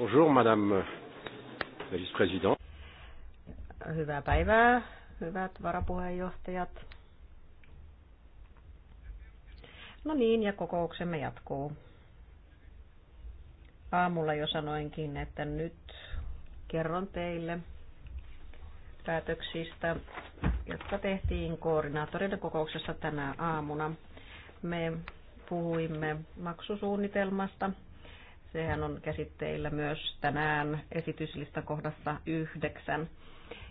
Bonjour, madame la vice-présidente. Hyvää päivää, hyvät varapuheenjohtajat. No niin, ja kokouksemme jatkuu. Aamulla jo sanoinkin, että nyt kerron teille päätöksistä, jotka tehtiin koordinaattoreiden kokouksessa tänä aamuna. Me puhuimme maksusuunnitelmasta Sehän on käsitteillä myös tänään esityslistan kohdassa yhdeksän.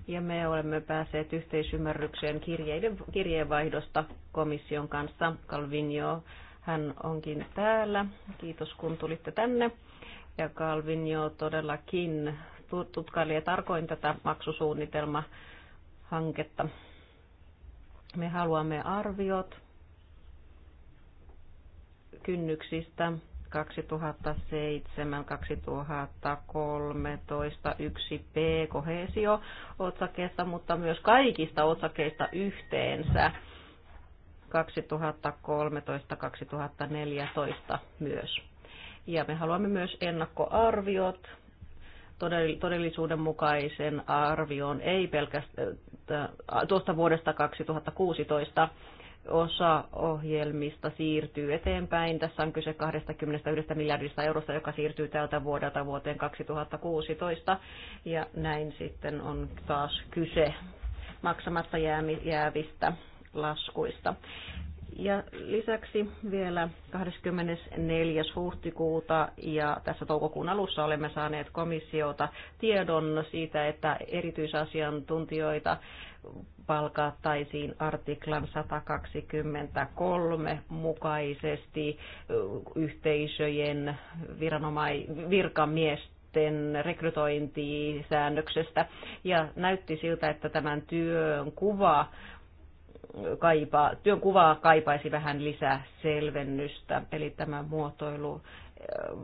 Ja me olemme päässeet yhteisymmärrykseen kirjeiden, kirjeenvaihdosta komission kanssa. Calvinio, hän onkin täällä. Kiitos kun tulitte tänne. Ja Calvinio todellakin tutkaili tarkoin tätä maksusuunnitelmahanketta. Me haluamme arviot kynnyksistä 2007-2013 1P kohesio otsakeista, mutta myös kaikista otsakeista yhteensä 2013-2014 myös. Ja me haluamme myös ennakkoarviot todellisuuden mukaisen arvion, ei pelkästään äh, tuosta vuodesta 2016 osa ohjelmista siirtyy eteenpäin. Tässä on kyse 21 miljardista eurosta, joka siirtyy tältä vuodelta vuoteen 2016. Ja näin sitten on taas kyse maksamatta jäävistä laskuista. Ja lisäksi vielä 24. huhtikuuta ja tässä toukokuun alussa olemme saaneet komissiota tiedon siitä, että erityisasiantuntijoita palkattaisiin artiklan 123 mukaisesti yhteisöjen viranoma- virkamiestä rekrytointisäännöksestä. Ja näytti siltä, että tämän työn kuva kaipaa, työn kuvaa kaipaisi vähän lisää selvennystä. Eli tämä muotoilu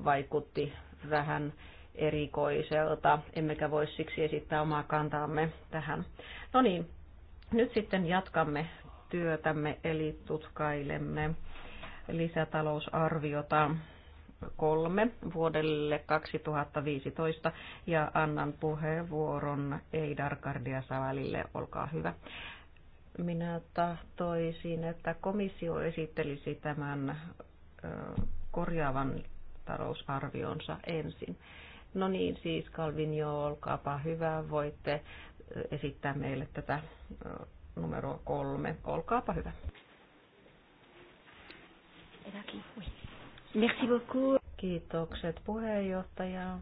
vaikutti vähän erikoiselta, emmekä voi siksi esittää omaa kantaamme tähän. No niin, nyt sitten jatkamme työtämme, eli tutkailemme lisätalousarviota kolme vuodelle 2015 ja annan puheenvuoron Eidar Kardiasavälille. Olkaa hyvä. Minä tahtoisin, että komissio esittelisi tämän korjaavan talousarvionsa ensin. No niin, siis Kalvin joo, olkaapa hyvä, voitte esittää meille tätä numeroa kolme. Olkaapa hyvä. Merci beaucoup. Kiitokset puheenjohtaja.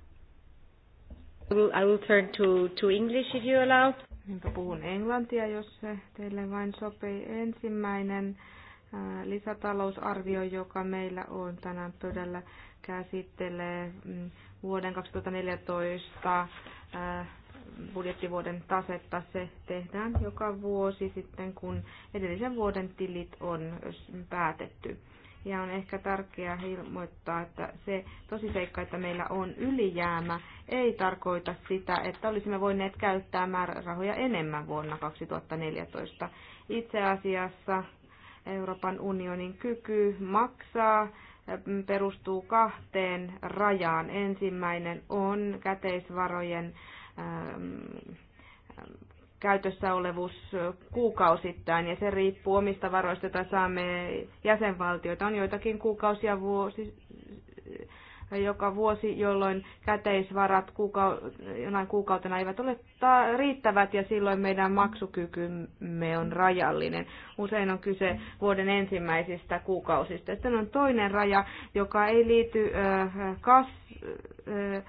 I will, I will turn to, to English if you allow. Minä puhun englantia, jos se teille vain sopii. Ensimmäinen lisätalousarvio, joka meillä on tänään pöydällä, käsittelee mm, vuoden 2014 äh, budjettivuoden tasetta. Se tehdään joka vuosi sitten, kun edellisen vuoden tilit on päätetty. Ja on ehkä tärkeää ilmoittaa, että se tosiseikka, että meillä on ylijäämä, ei tarkoita sitä, että olisimme voineet käyttää määrärahoja enemmän vuonna 2014. Itse asiassa Euroopan unionin kyky maksaa perustuu kahteen rajaan. Ensimmäinen on käteisvarojen ähm, käytössä olevuus kuukausittain ja se riippuu omista varoista, joita saamme jäsenvaltioita. On joitakin kuukausia vuosi, joka vuosi, jolloin käteisvarat kuukau- jonain kuukautena eivät ole ta- riittävät ja silloin meidän maksukykymme on rajallinen. Usein on kyse vuoden ensimmäisistä kuukausista. Sitten on toinen raja, joka ei liity äh, kas- äh,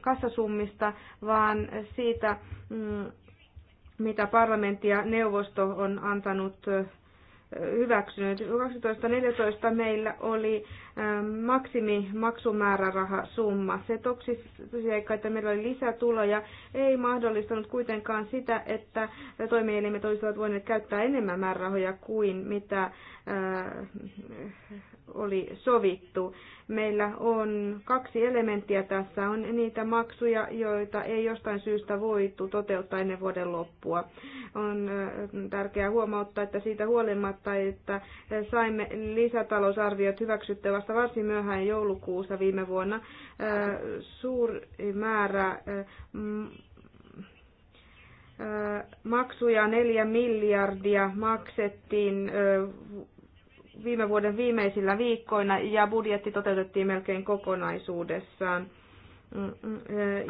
kassasummista, vaan siitä, mm, mitä parlamentti ja neuvosto on antanut hyväksynyt. 2014 meillä oli Ähm, summa Se tosiseikka, että meillä oli lisätuloja, ei mahdollistanut kuitenkaan sitä, että toimielimet olisivat voineet käyttää enemmän määrärahoja kuin mitä äh, oli sovittu. Meillä on kaksi elementtiä tässä. On niitä maksuja, joita ei jostain syystä voitu toteuttaa ennen vuoden loppua. On äh, tärkeää huomauttaa, että siitä huolimatta, että saimme lisätalousarviot hyväksyttävä vasta varsin myöhään joulukuussa viime vuonna. Suuri määrä maksuja, neljä miljardia maksettiin viime vuoden viimeisillä viikkoina ja budjetti toteutettiin melkein kokonaisuudessaan.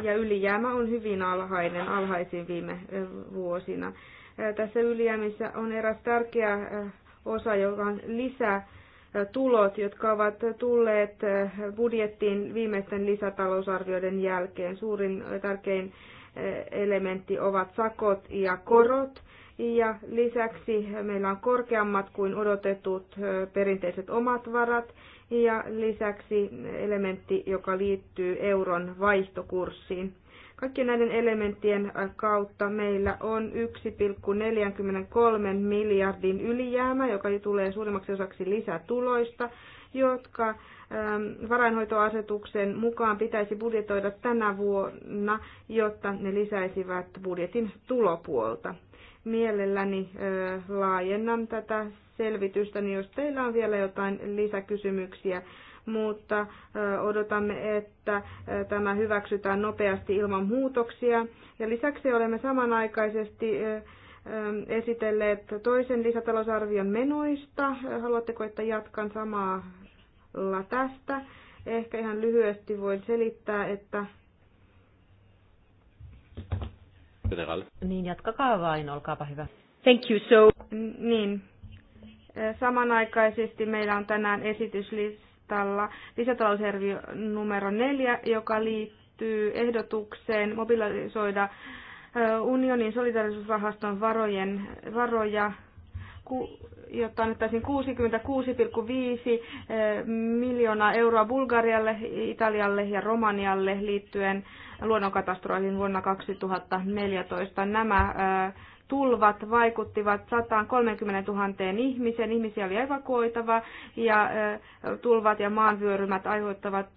Ja ylijäämä on hyvin alhainen, alhaisin viime vuosina. Tässä ylijäämissä on eräs tärkeä osa, joka on lisää tulot, jotka ovat tulleet eh, budjettiin viimeisten lisätalousarvioiden jälkeen. Suurin tärkein eh, elementti ovat sakot ja korot. Ja lisäksi meillä on korkeammat kuin odotetut eh, perinteiset omat varat ja lisäksi elementti, joka liittyy euron vaihtokurssiin. Kaikkien näiden elementtien äh, kautta meillä on 1,43 miljardin ylijäämä, joka tulee suurimmaksi osaksi lisätuloista, jotka ähm, varainhoitoasetuksen mukaan pitäisi budjetoida tänä vuonna, jotta ne lisäisivät budjetin tulopuolta. Mielelläni äh, laajennan tätä selvitystä, niin jos teillä on vielä jotain lisäkysymyksiä, mutta odotamme, että tämä hyväksytään nopeasti ilman muutoksia. Ja lisäksi olemme samanaikaisesti esitelleet toisen lisätalousarvion menoista. Haluatteko, että jatkan samalla tästä? Ehkä ihan lyhyesti voin selittää, että... General. Niin, jatkakaa vain, olkaapa hyvä. Thank you so. Niin. Samanaikaisesti meillä on tänään esityslista listalla lisätalousarvio numero neljä, joka liittyy ehdotukseen mobilisoida unionin solidarisuusrahaston varojen, varoja, jotta annettaisiin 66,5 miljoonaa euroa Bulgarialle, Italialle ja Romanialle liittyen luonnonkatastrofiin vuonna 2014. Nämä tulvat vaikuttivat 130 000 ihmisen. Ihmisiä oli evakuoitava ja tulvat ja maanvyörymät aiheuttavat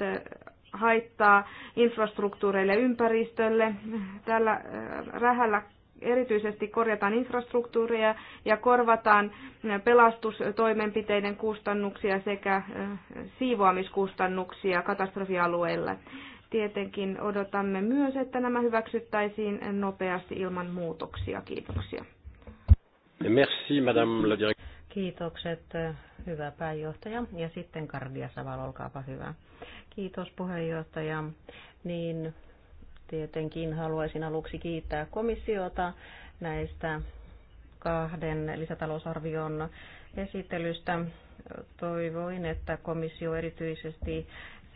haittaa infrastruktuureille ja ympäristölle. Tällä rähällä erityisesti korjataan infrastruktuuria ja korvataan pelastustoimenpiteiden kustannuksia sekä siivoamiskustannuksia katastrofialueilla tietenkin odotamme myös, että nämä hyväksyttäisiin nopeasti ilman muutoksia. Kiitoksia. Merci, Madame la Kiitokset, hyvä pääjohtaja. Ja sitten Kardia Saval, olkaapa hyvä. Kiitos puheenjohtaja. Niin tietenkin haluaisin aluksi kiittää komissiota näistä kahden lisätalousarvion esittelystä. Toivoin, että komissio erityisesti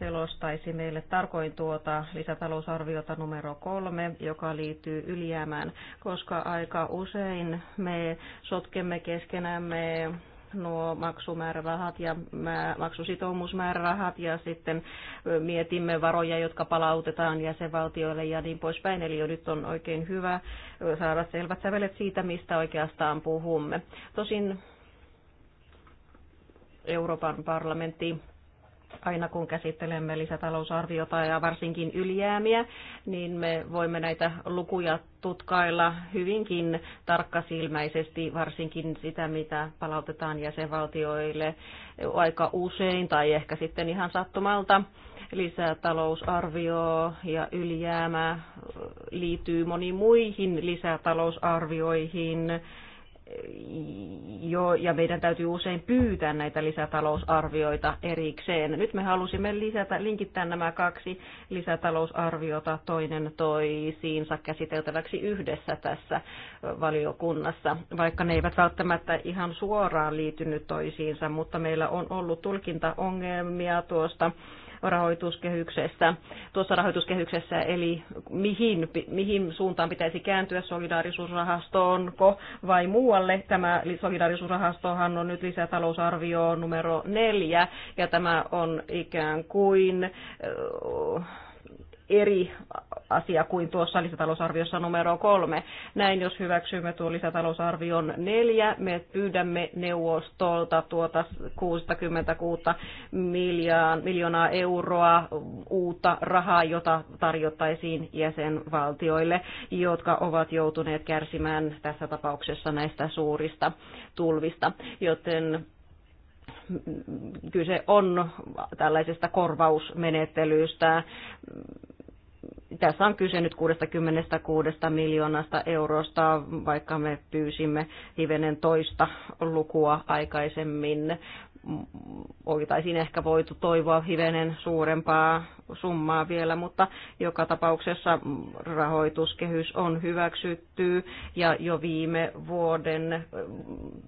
selostaisi meille tarkoin tuota lisätalousarviota numero kolme, joka liittyy ylijäämään, koska aika usein me sotkemme keskenämme nuo maksumäärärahat ja maksusitoumusmäärärahat ja sitten mietimme varoja, jotka palautetaan jäsenvaltioille ja niin poispäin. Eli jo nyt on oikein hyvä saada selvät sävelet siitä, mistä oikeastaan puhumme. Tosin Euroopan parlamentti aina kun käsittelemme lisätalousarviota ja varsinkin ylijäämiä, niin me voimme näitä lukuja tutkailla hyvinkin tarkkasilmäisesti, varsinkin sitä, mitä palautetaan jäsenvaltioille aika usein tai ehkä sitten ihan sattumalta. Lisätalousarvio ja ylijäämä liittyy moniin muihin lisätalousarvioihin jo, ja meidän täytyy usein pyytää näitä lisätalousarvioita erikseen. Nyt me halusimme lisätä, linkittää nämä kaksi lisätalousarviota toinen toisiinsa käsiteltäväksi yhdessä tässä valiokunnassa, vaikka ne eivät välttämättä ihan suoraan liitynyt toisiinsa, mutta meillä on ollut tulkintaongelmia tuosta rahoituskehyksestä, tuossa rahoituskehyksessä, eli mihin, mihin suuntaan pitäisi kääntyä solidaarisuusrahastoonko vai muualle. Tämä solidaarisuusrahastohan on nyt lisätalousarvio numero neljä, ja tämä on ikään kuin eri asia kuin tuossa lisätalousarviossa numero kolme. Näin jos hyväksymme tuon lisätalousarvion neljä, me pyydämme neuvostolta tuota 66 miljoonaa euroa uutta rahaa, jota tarjottaisiin jäsenvaltioille, jotka ovat joutuneet kärsimään tässä tapauksessa näistä suurista tulvista. Joten kyse on tällaisesta korvausmenettelystä tässä on kyse nyt 66 miljoonasta eurosta, vaikka me pyysimme hivenen toista lukua aikaisemmin oltaisiin ehkä voitu toivoa hivenen suurempaa summaa vielä, mutta joka tapauksessa rahoituskehys on hyväksytty ja jo viime vuoden äh,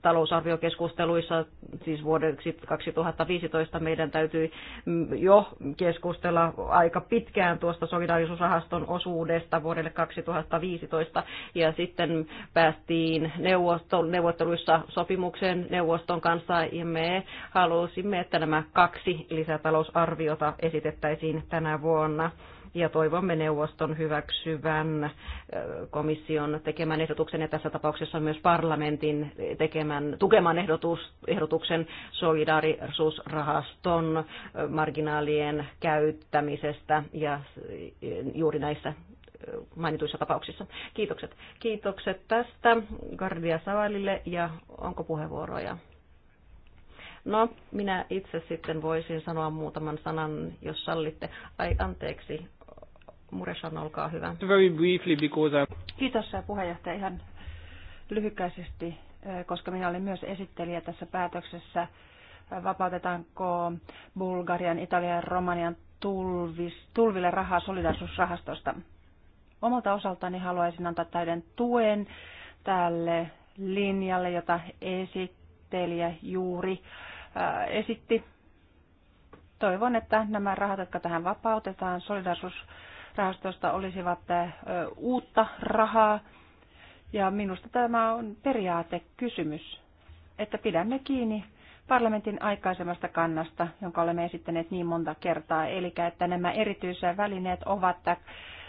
talousarviokeskusteluissa, siis vuodeksi 2015 meidän täytyy mm, jo keskustella aika pitkään tuosta solidaarisuusrahaston osuudesta vuodelle 2015 ja sitten päästiin neuvosto, neuvotteluissa sopimukseen neuvoston kanssa ja me halusimme, että nämä kaksi lisätalousarviota esitettäisiin tänä vuonna ja toivomme neuvoston hyväksyvän komission tekemän ehdotuksen ja tässä tapauksessa myös parlamentin tekemän, tukeman ehdotus, ehdotuksen solidaarisuusrahaston marginaalien käyttämisestä ja juuri näissä mainituissa tapauksissa. Kiitokset. Kiitokset tästä Gardia Savalille ja onko puheenvuoroja? No, minä itse sitten voisin sanoa muutaman sanan, jos sallitte. Ai anteeksi, Muresan, olkaa hyvä. Very briefly because I... Kiitos puheenjohtaja ihan lyhykäisesti, eh, koska minä olin myös esittelijä tässä päätöksessä. Vapautetaanko Bulgarian, Italian ja Romanian tulvis, tulville rahaa solidarisuusrahastosta? Omalta osaltani haluaisin antaa täyden tuen tälle linjalle, jota esittelijä juuri esitti. Toivon, että nämä rahat, jotka tähän vapautetaan solidarisuusrahastosta, olisivat uutta rahaa. Ja minusta tämä on periaatekysymys, että pidämme kiinni parlamentin aikaisemmasta kannasta, jonka olemme esittäneet niin monta kertaa, eli että nämä välineet ovat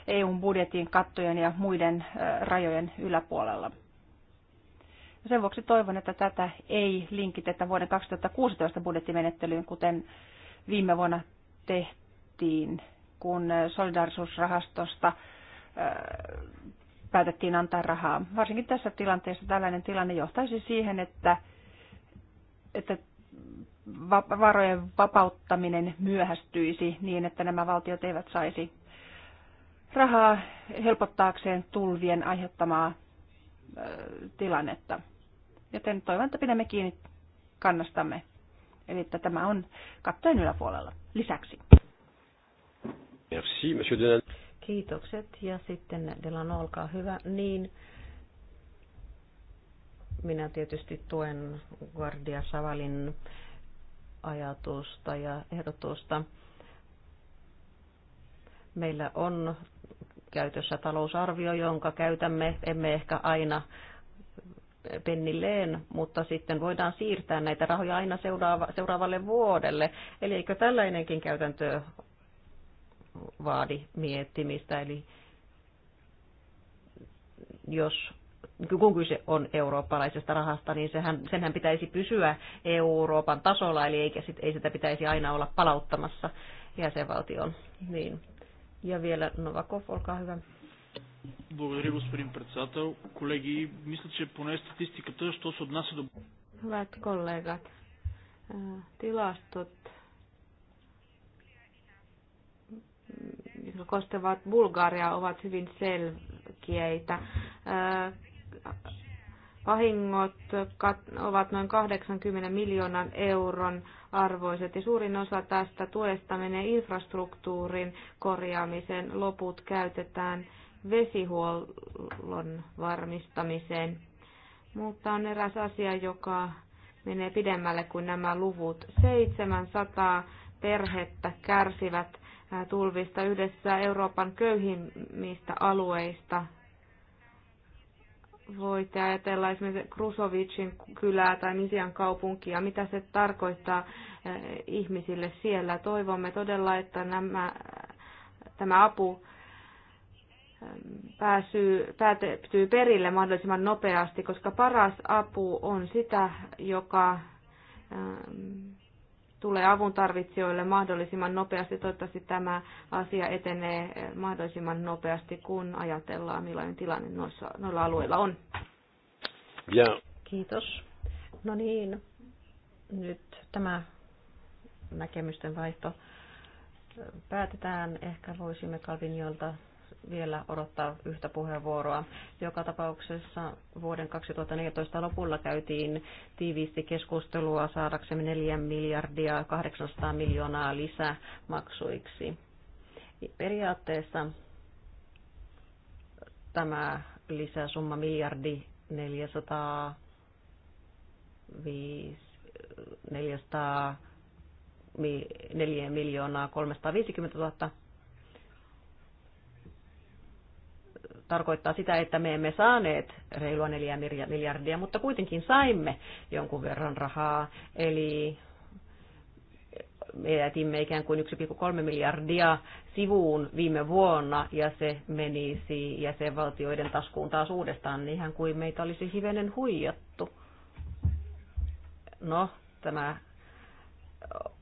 eu budjetin kattojen ja muiden rajojen yläpuolella. Sen vuoksi toivon, että tätä ei linkitetä vuoden 2016 budjettimenettelyyn, kuten viime vuonna tehtiin, kun solidarisuusrahastosta päätettiin antaa rahaa. Varsinkin tässä tilanteessa tällainen tilanne johtaisi siihen, että, että varojen vapauttaminen myöhästyisi niin, että nämä valtiot eivät saisi rahaa helpottaakseen tulvien aiheuttamaa tilannetta joten toivon, että pidämme kiinni kannastamme. Eli että tämä on kattojen yläpuolella lisäksi. Merci, monsieur Denan. Kiitokset ja sitten Delano, olkaa hyvä. Niin, minä tietysti tuen Guardia Savalin ajatusta ja ehdotusta. Meillä on käytössä talousarvio, jonka käytämme emme ehkä aina pennilleen, mutta sitten voidaan siirtää näitä rahoja aina seuraava, seuraavalle vuodelle. Eli eikö tällainenkin käytäntö vaadi miettimistä? Eli jos kun kyse on eurooppalaisesta rahasta, niin sehän, senhän pitäisi pysyä Euroopan tasolla, eli eikä sit, ei sitä pitäisi aina olla palauttamassa jäsenvaltion. Niin. Ja vielä Novakov, olkaa hyvä. Благодаря, господин председател. Колеги, мисля, че поне статистиката, що се отнася до... Hyvät kollegat, tilastot, jotka koskevat Bulgaria, ovat hyvin selkeitä. Vahingot ovat noin 80 miljoonan euron arvoiset ja suurin osa tästä tuesta menee infrastruktuurin korjaamiseen. Loput käytetään vesihuollon varmistamiseen. Mutta on eräs asia, joka menee pidemmälle kuin nämä luvut. 700 perhettä kärsivät tulvista yhdessä Euroopan köyhimmistä alueista. Voitte ajatella esimerkiksi Krusovicin kylää tai Misian kaupunkia, mitä se tarkoittaa ihmisille siellä. Toivomme todella, että nämä, tämä apu pääsyy, päätyy perille mahdollisimman nopeasti, koska paras apu on sitä, joka tulee avun tarvitsijoille mahdollisimman nopeasti. Toivottavasti tämä asia etenee mahdollisimman nopeasti, kun ajatellaan, millainen tilanne noissa, noilla alueilla on. Ja. Kiitos. No niin, nyt tämä näkemysten vaihto päätetään. Ehkä voisimme Kalvinjolta vielä odottaa yhtä puheenvuoroa. Joka tapauksessa vuoden 2014 lopulla käytiin tiiviisti keskustelua saadaksemme 4 miljardia 800 miljoonaa lisämaksuiksi. Periaatteessa tämä lisäsumma miljardi 405, 400 4 miljoonaa 350 000 tarkoittaa sitä, että me emme saaneet reilua neljä miljardia, mutta kuitenkin saimme jonkun verran rahaa. Eli me jätimme ikään kuin 1,3 miljardia sivuun viime vuonna ja se menisi jäsenvaltioiden taskuun taas uudestaan, niin ihan kuin meitä olisi hivenen huijattu. No, tämä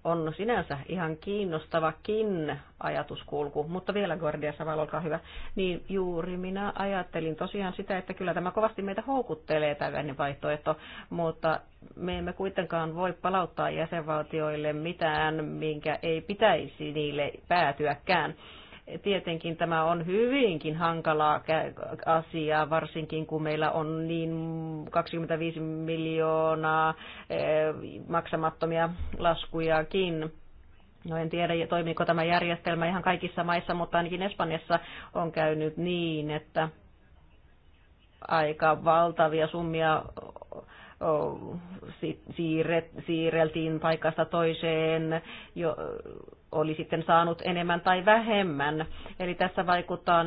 on sinänsä ihan kiinnostavakin ajatuskulku, mutta vielä Gordia Saval, olkaa hyvä. Niin juuri minä ajattelin tosiaan sitä, että kyllä tämä kovasti meitä houkuttelee tällainen vaihtoehto, mutta me emme kuitenkaan voi palauttaa jäsenvaltioille mitään, minkä ei pitäisi niille päätyäkään tietenkin tämä on hyvinkin hankala asia, varsinkin kun meillä on niin 25 miljoonaa eh, maksamattomia laskujakin. No en tiedä, toimiiko tämä järjestelmä ihan kaikissa maissa, mutta ainakin Espanjassa on käynyt niin, että aika valtavia summia siirreltiin paikasta toiseen jo oli sitten saanut enemmän tai vähemmän. Eli tässä vaikuttaa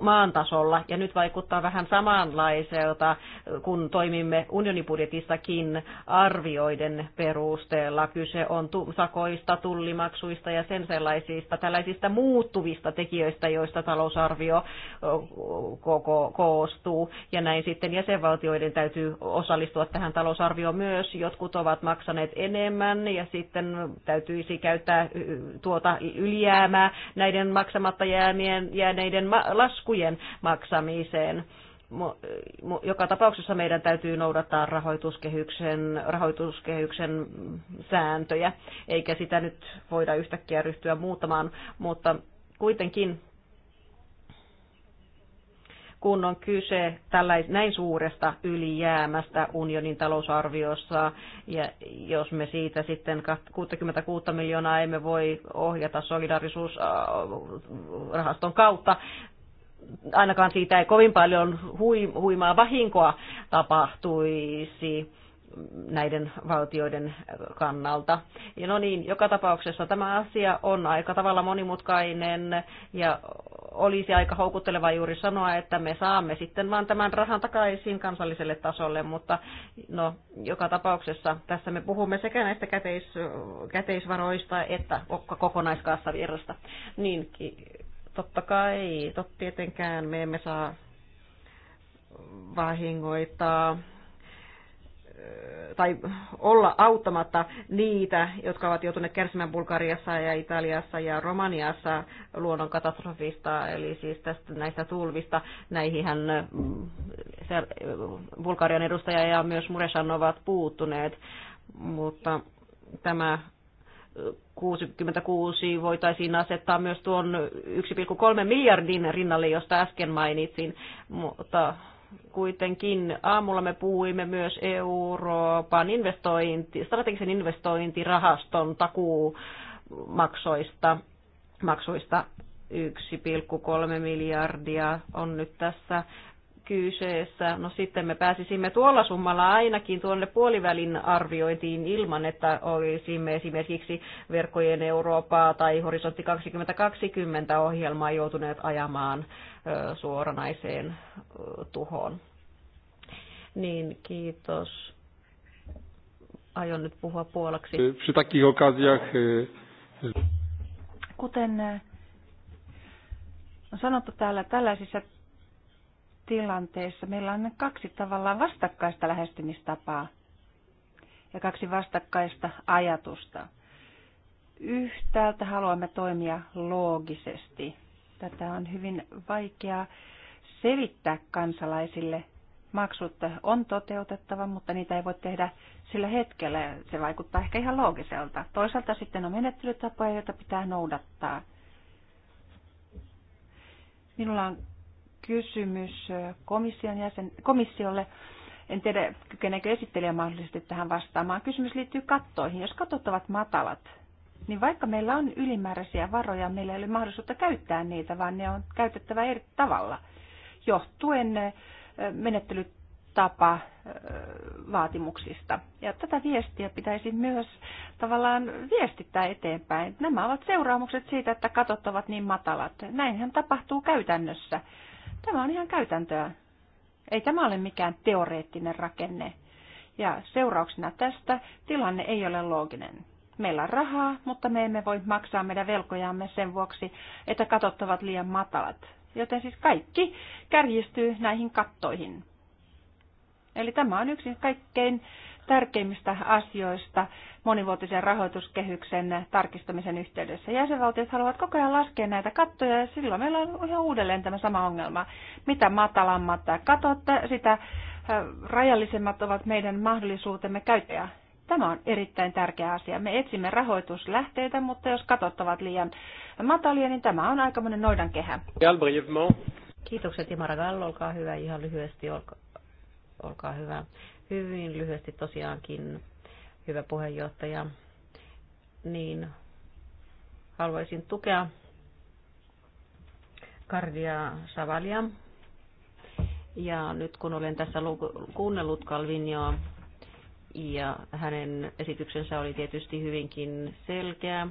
maan tasolla ja nyt vaikuttaa vähän samanlaiselta, kun toimimme unionibudjetissakin arvioiden perusteella. Kyse on sakoista, tullimaksuista ja sen sellaisista tällaisista muuttuvista tekijöistä, joista talousarvio koko koostuu. Ja näin sitten jäsenvaltioiden täytyy osallistua tähän talousarvioon myös. Jotkut ovat maksaneet enemmän ja sitten täytyisi käyttää tuota ylijäämää näiden maksamatta jäämien, jääneiden laskujen maksamiseen joka tapauksessa meidän täytyy noudattaa rahoituskehyksen, rahoituskehyksen sääntöjä, eikä sitä nyt voida yhtäkkiä ryhtyä muuttamaan, mutta kuitenkin kun on kyse tällä, näin suuresta ylijäämästä unionin talousarviossa, ja jos me siitä sitten 66 miljoonaa emme voi ohjata solidarisuusrahaston kautta, ainakaan siitä ei kovin paljon huimaa vahinkoa tapahtuisi näiden valtioiden kannalta. Ja no niin, joka tapauksessa tämä asia on aika tavalla monimutkainen ja olisi aika houkutteleva juuri sanoa, että me saamme sitten vaan tämän rahan takaisin kansalliselle tasolle, mutta no, joka tapauksessa tässä me puhumme sekä näistä käteis, käteisvaroista että kokonaiskassavirrasta. Niin, totta kai, totta tietenkään me emme saa vahingoittaa tai olla auttamatta niitä, jotka ovat joutuneet kärsimään Bulgariassa ja Italiassa ja Romaniassa luonnonkatastrofista, eli siis tästä, näistä tulvista. Näihinhän Bulgarian edustaja ja myös Muresan ovat puuttuneet, mutta tämä 66 voitaisiin asettaa myös tuon 1,3 miljardin rinnalle, josta äsken mainitsin, mutta kuitenkin aamulla me puhuimme myös Euroopan investointi, strategisen investointirahaston takuumaksoista. Maksuista 1,3 miljardia on nyt tässä kyseessä. No sitten me pääsisimme tuolla summalla ainakin tuonne puolivälin arviointiin ilman, että olisimme esimerkiksi verkkojen Eurooppaa tai Horisontti 2020 ohjelmaa joutuneet ajamaan suoranaiseen tuhoon. Niin, kiitos. Aion nyt puhua puolaksi. Kuten on sanottu täällä, tällaisissa tilanteessa meillä on kaksi tavallaan vastakkaista lähestymistapaa ja kaksi vastakkaista ajatusta. Yhtäältä haluamme toimia loogisesti. Tätä on hyvin vaikea selittää kansalaisille. Maksut on toteutettava, mutta niitä ei voi tehdä sillä hetkellä. Se vaikuttaa ehkä ihan loogiselta. Toisaalta sitten on menettelytapoja, joita pitää noudattaa. Minulla on kysymys komission jäsen, komissiolle. En tiedä, kykeneekö esittelijä mahdollisesti tähän vastaamaan. Kysymys liittyy kattoihin. Jos katot ovat matalat, niin vaikka meillä on ylimääräisiä varoja, meillä ei ole mahdollisuutta käyttää niitä, vaan ne on käytettävä eri tavalla johtuen menettelytapa vaatimuksista. Ja tätä viestiä pitäisi myös tavallaan viestittää eteenpäin. Nämä ovat seuraamukset siitä, että katot ovat niin matalat. Näinhän tapahtuu käytännössä. Tämä on ihan käytäntöä. Ei tämä ole mikään teoreettinen rakenne. Ja seurauksena tästä tilanne ei ole looginen. Meillä on rahaa, mutta me emme voi maksaa meidän velkojamme sen vuoksi, että katot ovat liian matalat. Joten siis kaikki kärjistyy näihin kattoihin. Eli tämä on yksi kaikkein tärkeimmistä asioista monivuotisen rahoituskehyksen tarkistamisen yhteydessä. Jäsenvaltiot haluavat koko ajan laskea näitä kattoja ja silloin meillä on ihan uudelleen tämä sama ongelma. Mitä matalammat katot, sitä äh, rajallisemmat ovat meidän mahdollisuutemme käyttää. Tämä on erittäin tärkeä asia. Me etsimme rahoituslähteitä, mutta jos katot ovat liian matalia, niin tämä on aikamoinen noidankehä. Kiitokset Imara Gallo, olkaa hyvä. Ihan lyhyesti, olkaa, olkaa hyvä. Hyvin lyhyesti tosiaankin, hyvä puheenjohtaja, niin haluaisin tukea Kardia Savalia. Ja nyt kun olen tässä kuunnellut Kalvinjoa, ja hänen esityksensä oli tietysti hyvinkin selkeä, ja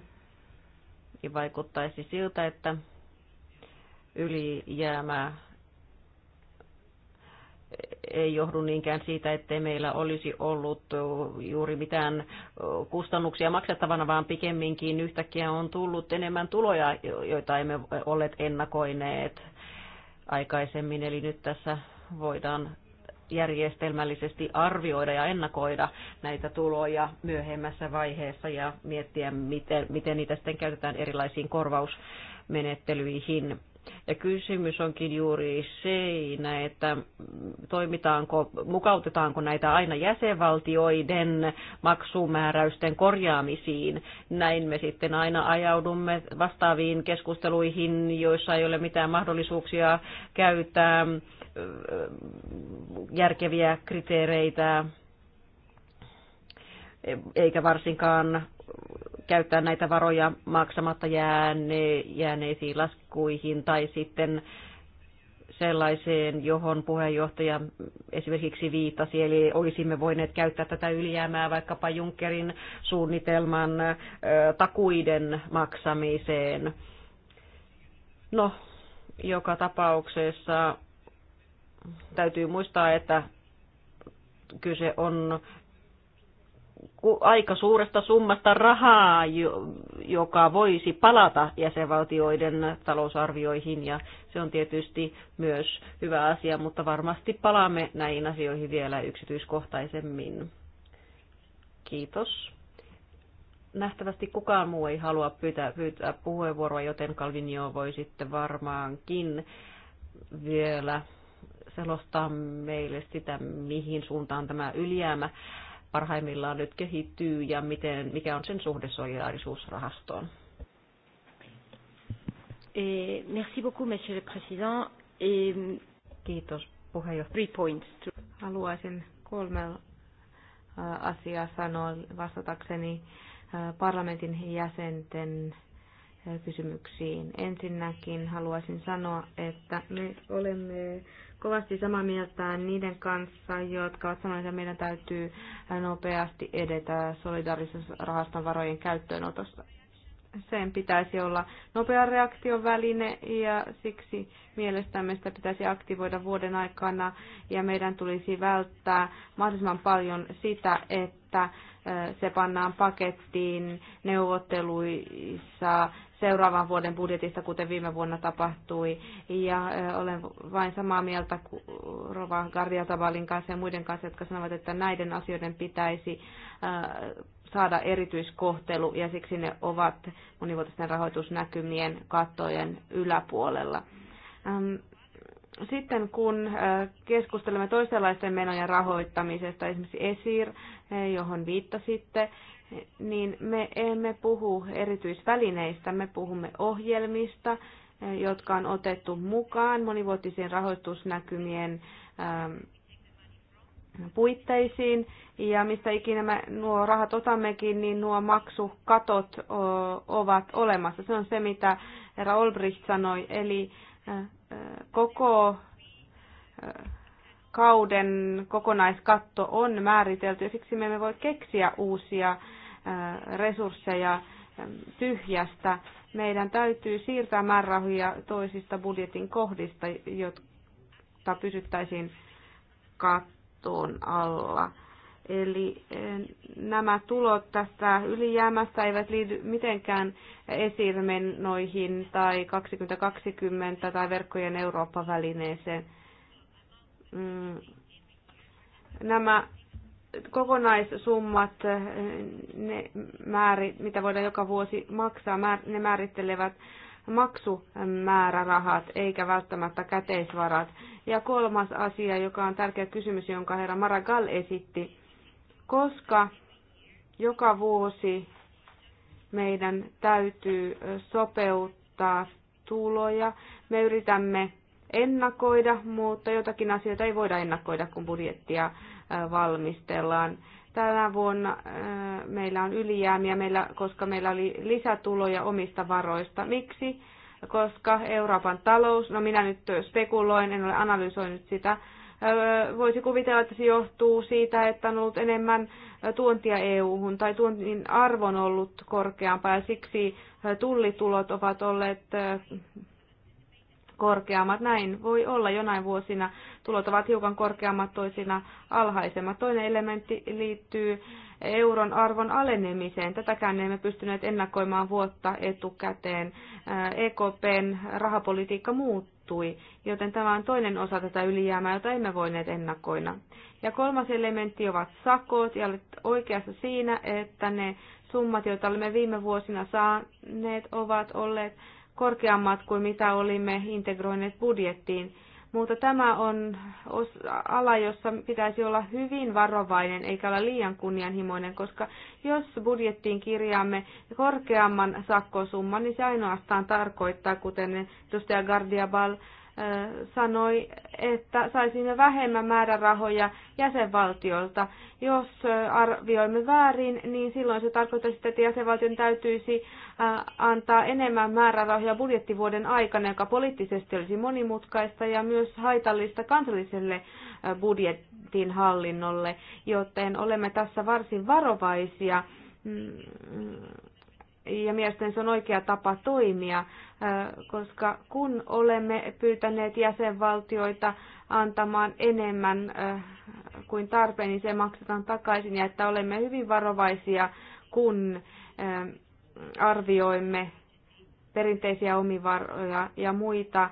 niin vaikuttaisi siltä, että ylijäämä ei johdu niinkään siitä, ettei meillä olisi ollut juuri mitään kustannuksia maksettavana, vaan pikemminkin yhtäkkiä on tullut enemmän tuloja, joita emme ole ennakoineet aikaisemmin. Eli nyt tässä voidaan järjestelmällisesti arvioida ja ennakoida näitä tuloja myöhemmässä vaiheessa ja miettiä, miten, miten niitä sitten käytetään erilaisiin korvausmenettelyihin ja kysymys onkin juuri siinä, että toimitaanko, mukautetaanko näitä aina jäsenvaltioiden maksumääräysten korjaamisiin. Näin me sitten aina ajaudumme vastaaviin keskusteluihin, joissa ei ole mitään mahdollisuuksia käyttää järkeviä kriteereitä eikä varsinkaan käyttää näitä varoja maksamatta jääne, jääneisiin laskuihin tai sitten sellaiseen, johon puheenjohtaja esimerkiksi viittasi, eli olisimme voineet käyttää tätä ylijäämää vaikkapa Junckerin suunnitelman takuiden maksamiseen. No, joka tapauksessa täytyy muistaa, että kyse on aika suuresta summasta rahaa, joka voisi palata jäsenvaltioiden talousarvioihin ja se on tietysti myös hyvä asia, mutta varmasti palaamme näihin asioihin vielä yksityiskohtaisemmin. Kiitos. Nähtävästi kukaan muu ei halua pyytää, pyytää puheenvuoroa, joten Kalvinio voi sitten varmaankin vielä selostaa meille sitä, mihin suuntaan tämä ylijäämä parhaimmillaan nyt kehittyy ja miten, mikä on sen suhde solidaarisuusrahastoon. Et eh, merci beaucoup, Monsieur le Président. Et eh, Kiitos, puheenjohtaja. Three points. Haluaisin kolme asiaa sanoa vastatakseni parlamentin jäsenten kysymyksiin. Ensinnäkin haluaisin sanoa, että me olemme kovasti samaa mieltä niiden kanssa, jotka ovat sanoneet, että meidän täytyy nopeasti edetä solidarisuusrahaston varojen käyttöönotossa. Sen pitäisi olla nopea reaktion väline ja siksi mielestämme sitä pitäisi aktivoida vuoden aikana ja meidän tulisi välttää mahdollisimman paljon sitä, että se pannaan pakettiin neuvotteluissa seuraavan vuoden budjetista, kuten viime vuonna tapahtui. Ja olen vain samaa mieltä kuin Rova Gardia Tavalin kanssa ja muiden kanssa, jotka sanovat, että näiden asioiden pitäisi saada erityiskohtelu ja siksi ne ovat monivuotisten rahoitusnäkymien kattojen yläpuolella. Sitten kun keskustelemme toisenlaisten menojen rahoittamisesta, esimerkiksi ESIR, johon viittasitte, niin me emme puhu erityisvälineistä, me puhumme ohjelmista, eh, jotka on otettu mukaan monivuotisiin rahoitusnäkymien ähm, puitteisiin. Ja mistä ikinä me nuo rahat otammekin, niin nuo maksukatot ovat olemassa. Se on se, mitä herra Olbricht sanoi. Eli koko kauden kokonaiskatto on määritelty ja siksi me emme voi keksiä uusia resursseja tyhjästä. Meidän täytyy siirtää määrärahoja toisista budjetin kohdista, jotta pysyttäisiin kattoon alla. Eli nämä tulot tästä ylijäämästä eivät liity mitenkään esirmenoihin tai 2020 tai verkkojen Eurooppa-välineeseen. Mm. Nämä kokonaissummat, ne määrit, mitä voidaan joka vuosi maksaa, ne määrittelevät maksumäärärahat eikä välttämättä käteisvarat. Ja kolmas asia, joka on tärkeä kysymys, jonka herra Maragall esitti, koska joka vuosi meidän täytyy sopeuttaa tuloja. Me yritämme ennakoida, mutta jotakin asioita ei voida ennakoida, kun budjettia valmistellaan. Tänä vuonna meillä on ylijäämiä, koska meillä oli lisätuloja omista varoista. Miksi? Koska Euroopan talous, no minä nyt spekuloin, en ole analysoinut sitä, voisi kuvitella, että se johtuu siitä, että on ollut enemmän tuontia EU-hun tai tuontin arvo on ollut korkeampaa ja siksi tullitulot ovat olleet korkeammat. Näin voi olla jonain vuosina. Tulot ovat hiukan korkeammat, toisina alhaisemmat. Toinen elementti liittyy euron arvon alenemiseen. Tätäkään emme pystyneet ennakoimaan vuotta etukäteen. EKPn rahapolitiikka muuttui, joten tämä on toinen osa tätä ylijäämää, jota emme voineet ennakoina. Ja kolmas elementti ovat sakot, ja olet oikeassa siinä, että ne summat, joita olemme viime vuosina saaneet, ovat olleet korkeammat kuin mitä olimme integroineet budjettiin. Mutta tämä on ala, jossa pitäisi olla hyvin varovainen eikä olla liian kunnianhimoinen, koska jos budjettiin kirjaamme korkeamman sakkosumman, niin se ainoastaan tarkoittaa, kuten edustaja Gardiabal sanoi, että saisimme vähemmän määrärahoja jäsenvaltiolta. Jos arvioimme väärin, niin silloin se tarkoittaisi, että jäsenvaltion täytyisi antaa enemmän määrärahoja budjettivuoden aikana, joka poliittisesti olisi monimutkaista ja myös haitallista kansalliselle budjetin hallinnolle, joten olemme tässä varsin varovaisia mm, mm ja mielestäni se on oikea tapa toimia, koska kun olemme pyytäneet jäsenvaltioita antamaan enemmän kuin tarpeen, niin se maksetaan takaisin ja että olemme hyvin varovaisia, kun arvioimme perinteisiä omivaroja ja muita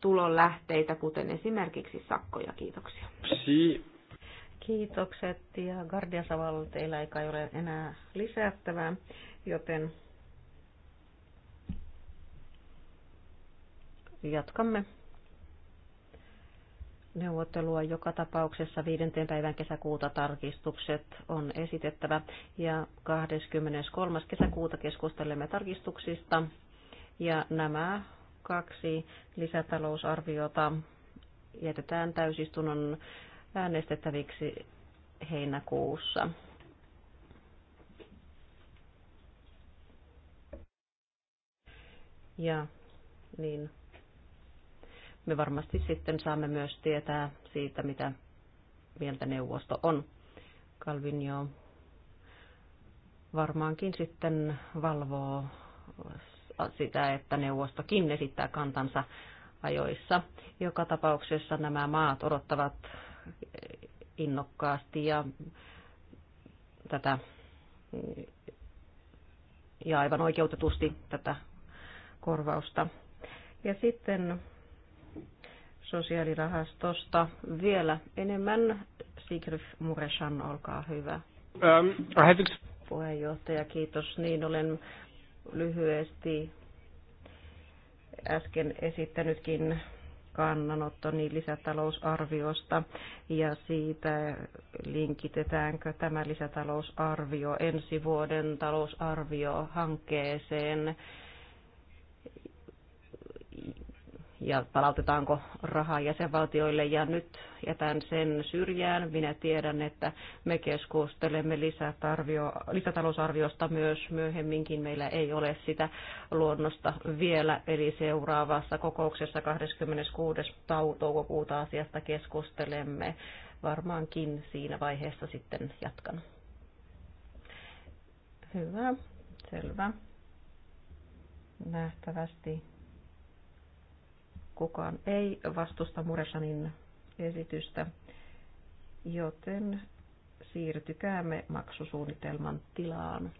tulonlähteitä, kuten esimerkiksi sakkoja. Kiitoksia. Si. Kiitokset ja Gardia Saval, teillä ei kai ole enää lisättävää joten jatkamme neuvottelua joka tapauksessa viidenteen päivän kesäkuuta tarkistukset on esitettävä ja 23. kesäkuuta keskustelemme tarkistuksista ja nämä kaksi lisätalousarviota jätetään täysistunnon äänestettäviksi heinäkuussa. Ja niin me varmasti sitten saamme myös tietää siitä, mitä mieltä neuvosto on. Kalvin jo varmaankin sitten valvoo sitä, että neuvostokin esittää kantansa ajoissa. Joka tapauksessa nämä maat odottavat innokkaasti ja tätä ja aivan oikeutetusti tätä korvausta. Ja sitten sosiaalirahastosta vielä enemmän. Sigrid Mureshan, olkaa hyvä. Um, Puheenjohtaja, kiitos. Niin olen lyhyesti äsken esittänytkin kannanottoni lisätalousarviosta ja siitä linkitetäänkö tämä lisätalousarvio ensi vuoden talousarviohankkeeseen hankkeeseen ja palautetaanko rahaa jäsenvaltioille ja nyt jätän sen syrjään. Minä tiedän, että me keskustelemme lisätalousarviosta myös myöhemminkin. Meillä ei ole sitä luonnosta vielä, eli seuraavassa kokouksessa 26. toukokuuta asiasta keskustelemme. Varmaankin siinä vaiheessa sitten jatkan. Hyvä, selvä. Nähtävästi Kukaan ei vastusta Muresanin esitystä, joten siirtykäämme maksusuunnitelman tilaan.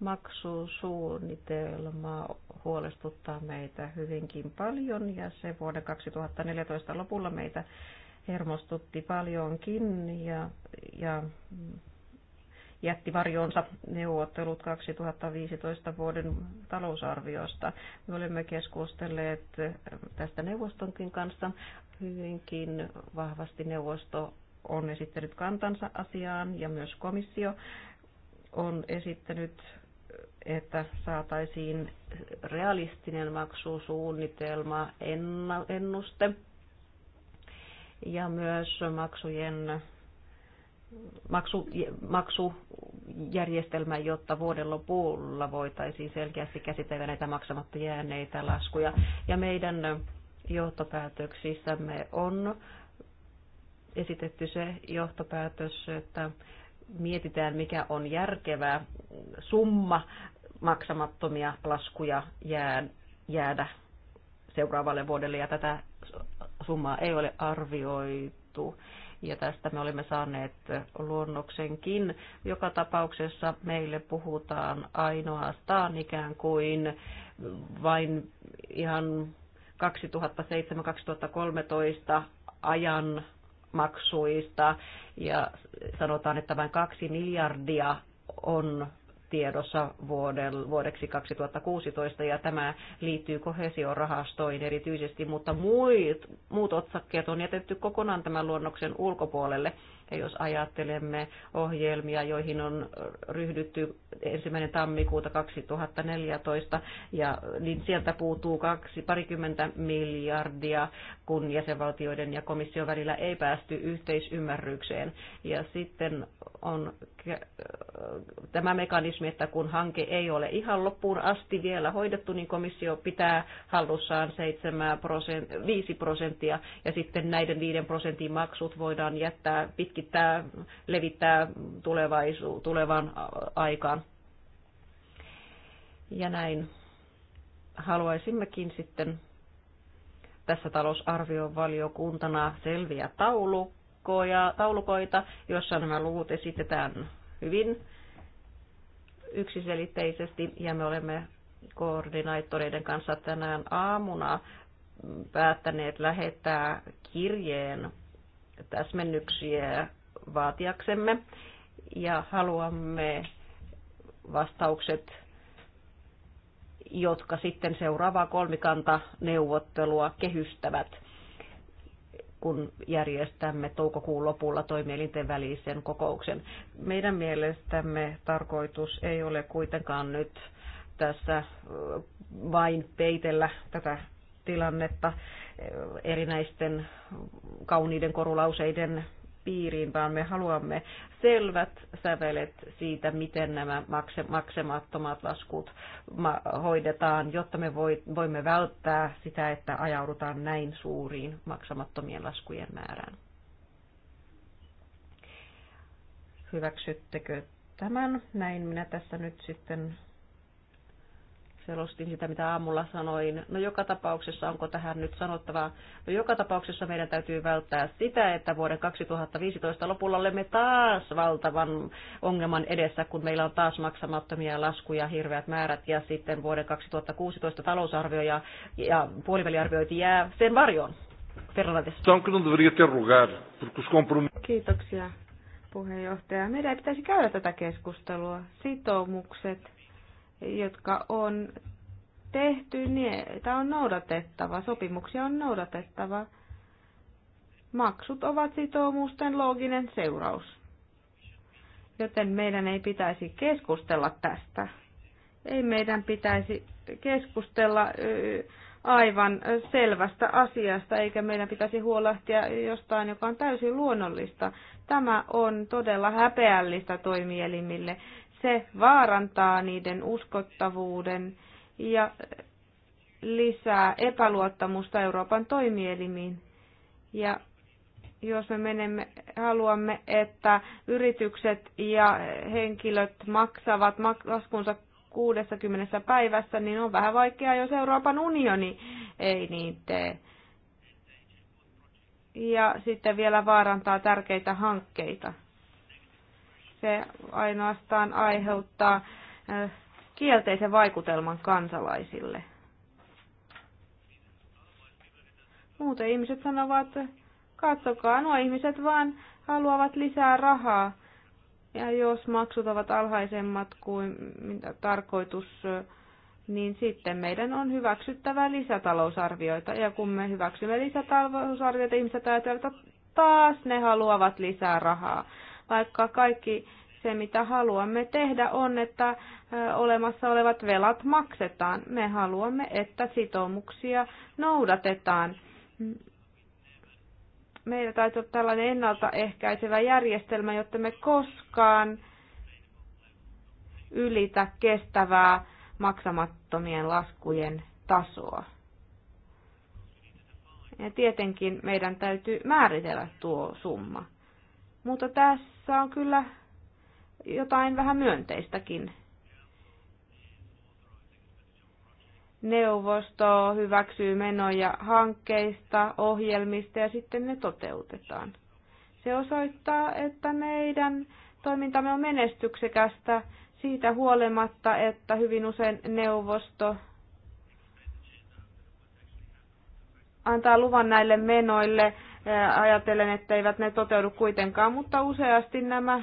Maksusuunnitelma huolestuttaa meitä hyvinkin paljon ja se vuoden 2014 lopulla meitä hermostutti paljonkin ja, ja jätti varjonsa neuvottelut 2015 vuoden talousarviosta. Me olemme keskustelleet tästä neuvostonkin kanssa hyvinkin vahvasti. Neuvosto on esittänyt kantansa asiaan ja myös komissio on esittänyt että saataisiin realistinen maksusuunnitelma, ennuste ja myös maksujen maksu, maksujärjestelmä, jotta vuoden lopulla voitaisiin selkeästi käsitellä näitä maksamatta jääneitä laskuja. Ja meidän johtopäätöksissämme on esitetty se johtopäätös, että mietitään mikä on järkevä summa maksamattomia laskuja jäädä seuraavalle vuodelle ja tätä summaa ei ole arvioitu ja tästä me olemme saaneet luonnoksenkin. Joka tapauksessa meille puhutaan ainoastaan ikään kuin vain ihan 2007-2013 ajan maksuista ja sanotaan, että vain kaksi miljardia on tiedossa vuodeksi 2016 ja tämä liittyy kohesiorahastoin erityisesti, mutta muut, muut otsakkeet on jätetty kokonaan tämän luonnoksen ulkopuolelle. Ja jos ajattelemme ohjelmia, joihin on ryhdytty ensimmäinen tammikuuta 2014, ja, niin sieltä puuttuu kaksi, parikymmentä miljardia, kun jäsenvaltioiden ja komission välillä ei päästy yhteisymmärrykseen. Ja sitten on Äh, tämä mekanismi, että kun hanke ei ole ihan loppuun asti vielä hoidettu, niin komissio pitää hallussaan 7 5 prosenttia ja sitten näiden 5 prosentin maksut voidaan jättää, pitkittää, levittää tulevaisu, tulevaan aikaan. Ja näin haluaisimmekin sitten tässä talousarviovaliokuntana selviä taulu, ja taulukoita, joissa nämä luvut esitetään hyvin yksiselitteisesti ja me olemme koordinaattoreiden kanssa tänään aamuna päättäneet lähettää kirjeen täsmennyksiä vaatiaksemme ja haluamme vastaukset, jotka sitten seuraavaa kolmikanta neuvottelua kehystävät kun järjestämme toukokuun lopulla toimielinten välisen kokouksen. Meidän mielestämme tarkoitus ei ole kuitenkaan nyt tässä vain peitellä tätä tilannetta erinäisten kauniiden korulauseiden piiriin, vaan me haluamme selvät sävelet siitä, miten nämä maksemattomat laskut hoidetaan, jotta me voimme välttää sitä, että ajaudutaan näin suuriin maksamattomien laskujen määrään. Hyväksyttekö tämän? Näin minä tässä nyt sitten selostin sitä, mitä aamulla sanoin. No joka tapauksessa, onko tähän nyt sanottavaa? No joka tapauksessa meidän täytyy välttää sitä, että vuoden 2015 lopulla olemme taas valtavan ongelman edessä, kun meillä on taas maksamattomia laskuja, hirveät määrät, ja sitten vuoden 2016 talousarvio ja, ja puoliväliarviointi jää sen varjoon. Fernandes. Um Kiitoksia puheenjohtaja. Meidän pitäisi käydä tätä keskustelua. Sitoumukset jotka on tehty, niin niitä on noudatettava, sopimuksia on noudatettava. Maksut ovat sitoumusten looginen seuraus. Joten meidän ei pitäisi keskustella tästä. Ei meidän pitäisi keskustella aivan selvästä asiasta, eikä meidän pitäisi huolehtia jostain, joka on täysin luonnollista. Tämä on todella häpeällistä toimielimille se vaarantaa niiden uskottavuuden ja lisää epäluottamusta Euroopan toimielimiin. Ja jos me menemme, haluamme, että yritykset ja henkilöt maksavat laskunsa 60 päivässä, niin on vähän vaikeaa, jos Euroopan unioni ei niin tee. Ja sitten vielä vaarantaa tärkeitä hankkeita se ainoastaan aiheuttaa äh, kielteisen vaikutelman kansalaisille. Muuten ihmiset sanovat, katsokaa, nuo ihmiset vaan haluavat lisää rahaa. Ja jos maksut ovat alhaisemmat kuin mitä tarkoitus, niin sitten meidän on hyväksyttävä lisätalousarvioita. Ja kun me hyväksymme lisätalousarvioita, ihmiset ajattelevat, että taas ne haluavat lisää rahaa vaikka kaikki se, mitä haluamme tehdä, on, että olemassa olevat velat maksetaan. Me haluamme, että sitoumuksia noudatetaan. Meillä täytyy olla tällainen ennaltaehkäisevä järjestelmä, jotta me koskaan ylitä kestävää maksamattomien laskujen tasoa. Ja tietenkin meidän täytyy määritellä tuo summa. Mutta tässä on kyllä jotain vähän myönteistäkin. Neuvosto hyväksyy menoja hankkeista, ohjelmista ja sitten ne toteutetaan. Se osoittaa, että meidän toimintamme on menestyksekästä siitä huolimatta, että hyvin usein neuvosto antaa luvan näille menoille ajatellen, eivät ne toteudu kuitenkaan, mutta useasti nämä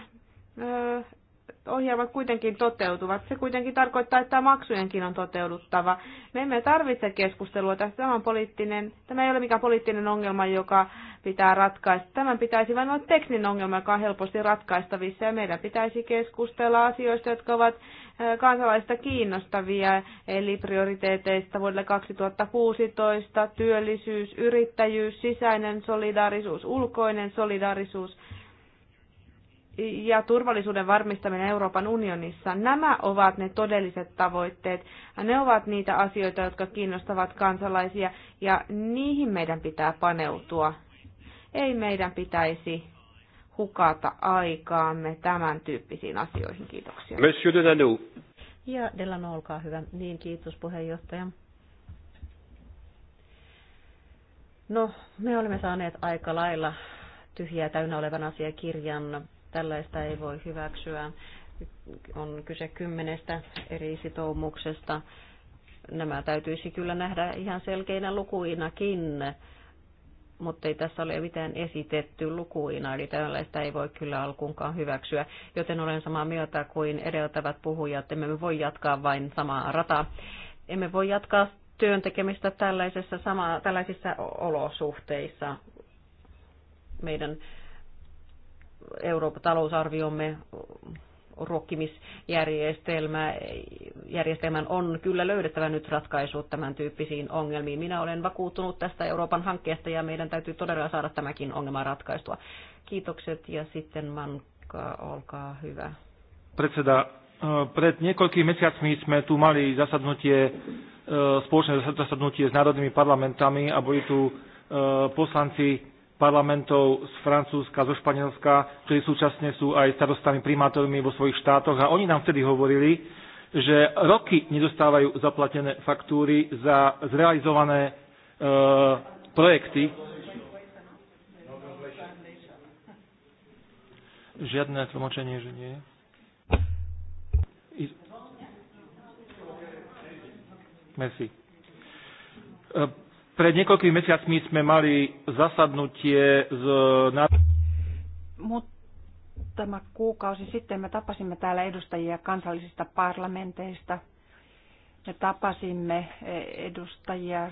ohjelmat kuitenkin toteutuvat. Se kuitenkin tarkoittaa, että maksujenkin on toteuduttava. Me emme tarvitse keskustelua tästä. Tämä, on poliittinen, tämä ei ole mikään poliittinen ongelma, joka pitää ratkaista. Tämän pitäisi vain olla tekninen ongelma, joka on helposti ratkaistavissa. Ja meidän pitäisi keskustella asioista, jotka ovat kansalaista kiinnostavia, eli prioriteeteista vuodelle 2016, työllisyys, yrittäjyys, sisäinen solidaarisuus, ulkoinen solidaarisuus – ja turvallisuuden varmistaminen Euroopan unionissa. Nämä ovat ne todelliset tavoitteet. Ne ovat niitä asioita, jotka kiinnostavat kansalaisia ja niihin meidän pitää paneutua. Ei meidän pitäisi hukata aikaamme tämän tyyppisiin asioihin. Kiitoksia. Monsieur Delano. Ja Delano, olkaa hyvä. Niin, kiitos puheenjohtaja. No, me olemme saaneet aika lailla tyhjää täynnä olevan asiakirjan Tällaista ei voi hyväksyä. On kyse kymmenestä eri sitoumuksesta. Nämä täytyisi kyllä nähdä ihan selkeinä lukuinakin, mutta ei tässä ole mitään esitetty lukuina, eli tällaista ei voi kyllä alkuunkaan hyväksyä. Joten olen samaa mieltä kuin edeltävät puhujat, emme voi jatkaa vain samaa rataa. Emme voi jatkaa työn tekemistä tällaisessa sama, tällaisissa olosuhteissa. Meidän Euroopan talousarviomme rokkimisjärjestelmän on kyllä löydettävä nyt ratkaisu tämän tyyppisiin ongelmiin. Minä olen vakuuttunut tästä Euroopan hankkeesta ja meidän täytyy todella saada tämäkin ongelma ratkaistua. Kiitokset ja sitten Manka, olkaa hyvä. Predseda, eh, pred niekoľkými mesiacmi sme tu mali zasadnutie, eh, spoločné zasadnutie s národnými parlamentami a boli tu eh, poslanci parlamentov z Francúzska, zo Španielska, ktorí súčasne sú aj starostami, primátormi vo svojich štátoch a oni nám vtedy hovorili, že roky nedostávajú zaplatené faktúry za zrealizované e, projekty. Žiadne tlmočenie, že nie. Merci e, Pred niekoľkými mesiacmi sme mali zasadnutie z... Muutama kuukausi sitten me tapasimme täällä edustajia kansallisista parlamenteista. Me tapasimme e, edustajia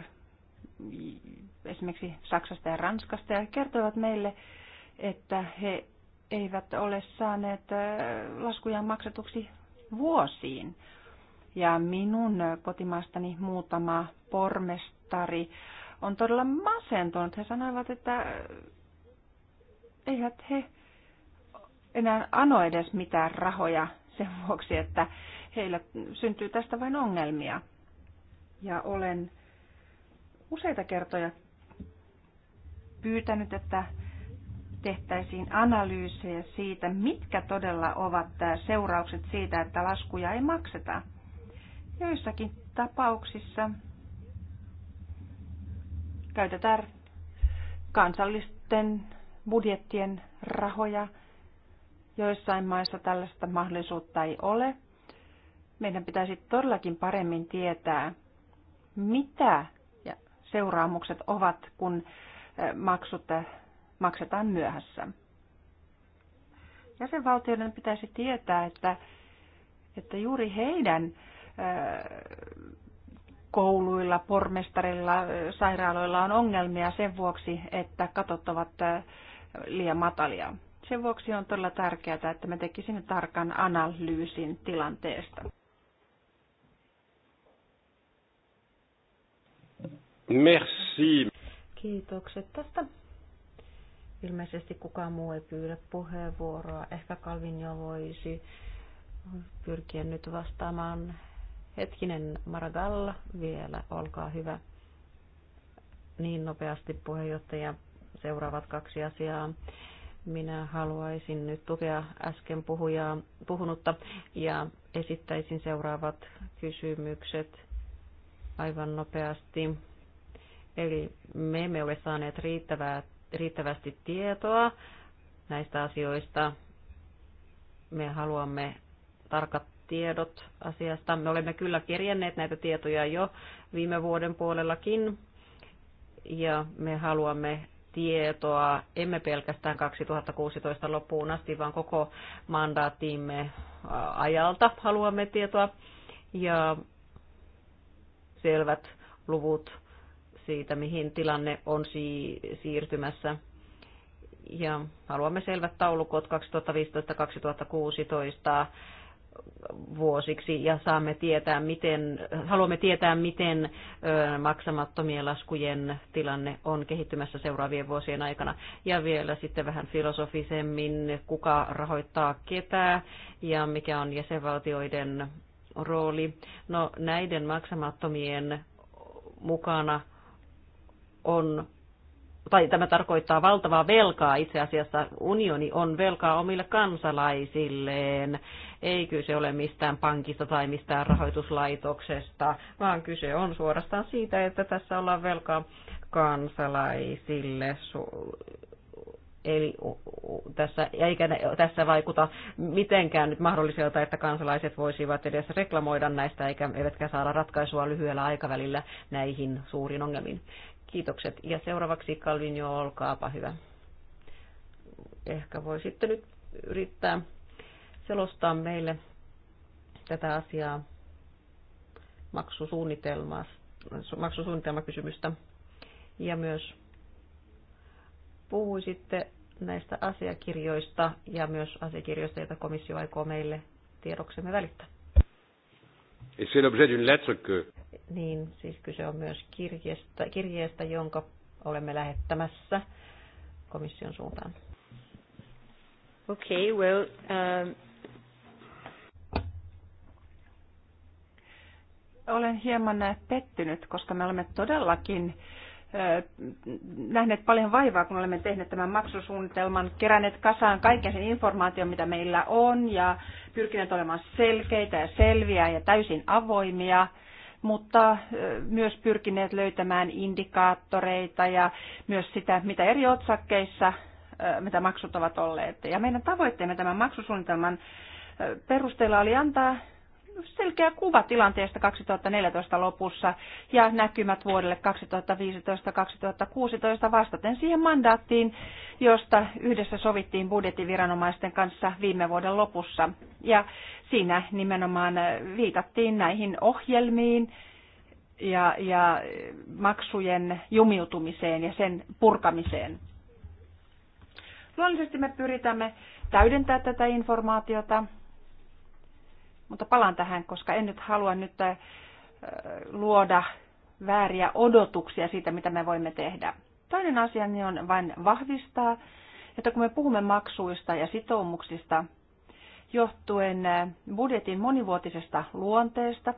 esimerkiksi Saksasta ja Ranskasta ja kertoivat meille, että he eivät ole saaneet e, laskuja maksetuksi vuosiin. Ja minun kotimaastani muutama pormestari Altari on todella masentunut. He sanoivat, että eivät he enää ano edes mitään rahoja sen vuoksi, että heillä syntyy tästä vain ongelmia. Ja olen useita kertoja pyytänyt, että tehtäisiin analyysejä siitä, mitkä todella ovat seuraukset siitä, että laskuja ei makseta. Joissakin tapauksissa käytetään kansallisten budjettien rahoja. Joissain maissa tällaista mahdollisuutta ei ole. Meidän pitäisi todellakin paremmin tietää, mitä seuraamukset ovat, kun maksut maksetaan myöhässä. Jäsenvaltioiden pitäisi tietää, että, että juuri heidän kouluilla, pormestarilla, sairaaloilla on ongelmia sen vuoksi, että katot ovat liian matalia. Sen vuoksi on todella tärkeää, että me tekisimme tarkan analyysin tilanteesta. Merci. Kiitokset tästä. Ilmeisesti kukaan muu ei pyydä puheenvuoroa. Ehkä jo voisi pyrkiä nyt vastaamaan Hetkinen, maragalla vielä, olkaa hyvä. Niin nopeasti puheenjohtaja, seuraavat kaksi asiaa. Minä haluaisin nyt tukea äsken puhujaa, puhunutta ja esittäisin seuraavat kysymykset aivan nopeasti. Eli me emme ole saaneet riittävää, riittävästi tietoa näistä asioista. Me haluamme tarkat tiedot asiasta. Me olemme kyllä kirjanneet näitä tietoja jo viime vuoden puolellakin ja me haluamme tietoa emme pelkästään 2016 loppuun asti, vaan koko mandaattiimme ajalta haluamme tietoa ja selvät luvut siitä, mihin tilanne on siirtymässä ja haluamme selvät taulukot 2015-2016 vuosiksi ja saamme tietää, miten, haluamme tietää, miten maksamattomien laskujen tilanne on kehittymässä seuraavien vuosien aikana. Ja vielä sitten vähän filosofisemmin, kuka rahoittaa ketää ja mikä on jäsenvaltioiden rooli. No näiden maksamattomien mukana on tai tämä tarkoittaa valtavaa velkaa itse asiassa. Unioni on velkaa omille kansalaisilleen. Ei kyse ole mistään pankista tai mistään rahoituslaitoksesta, vaan kyse on suorastaan siitä, että tässä ollaan velkaa kansalaisille. Eli tässä, eikä tässä vaikuta mitenkään nyt mahdolliselta, että kansalaiset voisivat edes reklamoida näistä, eikä, eivätkä saada ratkaisua lyhyellä aikavälillä näihin suuriin ongelmiin. Kiitokset. Ja seuraavaksi Kalvinjo, olkaapa hyvä. Ehkä voi sitten nyt yrittää selostaa meille tätä asiaa maksusuunnitelmakysymystä ja myös puhuisitte näistä asiakirjoista ja myös asiakirjoista, joita komissio aikoo meille tiedoksemme välittää. Et c'est l'objet d'une lettre que... Niin, siis kyse on myös kirjeestä, kirjeestä, jonka olemme lähettämässä komission suuntaan. Okay, well, um... Olen hieman pettynyt, koska me olemme todellakin nähneet paljon vaivaa, kun olemme tehneet tämän maksusuunnitelman, keränneet kasaan kaiken sen informaation, mitä meillä on, ja pyrkineet olemaan selkeitä ja selviä ja täysin avoimia, mutta myös pyrkineet löytämään indikaattoreita ja myös sitä, mitä eri otsakkeissa mitä maksut ovat olleet. Ja meidän tavoitteemme tämän maksusuunnitelman perusteella oli antaa selkeä kuva tilanteesta 2014 lopussa ja näkymät vuodelle 2015-2016 vastaten siihen mandaattiin, josta yhdessä sovittiin budjettiviranomaisten kanssa viime vuoden lopussa. Ja siinä nimenomaan äh, viitattiin näihin ohjelmiin ja, ja maksujen jumiutumiseen ja sen purkamiseen. Luonnollisesti me pyritämme täydentää tätä informaatiota mutta palaan tähän, koska en nyt halua nyt äh, luoda vääriä odotuksia siitä, mitä me voimme tehdä. Toinen asia niin on vain vahvistaa, että kun me puhumme maksuista ja sitoumuksista johtuen äh, budjetin monivuotisesta luonteesta,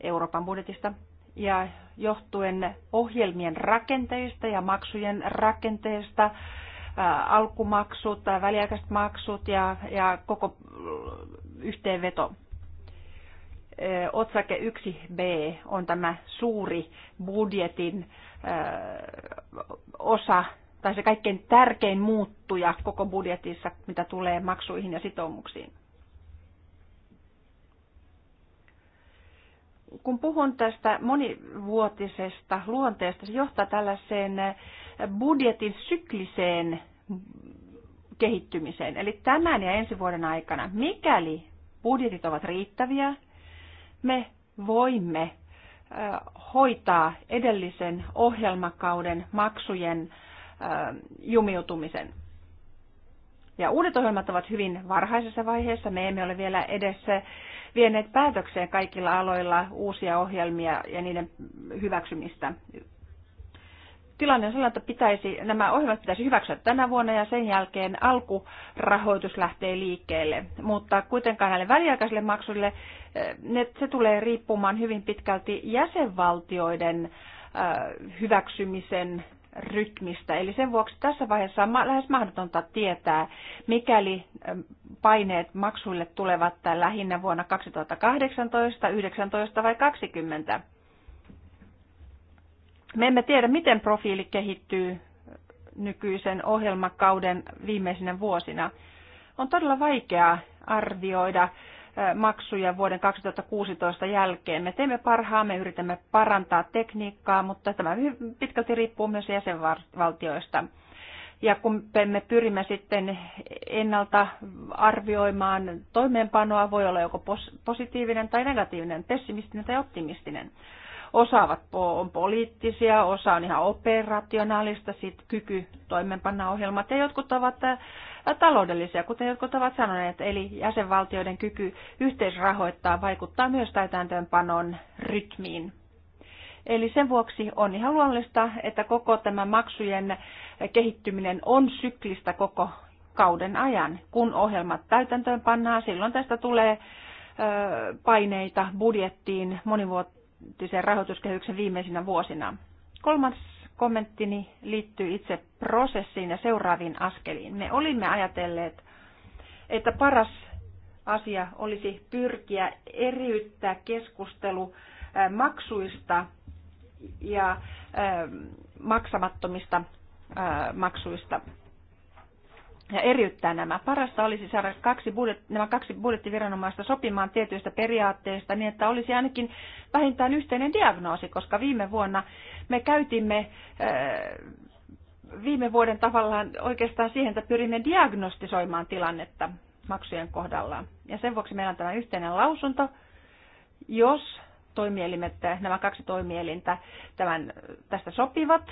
Euroopan budjetista, ja johtuen ohjelmien rakenteista ja maksujen rakenteista äh, alkumaksut, väliaikaiset maksut ja, ja koko yhteenveto. Otsake 1b on tämä suuri budjetin osa, tai se kaikkein tärkein muuttuja koko budjetissa, mitä tulee maksuihin ja sitoumuksiin. kun puhun tästä monivuotisesta luonteesta, se johtaa tällaiseen budjetin sykliseen kehittymiseen. Eli tämän ja ensi vuoden aikana, mikäli budjetit ovat riittäviä, me voimme hoitaa edellisen ohjelmakauden maksujen jumiutumisen. Ja uudet ohjelmat ovat hyvin varhaisessa vaiheessa. Me emme ole vielä edessä vieneet päätökseen kaikilla aloilla uusia ohjelmia ja niiden hyväksymistä tilanne on sellainen, että pitäisi, nämä ohjelmat pitäisi hyväksyä tänä vuonna ja sen jälkeen alkurahoitus lähtee liikkeelle. Mutta kuitenkaan näille väliaikaisille maksuille eh, ne, se tulee riippumaan hyvin pitkälti jäsenvaltioiden eh, hyväksymisen rytmistä. Eli sen vuoksi tässä vaiheessa on lähes mahdotonta tietää, mikäli eh, paineet maksuille tulevat lähinnä vuonna 2018, 2019 vai 2020 me emme tiedä, miten profiili kehittyy nykyisen ohjelmakauden viimeisinä vuosina. On todella vaikeaa arvioida maksuja vuoden 2016 jälkeen. Me teemme parhaamme, yritämme parantaa tekniikkaa, mutta tämä pitkälti riippuu myös jäsenvaltioista. Ja kun me pyrimme sitten ennalta arvioimaan toimeenpanoa, voi olla joko positiivinen tai negatiivinen, pessimistinen tai optimistinen. Osa on poliittisia, osa on ihan operationaalista, sit kyky toimenpanna ohjelmat ja jotkut ovat äh, taloudellisia, kuten jotkut ovat sanoneet, eli jäsenvaltioiden kyky yhteisrahoittaa vaikuttaa myös täytäntöönpanon rytmiin. Eli sen vuoksi on ihan luonnollista, että koko tämä maksujen kehittyminen on syklistä koko kauden ajan. Kun ohjelmat täytäntöön pannaan, silloin tästä tulee paineita budjettiin monivuot- monivuotisen rahoituskehyksen viimeisinä vuosina. Kolmas kommenttini liittyy itse prosessiin ja seuraaviin askeliin. Me olimme ajatelleet, että paras asia olisi pyrkiä eriyttää keskustelu maksuista ja maksamattomista maksuista ja eriyttää nämä. Parasta olisi saada kaksi budjet, nämä kaksi budjettiviranomaista sopimaan tietyistä periaatteista niin, että olisi ainakin vähintään yhteinen diagnoosi, koska viime vuonna me käytimme eh, viime vuoden tavallaan oikeastaan siihen, että pyrimme diagnostisoimaan tilannetta maksujen kohdalla. Ja sen vuoksi meillä on tämä yhteinen lausunto, jos toimielimet, nämä kaksi toimielintä tämän, tästä sopivat,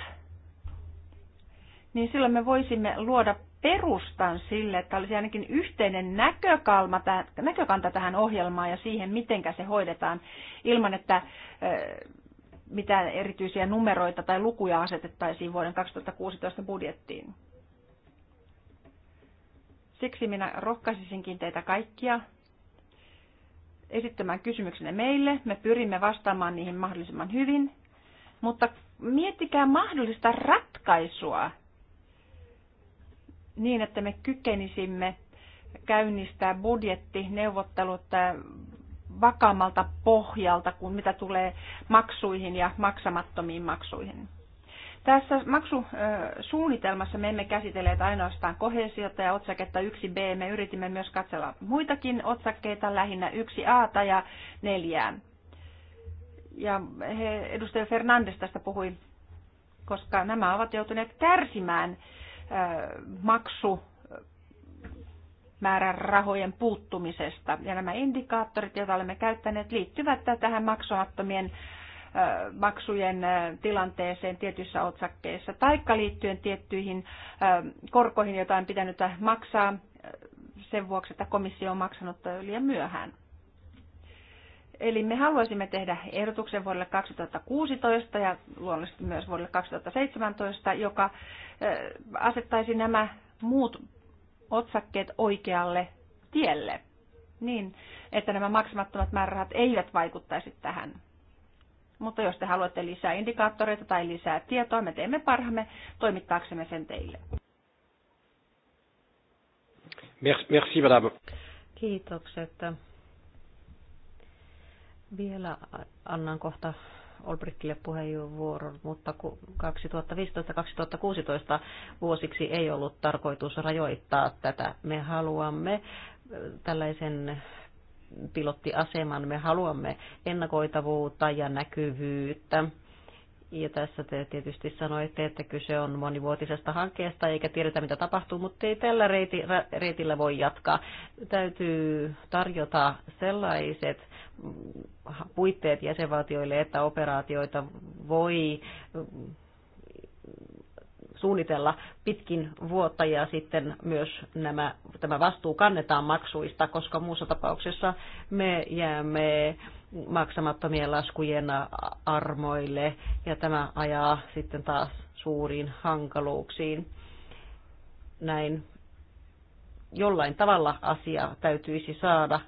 niin silloin me voisimme luoda perustan sille, että olisi ainakin yhteinen näkökalma, näkökanta tähän ohjelmaan ja siihen, miten se hoidetaan, ilman että mitään erityisiä numeroita tai lukuja asetettaisiin vuoden 2016 budjettiin. Siksi minä rohkaisisinkin teitä kaikkia esittämään kysymyksenne meille. Me pyrimme vastaamaan niihin mahdollisimman hyvin, mutta miettikää mahdollista ratkaisua niin, että me kykenisimme käynnistää budjettineuvottelut äh, vakaammalta pohjalta kuin mitä tulee maksuihin ja maksamattomiin maksuihin. Tässä maksusuunnitelmassa äh, me emme käsitelleet ainoastaan kohesiota ja otsaketta 1b. Me yritimme myös katsella muitakin otsakkeita, lähinnä 1a ja 4. Ja he, edustaja Fernandes tästä puhui, koska nämä ovat joutuneet kärsimään äh, maksu rahojen puuttumisesta. Ja nämä indikaattorit, joita olemme käyttäneet, liittyvät tähän maksamattomien maksujen tilanteeseen tietyissä otsakkeissa, taikka liittyen tiettyihin korkoihin, joita on pitänyt maksaa sen vuoksi, että komissio on maksanut liian myöhään. Eli me haluaisimme tehdä ehdotuksen vuodelle 2016 ja luonnollisesti myös vuodelle 2017, joka eh, asettaisi nämä muut otsakkeet oikealle tielle niin, että nämä maksamattomat määrärahat eivät vaikuttaisi tähän. Mutta jos te haluatte lisää indikaattoreita tai lisää tietoa, me teemme parhaamme toimittaaksemme sen teille. Merci, madame. Kiitokset. Vielä annan kohta Olbrichtille puheenvuoron, mutta 2015-2016 vuosiksi ei ollut tarkoitus rajoittaa tätä. Me haluamme äh, tällaisen pilottiaseman, me haluamme ennakoitavuutta ja näkyvyyttä. Ja tässä te tietysti sanoitte, että kyse on monivuotisesta hankkeesta eikä tiedetä mitä tapahtuu, mutta ei tällä reiti, reitillä voi jatkaa. Täytyy tarjota sellaiset puitteet jäsenvaltioille, että operaatioita voi mm, suunnitella pitkin vuotta ja sitten myös nämä, tämä vastuu kannetaan maksuista, koska muussa tapauksessa me jäämme maksamattomien laskujen armoille ja tämä ajaa sitten taas suuriin hankaluuksiin. Näin jollain tavalla asia täytyisi saada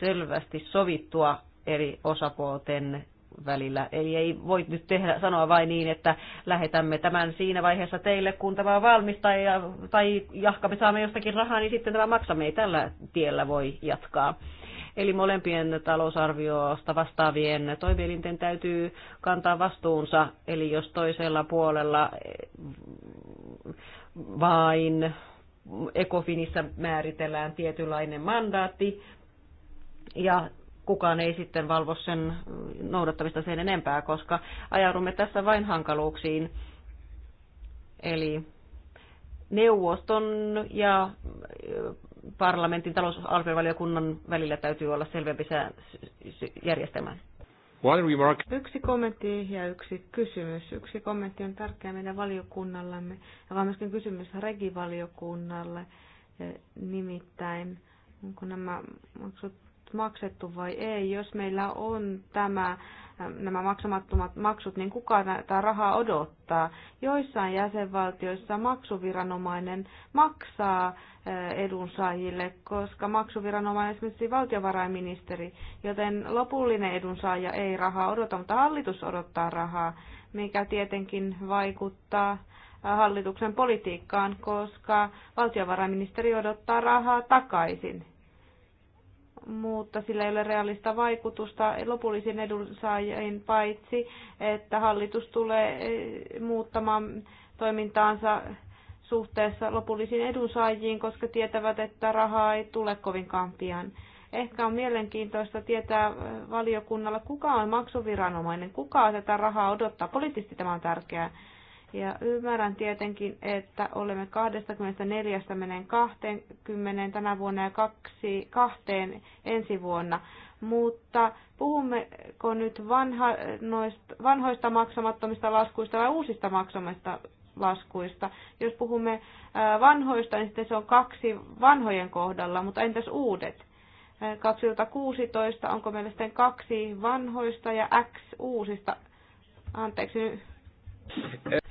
selvästi sovittua eri osapuolten välillä. Eli ei voi nyt tehdä, sanoa vain niin, että lähetämme tämän siinä vaiheessa teille, kun tämä on valmis, tai, tai jahka me saamme jostakin rahaa, niin sitten tämä maksamme. Ei tällä tiellä voi jatkaa. Eli molempien talousarviosta vastaavien toimielinten täytyy kantaa vastuunsa. Eli jos toisella puolella eh, vain Ecofinissa määritellään tietynlainen mandaatti, ja kukaan ei sitten valvo sen noudattamista sen enempää, koska ajaudumme tässä vain hankaluuksiin. Eli neuvoston ja parlamentin talousarviovaliokunnan välillä täytyy olla selvempi järjestelmä. Yksi kommentti ja yksi kysymys. Yksi kommentti on tärkeä meidän valiokunnallamme, on myöskin kysymys regivaliokunnalle, nimittäin onko nämä maksut maksettu vai ei. Jos meillä on tämä, äh, nämä maksamattomat maksut, niin kuka tämä rahaa odottaa? Joissain jäsenvaltioissa maksuviranomainen maksaa äh, edunsaajille, koska maksuviranomainen esimerkiksi valtiovarainministeri, joten lopullinen edunsaaja ei rahaa odota, mutta hallitus odottaa rahaa, mikä tietenkin vaikuttaa äh, hallituksen politiikkaan, koska valtiovarainministeri odottaa rahaa takaisin mutta sillä ei ole realista vaikutusta lopullisiin edunsaajiin paitsi, että hallitus tulee eh, muuttamaan toimintaansa suhteessa lopullisiin edunsaajiin, koska tietävät, että rahaa ei tule kovinkaan pian. Ehkä on mielenkiintoista tietää eh, valiokunnalla, kuka on maksuviranomainen, kuka tätä rahaa odottaa. Poliittisesti tämä on tärkeää. Ja ymmärrän tietenkin, että olemme 24 menen 20 tänä vuonna ja kaksi, kahteen ensi vuonna. Mutta puhummeko nyt vanha, noista, vanhoista maksamattomista laskuista vai uusista maksamista laskuista? Jos puhumme äh, vanhoista, niin sitten se on kaksi vanhojen kohdalla, mutta entäs uudet? 2016, äh, onko meillä sitten kaksi vanhoista ja X uusista? Anteeksi,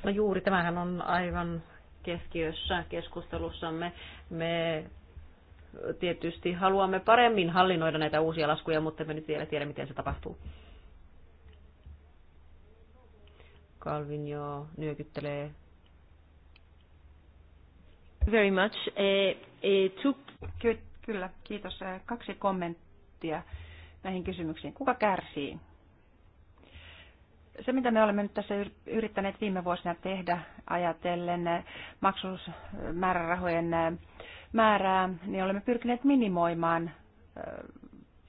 No juuri tämähän on aivan keskiössä keskustelussamme. Me tietysti haluamme paremmin hallinnoida näitä uusia laskuja, mutta me nyt vielä tiedä, miten se tapahtuu. Calvin jo nyökyttelee. Very much. Uh, uh, two... Ky- kyllä, kiitos. Eh, kaksi kommenttia näihin kysymyksiin. Kuka kärsii? se, mitä me olemme nyt tässä yrittäneet viime vuosina tehdä ajatellen eh, maksusmäärärahojen eh, määrää, niin olemme pyrkineet minimoimaan eh,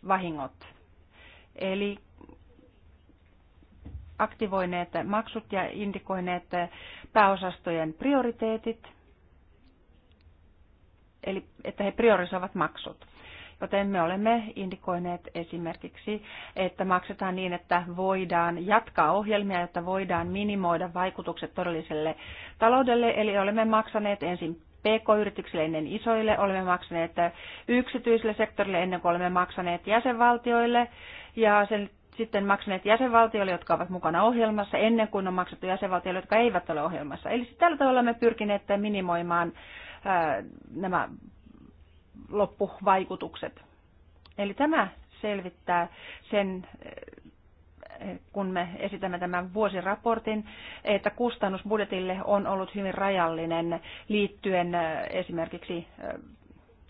vahingot. Eli aktivoineet maksut ja indikoineet pääosastojen prioriteetit, eli että he priorisoivat maksut. Joten me olemme indikoineet esimerkiksi, että maksetaan niin, että voidaan jatkaa ohjelmia, jotta voidaan minimoida vaikutukset todelliselle taloudelle. Eli olemme maksaneet ensin PK-yrityksille ennen isoille, olemme maksaneet yksityiselle sektorille ennen kuin olemme maksaneet jäsenvaltioille ja sen sitten maksaneet jäsenvaltioille, jotka ovat mukana ohjelmassa, ennen kuin on maksettu jäsenvaltioille, jotka eivät ole ohjelmassa. Eli tällä tavalla me pyrkineet minimoimaan nämä loppuvaikutukset. Eli tämä selvittää sen, kun me esitämme tämän vuosiraportin, että kustannusbudjetille on ollut hyvin rajallinen liittyen esimerkiksi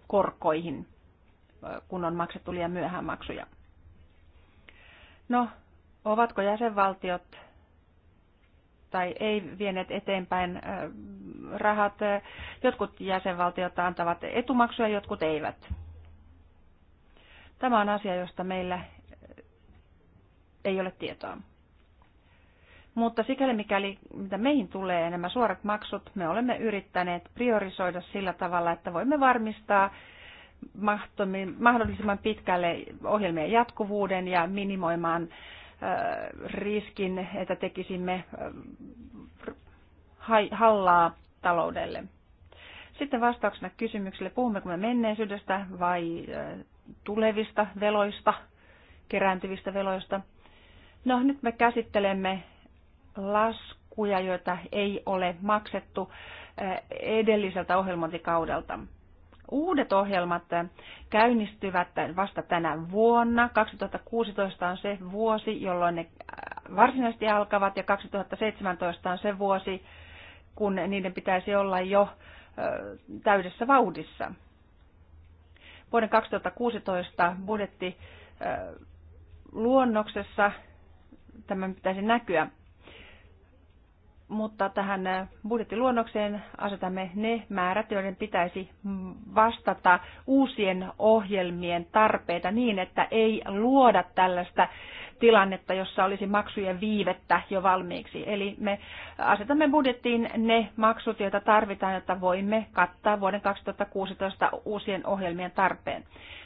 korkoihin, kun on maksettu liian myöhään maksuja. No, ovatko jäsenvaltiot tai ei vieneet eteenpäin rahat. Jotkut jäsenvaltiot antavat etumaksuja, jotkut eivät. Tämä on asia, josta meillä ei ole tietoa. Mutta sikäli mikäli, mitä meihin tulee, nämä suorat maksut, me olemme yrittäneet priorisoida sillä tavalla, että voimme varmistaa mahdollisimman pitkälle ohjelmien jatkuvuuden ja minimoimaan Äh, riskin, että tekisimme äh, hallaa taloudelle. Sitten vastauksena kysymykselle, puhummeko me menneisyydestä vai äh, tulevista veloista, kerääntyvistä veloista. No nyt me käsittelemme laskuja, joita ei ole maksettu edelliseltä ohjelmointikaudelta uudet ohjelmat käynnistyvät vasta tänä vuonna. 2016 on se vuosi, jolloin ne äh, varsinaisesti alkavat ja 2017 on se vuosi, kun niiden pitäisi olla jo äh, täydessä vauhdissa. Vuoden 2016 budjetti äh, luonnoksessa tämän pitäisi näkyä mutta tähän äh, budjettiluonnokseen asetamme ne määrät, joiden pitäisi vastata uusien ohjelmien tarpeita niin, että ei luoda tällaista tilannetta, jossa olisi maksujen viivettä jo valmiiksi. Eli me asetamme budjettiin ne maksut, joita tarvitaan, jotta voimme kattaa vuoden 2016 uusien ohjelmien tarpeen.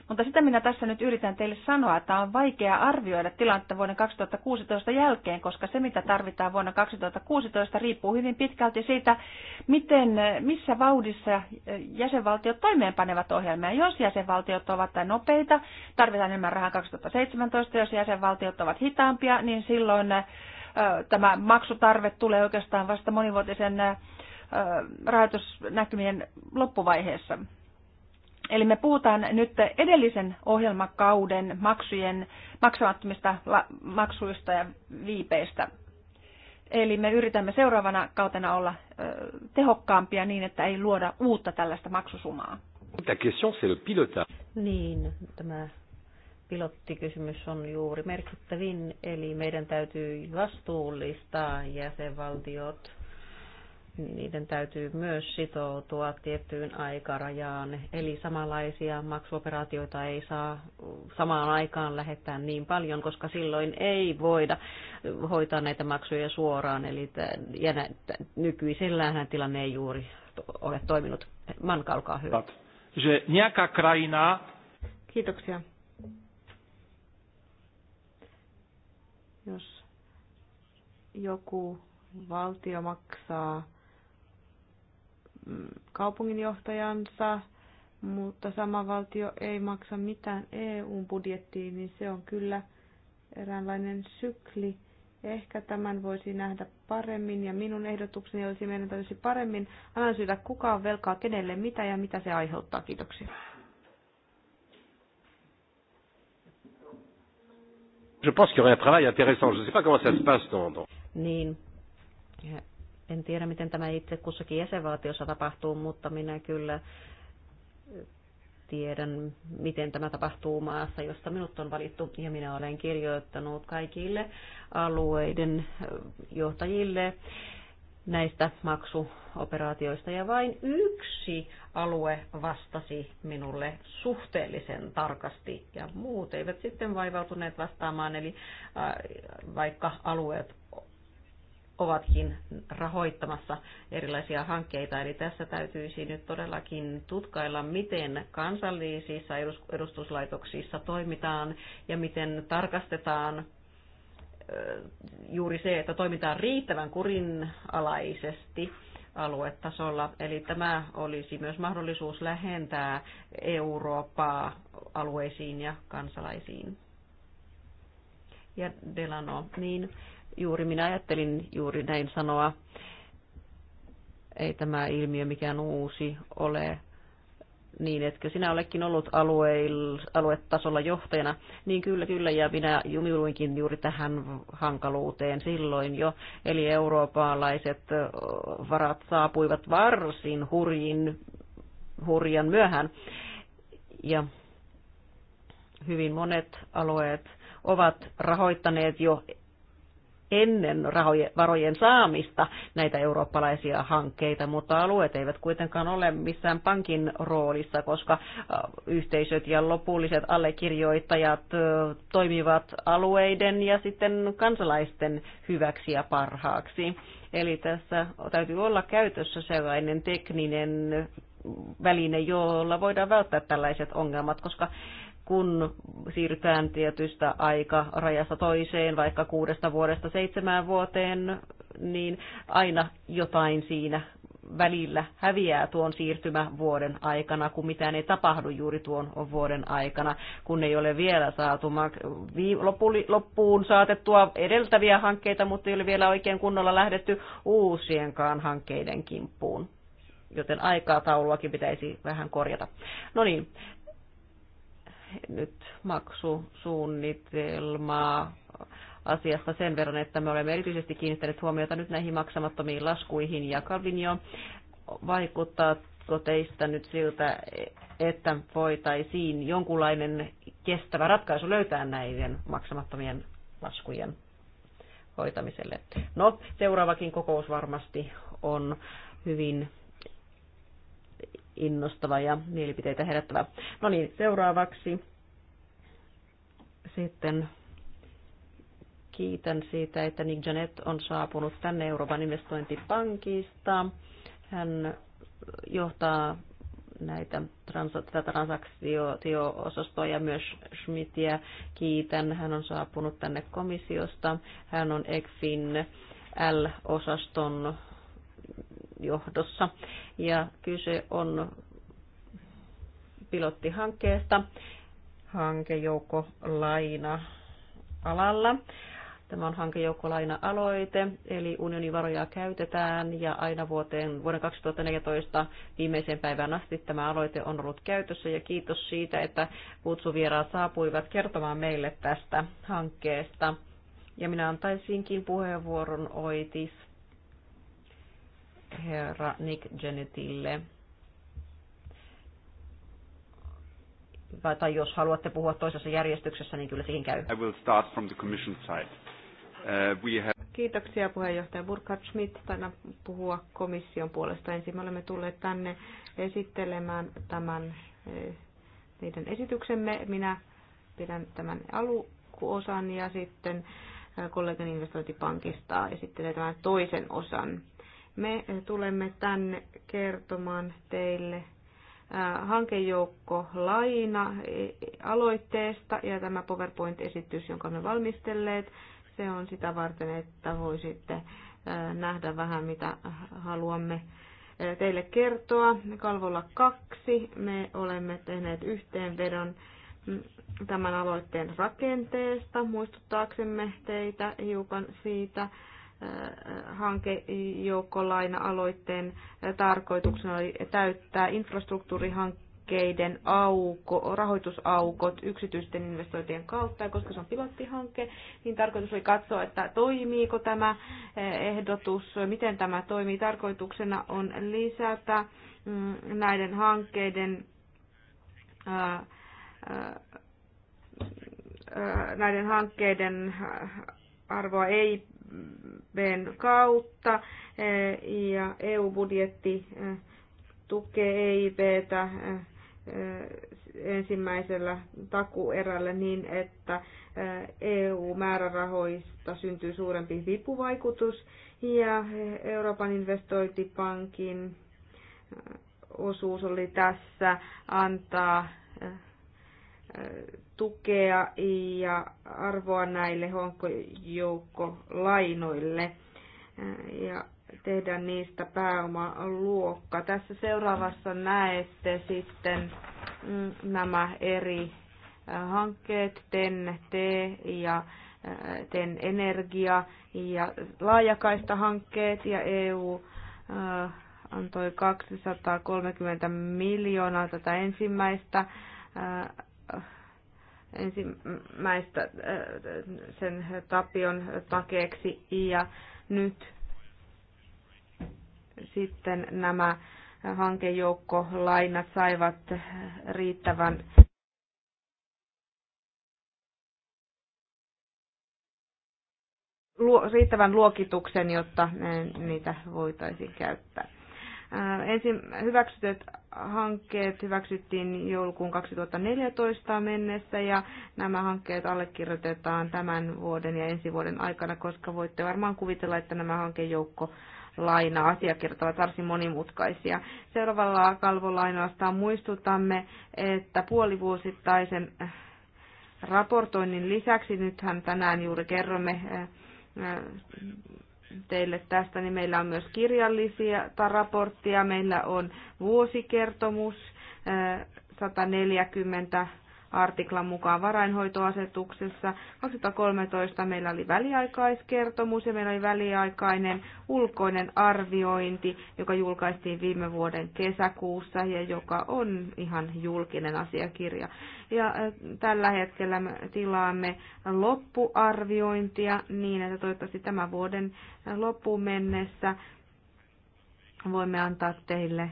Mutta sitä minä tässä nyt yritän teille sanoa, että on vaikea arvioida tilannetta vuoden 2016 jälkeen, koska se mitä tarvitaan vuonna 2016 riippuu hyvin pitkälti siitä, miten, missä vauhdissa jäsenvaltiot toimeenpanevat ohjelmia. Jos jäsenvaltiot ovat nopeita, tarvitaan enemmän rahaa 2017, jos jäsenvaltiot ovat hitaampia, niin silloin tämä maksutarve tulee oikeastaan vasta monivuotisen rahoitusnäkymien loppuvaiheessa. Eli me puhutaan nyt edellisen ohjelmakauden maksujen, maksamattomista maksuista ja viipeistä. Eli me yritämme seuraavana kautena olla ö, tehokkaampia niin, että ei luoda uutta tällaista maksusumaa. question, c'est le pilota. Niin, tämä pilottikysymys on juuri merkittävin, eli meidän täytyy vastuullistaa jäsenvaltiot niiden täytyy myös sitoutua tiettyyn aikarajaan. Eli samanlaisia maksuoperaatioita ei saa samaan aikaan lähettää niin paljon, koska silloin ei voida hoitaa näitä maksuja suoraan. Eli nykyisellään tilanne ei juuri ole toiminut. Manka, olkaa hyvä. Kiitoksia. Jos joku valtio maksaa kaupunginjohtajansa, mutta sama valtio ei maksa mitään EU-budjettiin, niin se on kyllä eräänlainen sykli. Ehkä tämän voisi nähdä paremmin ja minun ehdotukseni olisi meidän täytyisi paremmin analysoida kuka on velkaa kenelle, mitä ja mitä se aiheuttaa. Kiitoksia. Je pense qu'il y aurait un travail intéressant. Je ne sais pas comment ça se passe dans... Niin. En tiedä, miten tämä itse kussakin jäsenvaltiossa tapahtuu, mutta minä kyllä tiedän, miten tämä tapahtuu maassa, josta minut on valittu, ja minä olen kirjoittanut kaikille alueiden johtajille näistä maksuoperaatioista, ja vain yksi alue vastasi minulle suhteellisen tarkasti, ja muut eivät sitten vaivautuneet vastaamaan, eli vaikka alueet ovatkin rahoittamassa erilaisia hankkeita. Eli tässä täytyisi nyt todellakin tutkailla, miten kansallisissa edustuslaitoksissa toimitaan ja miten tarkastetaan juuri se, että toimitaan riittävän kurinalaisesti aluetasolla. Eli tämä olisi myös mahdollisuus lähentää Eurooppaa alueisiin ja kansalaisiin. Ja Delano, niin Juuri minä ajattelin juuri näin sanoa. Ei tämä ilmiö mikään uusi ole niin, etkö sinä olekin ollut alueil, aluetasolla johtajana, niin kyllä, kyllä, ja minä jumiluinkin juuri tähän hankaluuteen silloin jo. Eli eurooppalaiset varat saapuivat varsin hurjin, hurjan myöhään, ja hyvin monet alueet ovat rahoittaneet jo ennen rahojen, varojen saamista näitä eurooppalaisia hankkeita, mutta alueet eivät kuitenkaan ole missään pankin roolissa, koska äh, yhteisöt ja lopulliset allekirjoittajat toimivat alueiden ja sitten kansalaisten hyväksi ja parhaaksi. Eli tässä täytyy olla käytössä sellainen tekninen väline, jolla voidaan välttää tällaiset ongelmat, koska kun siirrytään tietystä aikarajasta toiseen, vaikka kuudesta vuodesta seitsemään vuoteen, niin aina jotain siinä välillä häviää tuon siirtymävuoden aikana, kun mitään ei tapahdu juuri tuon vuoden aikana, kun ei ole vielä saatu loppuun saatettua edeltäviä hankkeita, mutta ei ole vielä oikein kunnolla lähdetty uusienkaan hankkeiden kimppuun joten aikatauluakin pitäisi vähän korjata. No niin, nyt maksusuunnitelmaa asiasta sen verran, että me olemme erityisesti kiinnittäneet huomiota nyt näihin maksamattomiin laskuihin. Ja Kalvinio, vaikuttaako teistä nyt siltä, että voitaisiin jonkunlainen kestävä ratkaisu löytää näiden maksamattomien laskujen hoitamiselle? No, seuraavakin kokous varmasti on hyvin innostava ja mielipiteitä herättävä. No niin, seuraavaksi sitten kiitän siitä, että Nick Janet on saapunut tänne Euroopan investointipankista. Hän johtaa näitä trans, tätä transaktio-osastoa ja myös Schmidtiä kiitän. Hän on saapunut tänne komissiosta. Hän on ECFIN L-osaston johdossa. Ja kyse on pilottihankkeesta hankejoukkolaina alalla. Tämä on hankejoukkolaina-aloite, eli unionin varoja käytetään ja aina vuoteen, vuoden 2014 viimeiseen päivään asti tämä aloite on ollut käytössä ja kiitos siitä, että kutsuvieraat saapuivat kertomaan meille tästä hankkeesta. Ja minä antaisinkin puheenvuoron Oitis herra Nick Genetille. Tai jos haluatte puhua toisessa järjestyksessä, niin kyllä siihen käy. I will start from the commission side. Uh, we have... Kiitoksia puheenjohtaja Burkhard Schmidt tänä puhua komission puolesta. Ensin me olemme tulleet tänne esittelemään tämän eh, meidän esityksemme. Minä pidän tämän alkuosan ja sitten eh, kollegan investointipankista esittelee tämän toisen osan. Me tulemme tänne kertomaan teille hankejoukko laina e, e, aloitteesta ja tämä PowerPoint-esitys, jonka me valmistelleet, se on sitä varten, että voisitte nähdä vähän mitä haluamme teille kertoa. Kalvolla kaksi me olemme tehneet yhteenvedon mm, tämän aloitteen rakenteesta muistuttaaksemme teitä hiukan siitä, hankejoukkolaina-aloitteen tarkoituksena oli täyttää infrastruktuurihankkeiden auko, rahoitusaukot yksityisten investointien kautta. Ja koska se on pilottihanke, niin tarkoitus oli katsoa, että toimiiko tämä ehdotus, miten tämä toimii. Tarkoituksena on lisätä mm, näiden hankkeiden näiden hankkeiden arvoa ei EKPn kautta eh, ja EU-budjetti eh, tukee EIPtä eh, ensimmäisellä takuerällä niin, että EU-määrärahoista e syntyy suurempi vipuvaikutus ja Euroopan investointipankin osuus oli tässä antaa tukea ja arvoa näille honkojoukkolainoille ja tehdä niistä pääomaluokka. Tässä seuraavassa näette sitten mm, nämä eri äh, hankkeet, TEN, T ja äh, TEN Energia ja laajakaista hankkeet ja EU äh, antoi 230 miljoonaa tätä ensimmäistä ensimmäistä sen tapion takeeksi ja nyt sitten nämä hankejoukkolainat saivat riittävän riittävän luokituksen, jotta niitä voitaisiin käyttää. Ensin hyväksytyt hankkeet hyväksyttiin joulukuun 2014 mennessä ja nämä hankkeet allekirjoitetaan tämän vuoden ja ensi vuoden aikana, koska voitte varmaan kuvitella, että nämä hankejoukko laina-asiakirjat ovat varsin monimutkaisia. Seuraavalla kalvolainoastaan muistutamme, että puolivuosittaisen äh, raportoinnin lisäksi, nythän tänään juuri kerromme äh, äh, teille tästä, niin meillä on myös kirjallisia raporttia, meillä on vuosikertomus 140 artiklan mukaan varainhoitoasetuksessa. 2013 meillä oli väliaikaiskertomus ja meillä oli väliaikainen ulkoinen arviointi, joka julkaistiin viime vuoden kesäkuussa ja joka on ihan julkinen asiakirja. Ja tällä hetkellä me tilaamme loppuarviointia niin, että toivottavasti tämän vuoden loppuun mennessä voimme antaa teille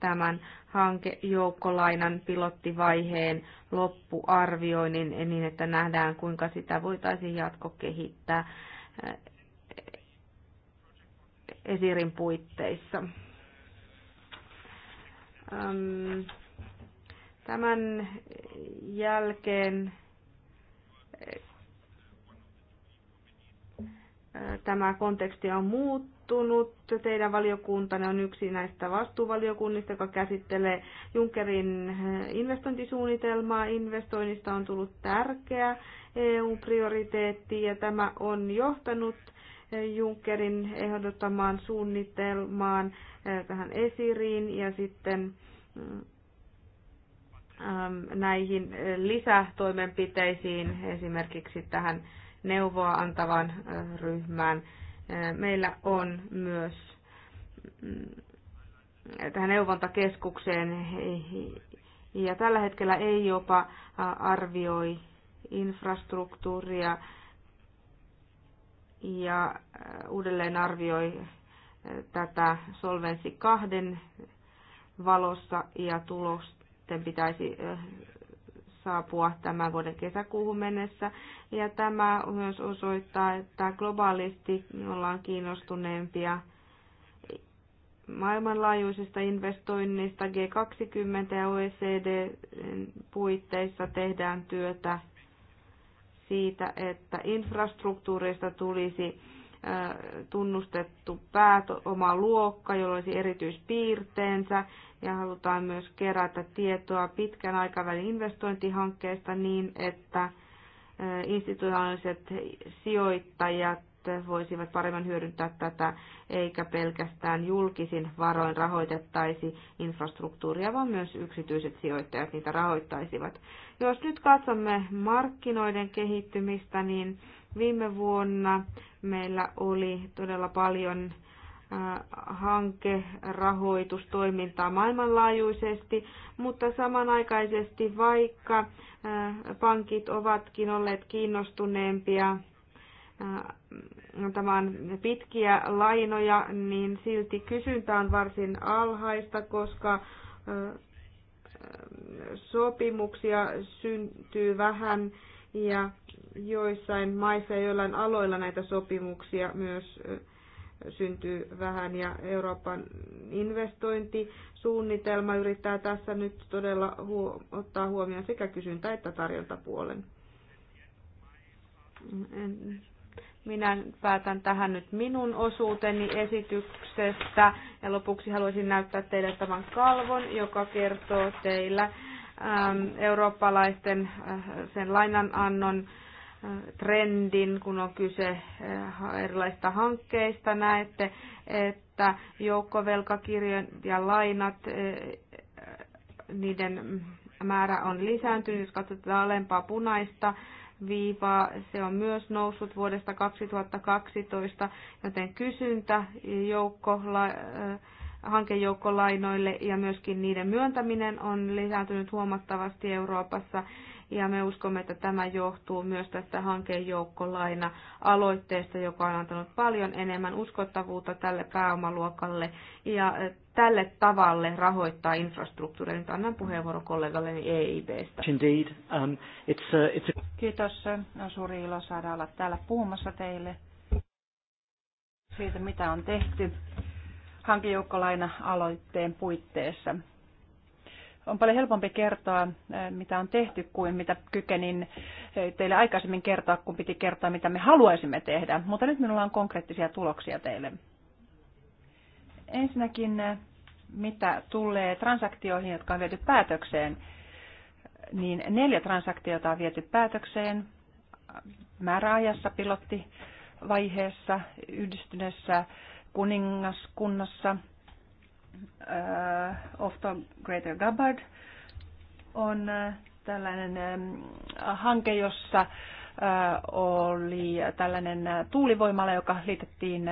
tämän hankejoukkolainan pilottivaiheen loppuarvioinnin niin, että nähdään kuinka sitä voitaisiin jatkokehittää eh, esirin puitteissa. Tämän jälkeen eh, tämä konteksti on muuttunut vakuuttunut. Teidän valiokuntanne on yksi näistä vastuuvaliokunnista, joka käsittelee Junckerin eh, investointisuunnitelmaa. Investoinnista on tullut tärkeä EU-prioriteetti ja tämä on johtanut eh, Junckerin ehdottamaan suunnitelmaan eh, tähän esiriin ja sitten mm, näihin lisätoimenpiteisiin, esimerkiksi tähän neuvoa antavan ryhmään Meillä on myös mm, tähän neuvontakeskukseen ja tällä hetkellä ei jopa arvioi infrastruktuuria ja uudelleen arvioi tätä Solvenssi kahden valossa ja tulosten pitäisi saapua tämän vuoden kesäkuuhun mennessä. Ja tämä myös osoittaa, että globaalisti ollaan kiinnostuneempia maailmanlaajuisista investoinneista G20 ja OECD puitteissa tehdään työtä siitä, että infrastruktuurista tulisi tunnustettu pääoma luokka, jolla olisi erityispiirteensä, ja halutaan myös kerätä tietoa pitkän aikavälin investointihankkeista niin, että institutionaaliset sijoittajat voisivat paremmin hyödyntää tätä, eikä pelkästään julkisin varoin rahoitettaisi infrastruktuuria, vaan myös yksityiset sijoittajat niitä rahoittaisivat. Jos nyt katsomme markkinoiden kehittymistä, niin viime vuonna meillä oli todella paljon hankerahoitustoimintaa maailmanlaajuisesti, mutta samanaikaisesti vaikka pankit ovatkin olleet kiinnostuneempia tämän pitkiä lainoja, niin silti kysyntä on varsin alhaista, koska sopimuksia syntyy vähän ja joissain maissa ja joillain aloilla näitä sopimuksia myös syntyy vähän ja Euroopan investointisuunnitelma yrittää tässä nyt todella huo- ottaa huomioon sekä kysyntä- että tarjontapuolen. En minä päätän tähän nyt minun osuuteni esityksestä ja lopuksi haluaisin näyttää teille tämän kalvon, joka kertoo teillä eurooppalaisten äh, sen lainanannon trendin, kun on kyse eh, erilaisista hankkeista. Näette, että joukkovelkakirjojen ja lainat, eh, niiden määrä on lisääntynyt. Jos katsotaan alempaa punaista viivaa, se on myös noussut vuodesta 2012, joten kysyntä joukko, eh, hankejoukkolainoille ja myöskin niiden myöntäminen on lisääntynyt huomattavasti Euroopassa ja me uskomme, että tämä johtuu myös tästä hankejoukkolaina aloitteesta, joka on antanut paljon enemmän uskottavuutta tälle pääomaluokalle ja eh, tälle tavalle rahoittaa infrastruktuuria. Nyt annan puheenvuoron kollegalleni EIBstä. Indeed. Um, it's a, uh, it's a... Kiitos. On suuri ilo saada olla täällä puhumassa teille siitä, mitä on tehty hankejoukkolaina-aloitteen puitteissa on paljon helpompi kertoa, eh, mitä on tehty, kuin mitä kykenin eh, teille aikaisemmin kertoa, kun piti kertoa, mitä me haluaisimme tehdä. Mutta nyt minulla on konkreettisia tuloksia teille. Ensinnäkin, eh, mitä tulee transaktioihin, jotka on viety päätökseen, niin neljä transaktiota on viety päätökseen määräajassa pilottivaiheessa yhdistyneessä kuningaskunnassa, Äh, Ofton Greater Gabbard on äh, tällainen ähm, hanke, jossa äh, oli tällainen tuulivoimala, joka liitettiin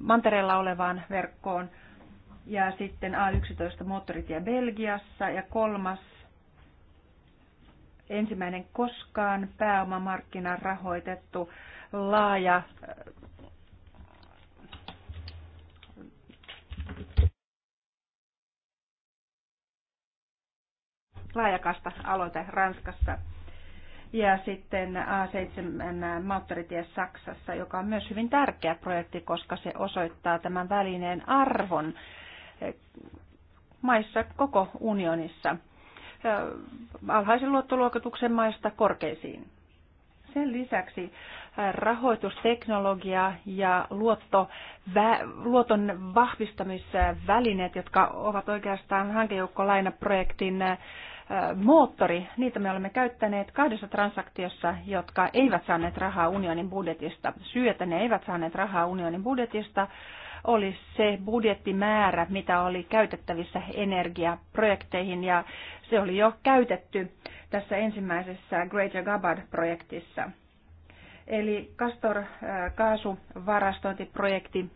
mantereella olevaan verkkoon. Ja sitten A11 moottoritie Belgiassa ja kolmas ensimmäinen koskaan pääomamarkkinan rahoitettu laaja laajakasta aloite Ranskassa ja sitten A7 Mauttoritie Saksassa, joka on myös hyvin tärkeä projekti, koska se osoittaa tämän välineen arvon eh, maissa koko unionissa eh, alhaisen luottoluokituksen maista korkeisiin. Sen lisäksi eh, rahoitusteknologia ja luotto, vä, luoton vahvistamisvälineet, jotka ovat oikeastaan hankejoukkolainaprojektin projektin moottori, niitä me olemme käyttäneet kahdessa transaktiossa, jotka eivät saaneet rahaa unionin budjetista. Syy, että ne eivät saaneet rahaa unionin budjetista, oli se budjettimäärä, mitä oli käytettävissä energiaprojekteihin, ja se oli jo käytetty tässä ensimmäisessä Greater Gabbard-projektissa. Eli Castor kaasuvarastointiprojekti,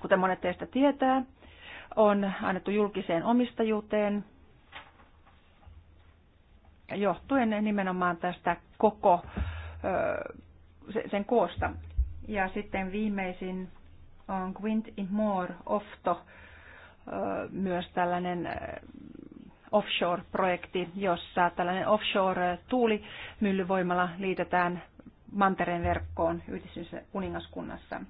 kuten monet teistä tietää, on annettu julkiseen omistajuuteen johtuen nimenomaan tästä koko sen koosta. Ja sitten viimeisin on Quint in More Ofto, myös tällainen offshore-projekti, jossa tällainen offshore-tuulimyllyvoimala liitetään mantereen verkkoon yhdistyneessä kuningaskunnassa.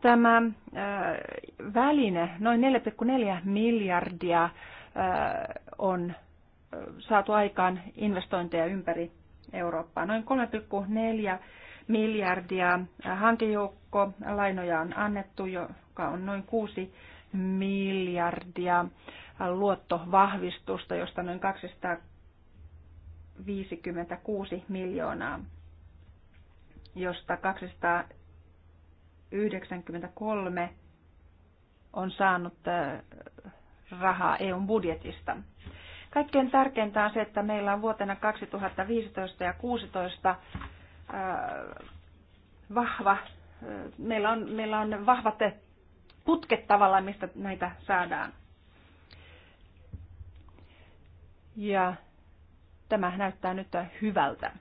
Tämä väline, noin 4,4 miljardia, on saatu aikaan investointeja ympäri Eurooppaa. Noin 3,4 miljardia hankejoukko lainoja on annettu, joka on noin 6 miljardia luottovahvistusta, josta noin 256 miljoonaa, josta 293 on saanut äh, rahaa EUn budjetista. Kaikkein tärkeintä on se, että meillä on vuotena 2015 ja 2016 äh, vahva, äh, meillä on, meillä on vahvat putket tavallaan, mistä näitä saadaan. Ja tämä näyttää nyt hyvältä.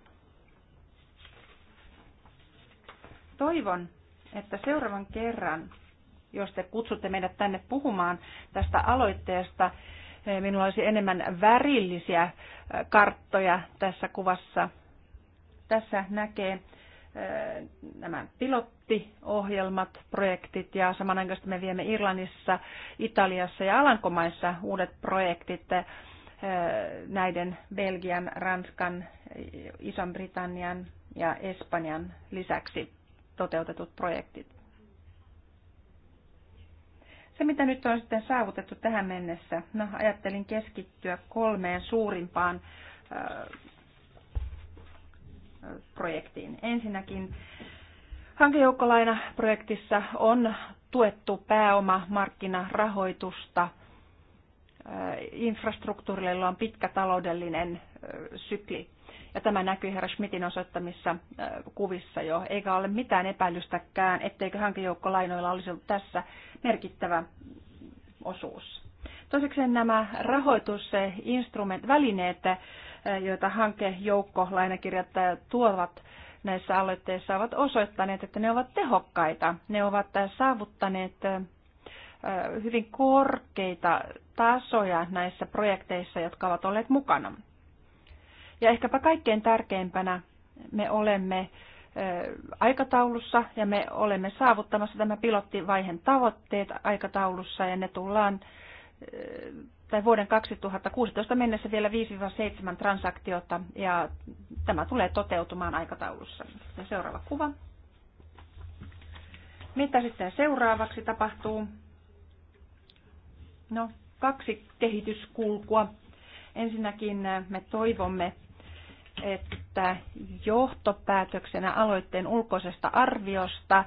Toivon, että seuraavan kerran, jos te kutsutte meidät tänne puhumaan tästä aloitteesta, Minulla olisi enemmän värillisiä karttoja tässä kuvassa. Tässä näkee nämä pilottiohjelmat, projektit ja samanaikaisesti me viemme Irlannissa, Italiassa ja Alankomaissa uudet projektit näiden Belgian, Ranskan, Ison-Britannian ja Espanjan lisäksi toteutetut projektit. Se, mitä nyt on sitten saavutettu tähän mennessä, no, ajattelin keskittyä kolmeen suurimpaan projektiin. Ensinnäkin hankejoukkolainaprojektissa on tuettu pääomamarkkinarahoitusta infrastruktuurille, jolla on pitkä taloudellinen sykli. Ja tämä näkyy herra Schmidtin osoittamissa äh, kuvissa jo, eikä ole mitään epäilystäkään, etteikö hankejoukkolainoilla olisi ollut tässä merkittävä osuus. Toiseksi nämä rahoitusinstrument, välineet, äh, joita lainakirjoittajat äh, tuovat näissä aloitteissa, ovat osoittaneet, että ne ovat tehokkaita. Ne ovat saavuttaneet hyvin korkeita tasoja näissä projekteissa, jotka ovat olleet mukana. Ja ehkäpä kaikkein tärkeimpänä me olemme aikataulussa ja me olemme saavuttamassa tämä pilottivaiheen tavoitteet aikataulussa ja ne tullaan tai vuoden 2016 mennessä vielä 5-7 transaktiota ja tämä tulee toteutumaan aikataulussa. Ja seuraava kuva. Mitä sitten seuraavaksi tapahtuu? No, kaksi kehityskulkua. Ensinnäkin me toivomme, että johtopäätöksenä aloitteen ulkoisesta arviosta äh,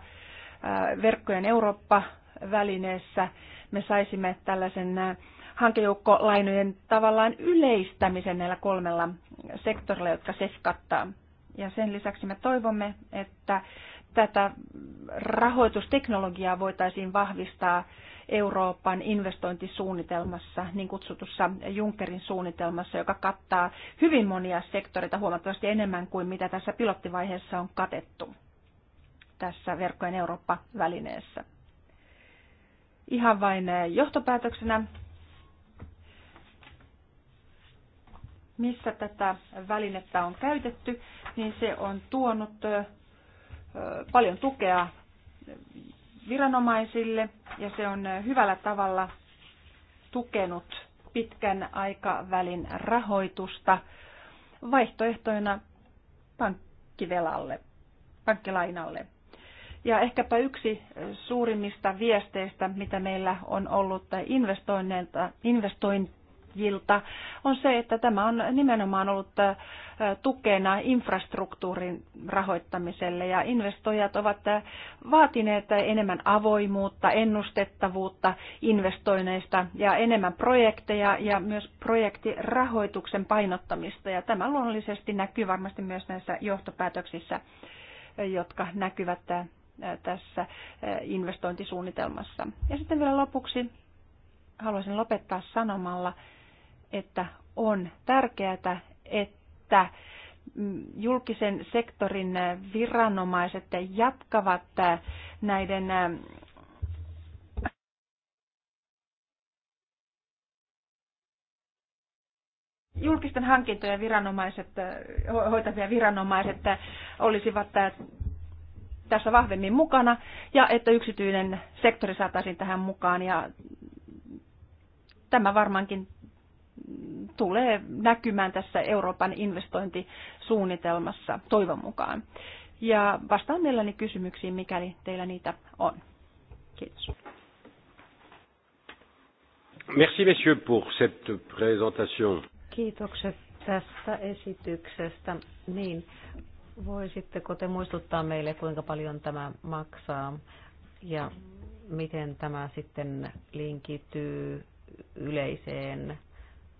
verkkojen Eurooppa-välineessä me saisimme tällaisen äh, hankejoukkolainojen tavallaan yleistämisen näillä kolmella sektorilla, jotka SEF kattaa. Ja sen lisäksi me toivomme, että tätä rahoitusteknologiaa voitaisiin vahvistaa Euroopan investointisuunnitelmassa, niin kutsutussa Junckerin suunnitelmassa, joka kattaa hyvin monia sektoreita huomattavasti enemmän kuin mitä tässä pilottivaiheessa on katettu tässä verkkojen Eurooppa-välineessä. Ihan vain eh, johtopäätöksenä, missä tätä välinettä on käytetty, niin se on tuonut eh, paljon tukea viranomaisille ja se on hyvällä tavalla tukenut pitkän aikavälin rahoitusta vaihtoehtoina pankkivelalle, pankkilainalle. Ja ehkäpä yksi suurimmista viesteistä, mitä meillä on ollut investoinneilta, investoin, Jilta on se, että tämä on nimenomaan ollut äh, tukena infrastruktuurin rahoittamiselle ja investoijat ovat äh, vaatineet enemmän avoimuutta, ennustettavuutta investoinneista ja enemmän projekteja ja myös projektirahoituksen painottamista ja tämä luonnollisesti näkyy varmasti myös näissä johtopäätöksissä, jotka näkyvät äh, tässä investointisuunnitelmassa. Ja sitten vielä lopuksi haluaisin lopettaa sanomalla, että on tärkeää, että julkisen sektorin viranomaiset jatkavat näiden julkisten hankintojen viranomaiset, hoitavia viranomaiset olisivat tässä vahvemmin mukana ja että yksityinen sektori saataisiin tähän mukaan ja tämä varmaankin tulee näkymään tässä Euroopan investointisuunnitelmassa toivon mukaan. Ja vastaan mielelläni kysymyksiin, mikäli teillä niitä on. Kiitos. Merci messieurs pour cette présentation. Kiitokset tästä esityksestä. Niin, voisitteko te muistuttaa meille, kuinka paljon tämä maksaa ja miten tämä sitten linkittyy yleiseen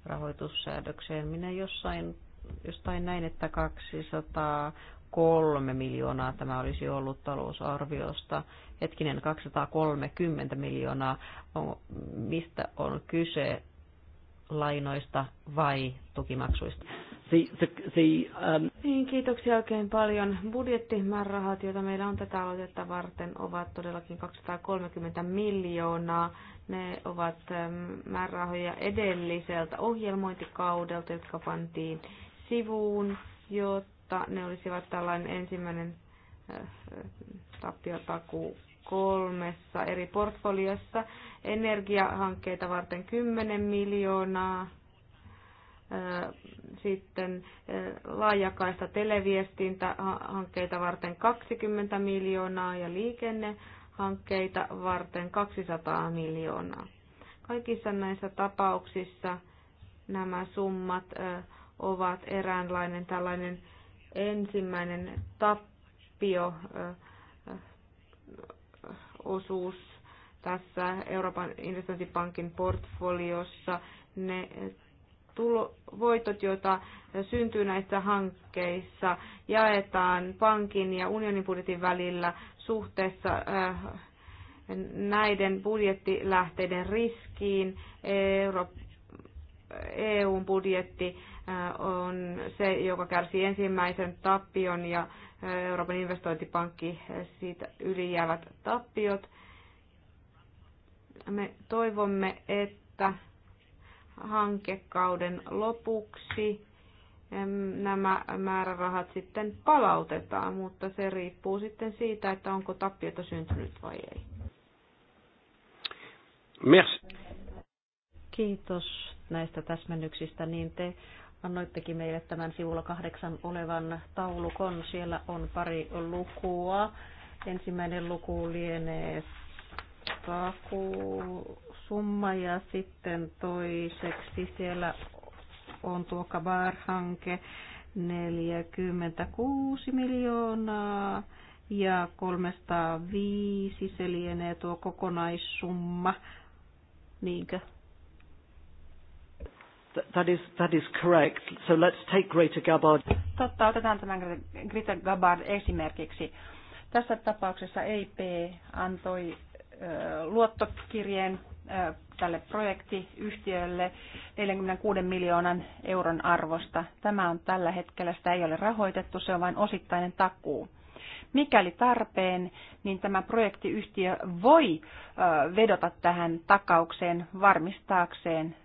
rahoitussäädökseen. Minä jossain, jostain näin, että 203 miljoonaa tämä olisi ollut talousarviosta. Hetkinen, 230 miljoonaa. On, mistä on kyse? lainoista vai tukimaksuista? The, the, the, um... niin, kiitoksia oikein paljon. Budjettimäärärahat, joita meillä on tätä aloitetta varten, ovat todellakin 230 miljoonaa. Ne ovat ähm, määrärahoja edelliseltä ohjelmointikaudelta, jotka pantiin sivuun, jotta ne olisivat tällainen ensimmäinen äh, äh, tappiotakuu kolmessa eri portfoliossa. Energiahankkeita varten 10 miljoonaa, sitten laajakaista televiestintähankkeita varten 20 miljoonaa ja liikennehankkeita varten 200 miljoonaa. Kaikissa näissä tapauksissa nämä summat ovat eräänlainen tällainen ensimmäinen tappio osuus tässä Euroopan investointipankin portfoliossa. Ne tulo, voitot, joita syntyy näissä hankkeissa, jaetaan pankin ja unionin budjetin välillä suhteessa äh, näiden budjettilähteiden riskiin. Euro, EUn budjetti on se, joka kärsii ensimmäisen tappion ja Euroopan investointipankki siitä ylijäävät tappiot. Me toivomme, että hankekauden lopuksi nämä määrärahat sitten palautetaan, mutta se riippuu sitten siitä, että onko tappiota syntynyt vai ei. Merci. Kiitos näistä täsmennyksistä. Niin te annoittekin meille tämän sivulla kahdeksan olevan taulukon. Siellä on pari lukua. Ensimmäinen luku lienee summa ja sitten toiseksi siellä on tuo Kabar-hanke 46 miljoonaa ja 305 se lienee tuo kokonaissumma. Niinkö? That is, that is correct. So let's take Greater Gabbard. Totta, otetaan tämän Greta Gabbard esimerkiksi. Tässä tapauksessa EIP antoi luottokirjeen tälle projektiyhtiölle 46 miljoonan euron arvosta. Tämä on tällä hetkellä, sitä ei ole rahoitettu, se on vain osittainen takuu. Mikäli tarpeen, niin tämä projektiyhtiö voi vedota tähän takaukseen varmistaakseen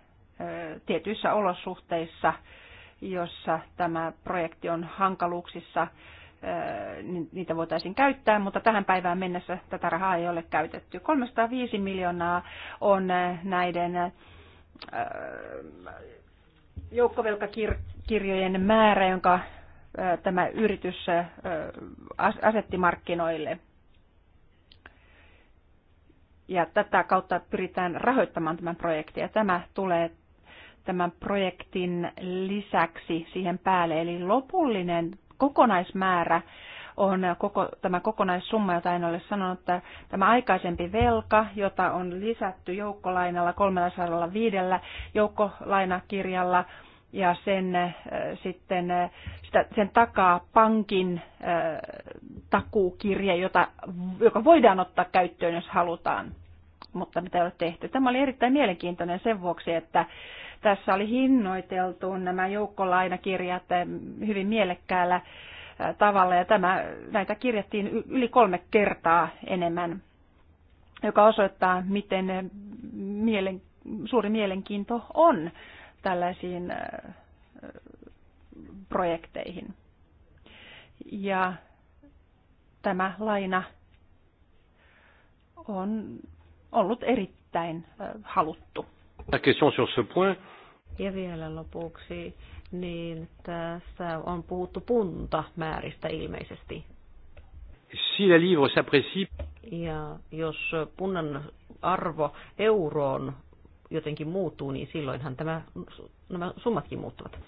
tietyissä olosuhteissa, jossa tämä projekti on hankaluuksissa, niitä voitaisiin käyttää, mutta tähän päivään mennessä tätä rahaa ei ole käytetty. 305 miljoonaa on näiden joukkovelkakirjojen määrä, jonka tämä yritys asetti markkinoille. Ja tätä kautta pyritään rahoittamaan tämän projektin. Ja tämä tulee tämän projektin lisäksi siihen päälle. Eli lopullinen kokonaismäärä on koko, tämä kokonaissumma, jota en ole sanonut, että tämä aikaisempi velka, jota on lisätty joukkolainalla 305 joukkolainakirjalla ja sen, äh, sitten, äh, sitä, sen takaa pankin äh, takuukirja, jota, joka voidaan ottaa käyttöön, jos halutaan mutta mitä ei ole tehty. Tämä oli erittäin mielenkiintoinen sen vuoksi, että tässä oli hinnoiteltu nämä joukkolainakirjat eh, hyvin mielekkäällä eh, tavalla ja tämä, näitä kirjattiin yli kolme kertaa enemmän, joka osoittaa, miten eh, mielen, suuri mielenkiinto on tällaisiin projekteihin. Ja tämä laina on ollut erittäin haluttu question sur ce point. Ja vielä lopuksi, niin tässä on puhuttu puntamääristä ilmeisesti. Si la livre s'apprécie. Ja jos punnan arvo euroon jotenkin muuttuu, niin silloinhan tämä, nämä summatkin muuttuvat.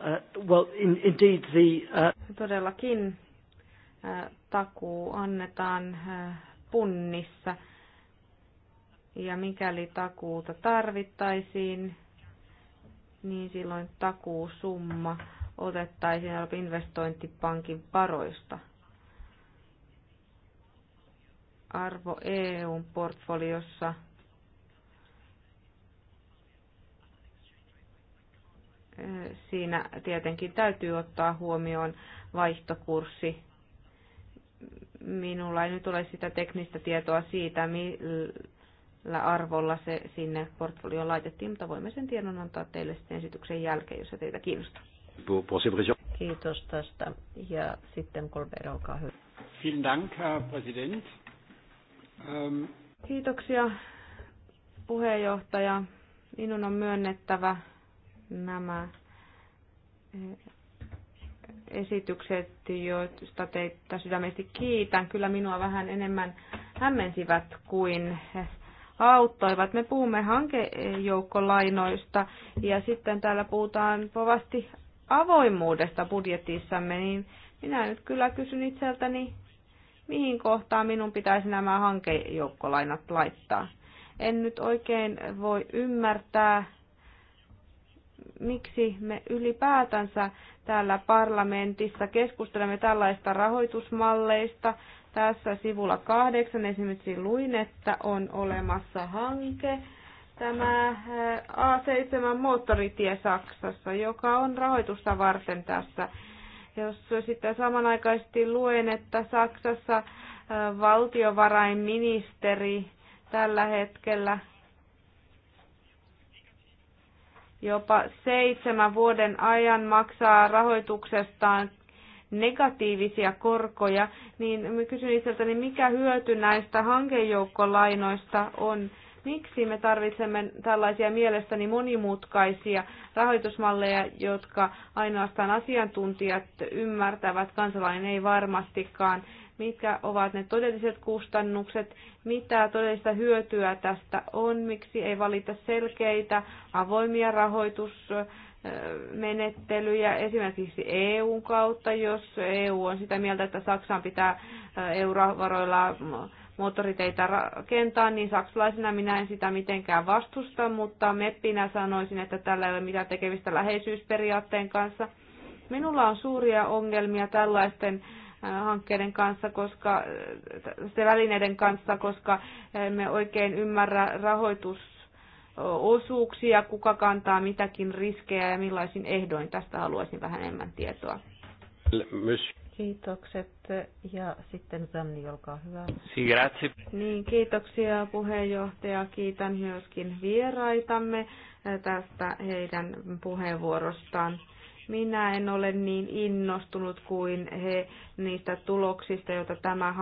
Uh, well, in, indeed the, uh... Todellakin uh, takuu annetaan uh, punnissa. Ja mikäli takuuta tarvittaisiin, niin silloin takuusumma otettaisiin investointipankin varoista. Arvo EUn portfoliossa siinä tietenkin täytyy ottaa huomioon vaihtokurssi. Minulla ei nyt ole sitä teknistä tietoa siitä, arvolla se sinne portfolioon laitettiin, mutta voimme sen tiedon antaa teille sitten esityksen jälkeen, jos se teitä kiinnostaa. Kiitos tästä. Ja sitten kolme olkaa hyvä. Vielen Dank, Herr Präsident. Ähm, Kiitoksia, puheenjohtaja. Minun on myönnettävä nämä eh, esitykset, joista teitä sydämesti kiitän. Kyllä minua vähän enemmän hämmensivät kuin auttoivat. Me puhumme hankejoukkolainoista ja sitten täällä puhutaan povasti avoimuudesta budjetissamme, niin minä nyt kyllä kysyn itseltäni, mihin kohtaan minun pitäisi nämä hankejoukkolainat laittaa. En nyt oikein voi ymmärtää, miksi me ylipäätänsä täällä parlamentissa keskustelemme tällaista rahoitusmalleista, tässä sivulla kahdeksan esimerkiksi luin, että on olemassa hanke, tämä A7 moottoritie Saksassa, joka on rahoitusta varten tässä. Jos sitten samanaikaisesti luen, että Saksassa valtiovarainministeri tällä hetkellä jopa seitsemän vuoden ajan maksaa rahoituksestaan negatiivisia korkoja, niin mä kysyn itseltäni, niin mikä hyöty näistä hankejoukkolainoista on? Miksi me tarvitsemme tällaisia mielestäni monimutkaisia rahoitusmalleja, jotka ainoastaan asiantuntijat ymmärtävät, kansalainen ei varmastikaan? mitkä ovat ne todelliset kustannukset, mitä todellista hyötyä tästä on, miksi ei valita selkeitä avoimia rahoitus menettelyjä esimerkiksi EUn kautta, jos EU on sitä mieltä, että Saksaan pitää eurovaroilla moottoriteitä rakentaa, niin saksalaisena minä en sitä mitenkään vastusta, mutta meppinä sanoisin, että tällä ei ole mitään tekemistä läheisyysperiaatteen kanssa. Minulla on suuria ongelmia tällaisten hankkeiden kanssa, koska, se välineiden kanssa, koska me oikein ymmärrä rahoitus osuuksia, kuka kantaa mitäkin riskejä ja millaisin ehdoin. Tästä haluaisin vähän enemmän tietoa. Kiitokset. Ja sitten Sanni, olkaa hyvä. Grazie. Niin, kiitoksia puheenjohtaja. Kiitän myöskin vieraitamme tästä heidän puheenvuorostaan. Minä en ole niin innostunut kuin he niistä tuloksista, joita tämä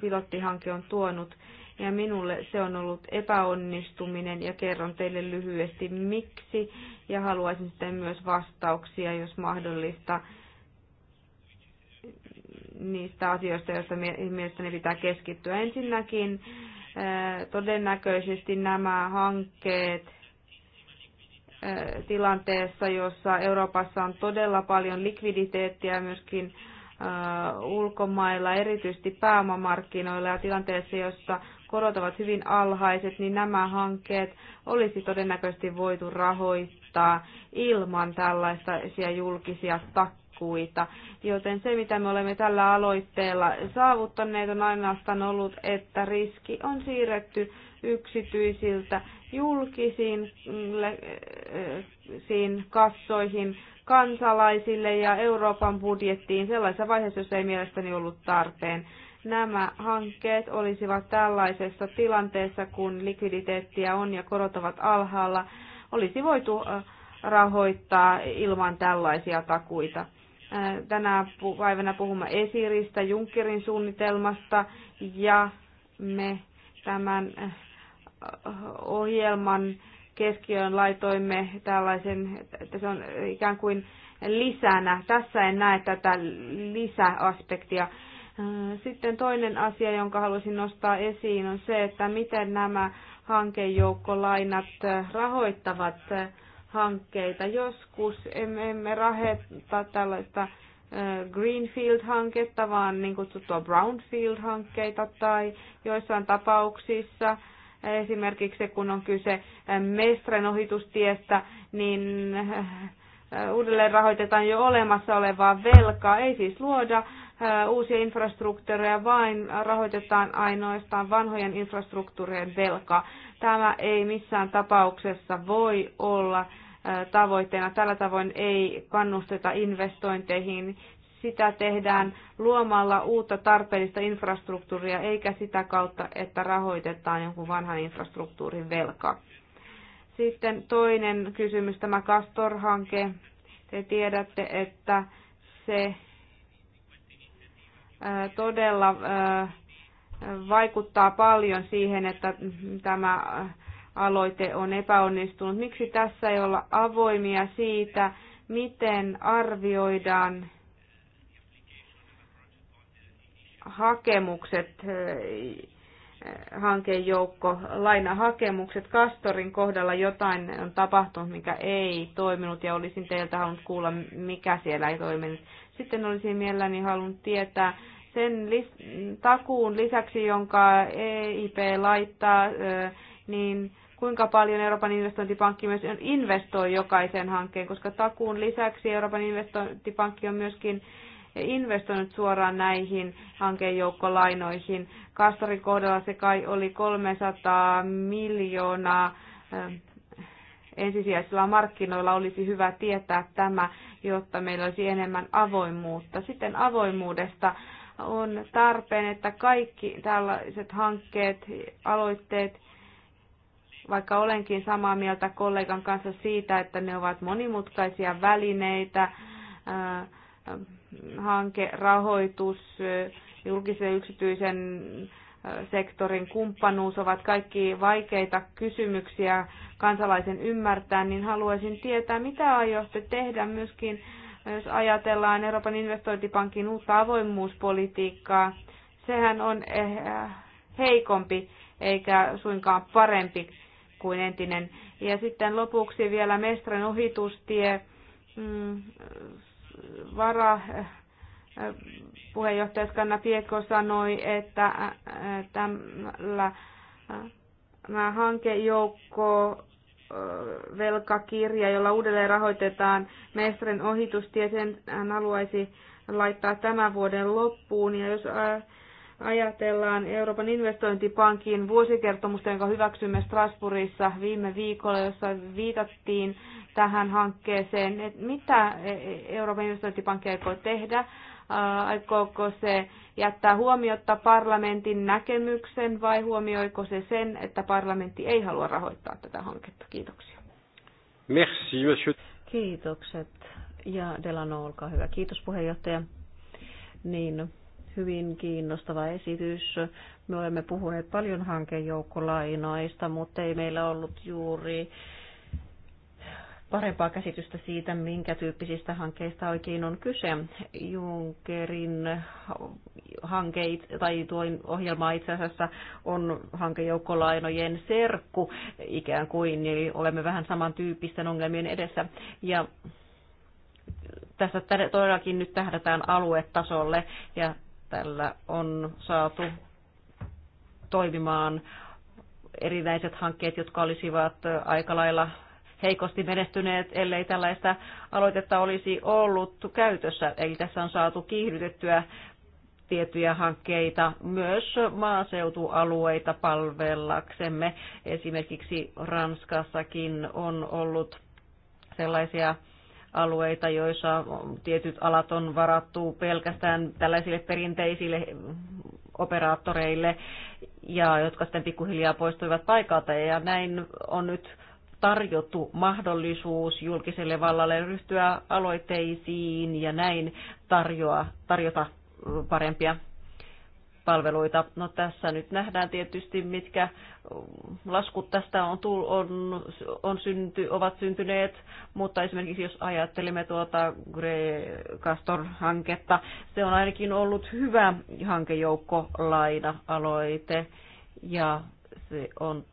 pilottihanke on tuonut ja minulle se on ollut epäonnistuminen ja kerron teille lyhyesti miksi ja haluaisin sitten myös vastauksia, jos mahdollista, niistä asioista, joista mielestäni pitää keskittyä. Ensinnäkin todennäköisesti nämä hankkeet tilanteessa, jossa Euroopassa on todella paljon likviditeettiä myöskin ulkomailla, erityisesti pääomamarkkinoilla ja tilanteessa, jossa korot ovat hyvin alhaiset, niin nämä hankkeet olisi todennäköisesti voitu rahoittaa ilman tällaisia julkisia takkuita. Joten se, mitä me olemme tällä aloitteella saavuttaneet, on ainoastaan ollut, että riski on siirretty yksityisiltä julkisiin kassoihin kansalaisille ja Euroopan budjettiin sellaisessa vaiheessa, jos ei mielestäni ollut tarpeen nämä hankkeet olisivat tällaisessa tilanteessa, kun likviditeettiä on ja korot ovat alhaalla, olisi voitu rahoittaa ilman tällaisia takuita. Tänä päivänä puhumme esiristä, Junckerin suunnitelmasta ja me tämän ohjelman keskiöön laitoimme tällaisen, että se on ikään kuin lisänä. Tässä en näe tätä lisäaspektia. Äh, sitten toinen asia, jonka haluaisin nostaa esiin, on se, että miten nämä hankejoukkolainat äh, rahoittavat äh, hankkeita. Joskus emme, emme rahoita tällaista Greenfield-hanketta, vaan niin kutsuttua Brownfield-hankkeita tai joissain tapauksissa esimerkiksi kun on kyse mestren ohitustiestä, niin uudelleen rahoitetaan jo olemassa olevaa velkaa. Ei siis luoda uusia infrastruktuureja vain rahoitetaan ainoastaan vanhojen infrastruktuurien velka. Tämä ei missään tapauksessa voi olla tavoitteena. Tällä tavoin ei kannusteta investointeihin. Sitä tehdään luomalla uutta tarpeellista infrastruktuuria, eikä sitä kautta, että rahoitetaan jonkun vanhan infrastruktuurin velka. Sitten toinen kysymys, tämä Castor-hanke. Te tiedätte, että se todella vaikuttaa paljon siihen, että tämä aloite on epäonnistunut. Miksi tässä ei olla avoimia siitä, miten arvioidaan hakemukset, hankejoukko, lainahakemukset kastorin kohdalla jotain on tapahtunut, mikä ei toiminut ja olisin teiltä halunnut kuulla, mikä siellä ei toiminut. Sitten olisin mielelläni halunnut tietää sen takuun lisäksi, jonka EIP laittaa, niin kuinka paljon Euroopan investointipankki myös investoi jokaiseen hankkeen, koska takuun lisäksi Euroopan investointipankki on myöskin investoinut suoraan näihin hankejoukkolainoihin. Kastorin kohdalla se kai oli 300 miljoonaa ensisijaisilla markkinoilla olisi hyvä tietää tämä, jotta meillä olisi enemmän avoimuutta. Sitten avoimuudesta on tarpeen, että kaikki tällaiset hankkeet, aloitteet, vaikka olenkin samaa mieltä kollegan kanssa siitä, että ne ovat monimutkaisia välineitä, äh, hankerahoitus, äh, julkisen ja yksityisen sektorin kumppanuus ovat kaikki vaikeita kysymyksiä kansalaisen ymmärtää, niin haluaisin tietää, mitä aiotte tehdä myöskin, jos ajatellaan Euroopan investointipankin uutta avoimuuspolitiikkaa. Sehän on eh, heikompi eikä suinkaan parempi kuin entinen. Ja sitten lopuksi vielä Mestren ohitustie, mm, vara Puheenjohtaja Skanna Pieko sanoi, että tällä tämä hankejoukko velkakirja, jolla uudelleen rahoitetaan mestren ohitustie, sen hän haluaisi laittaa tämän vuoden loppuun. Ja jos ajatellaan Euroopan investointipankin vuosikertomusta, jonka hyväksymme Strasbourgissa viime viikolla, jossa viitattiin tähän hankkeeseen, että mitä Euroopan investointipankki aikoo tehdä aikooko se jättää huomiota parlamentin näkemyksen vai huomioiko se sen, että parlamentti ei halua rahoittaa tätä hanketta? Kiitoksia. Merci, monsieur. Kiitokset. Ja Delano, olkaa hyvä. Kiitos puheenjohtaja. Niin, hyvin kiinnostava esitys. Me olemme puhuneet paljon hankejoukkolainoista, mutta ei meillä ollut juuri äh, parempaa käsitystä siitä, minkä tyyppisistä hankkeista oikein on kyse. Junckerin hanke tai tuo ohjelma itse asiassa on hankejoukkolainojen serkku ikään kuin, eli olemme vähän samantyyppisten ongelmien edessä. Ja tässä todellakin nyt tähdätään aluetasolle ja tällä on saatu toimimaan erinäiset hankkeet, jotka olisivat aika lailla heikosti menestyneet, ellei tällaista aloitetta olisi ollut käytössä. Eli tässä on saatu kiihdytettyä tiettyjä hankkeita myös maaseutualueita palvellaksemme. Esimerkiksi Ranskassakin on ollut sellaisia alueita, joissa tietyt alat on varattu pelkästään tällaisille perinteisille operaattoreille, ja jotka sitten pikkuhiljaa poistuivat paikalta. Ja näin on nyt tarjottu mahdollisuus julkiselle vallalle ryhtyä aloitteisiin ja näin tarjoa, tarjota parempia palveluita. No tässä nyt nähdään tietysti, mitkä laskut tästä on, on, on synty, ovat syntyneet, mutta esimerkiksi jos ajattelemme tuota Castor-hanketta, se on ainakin ollut hyvä hankejoukko laina-aloite ja se on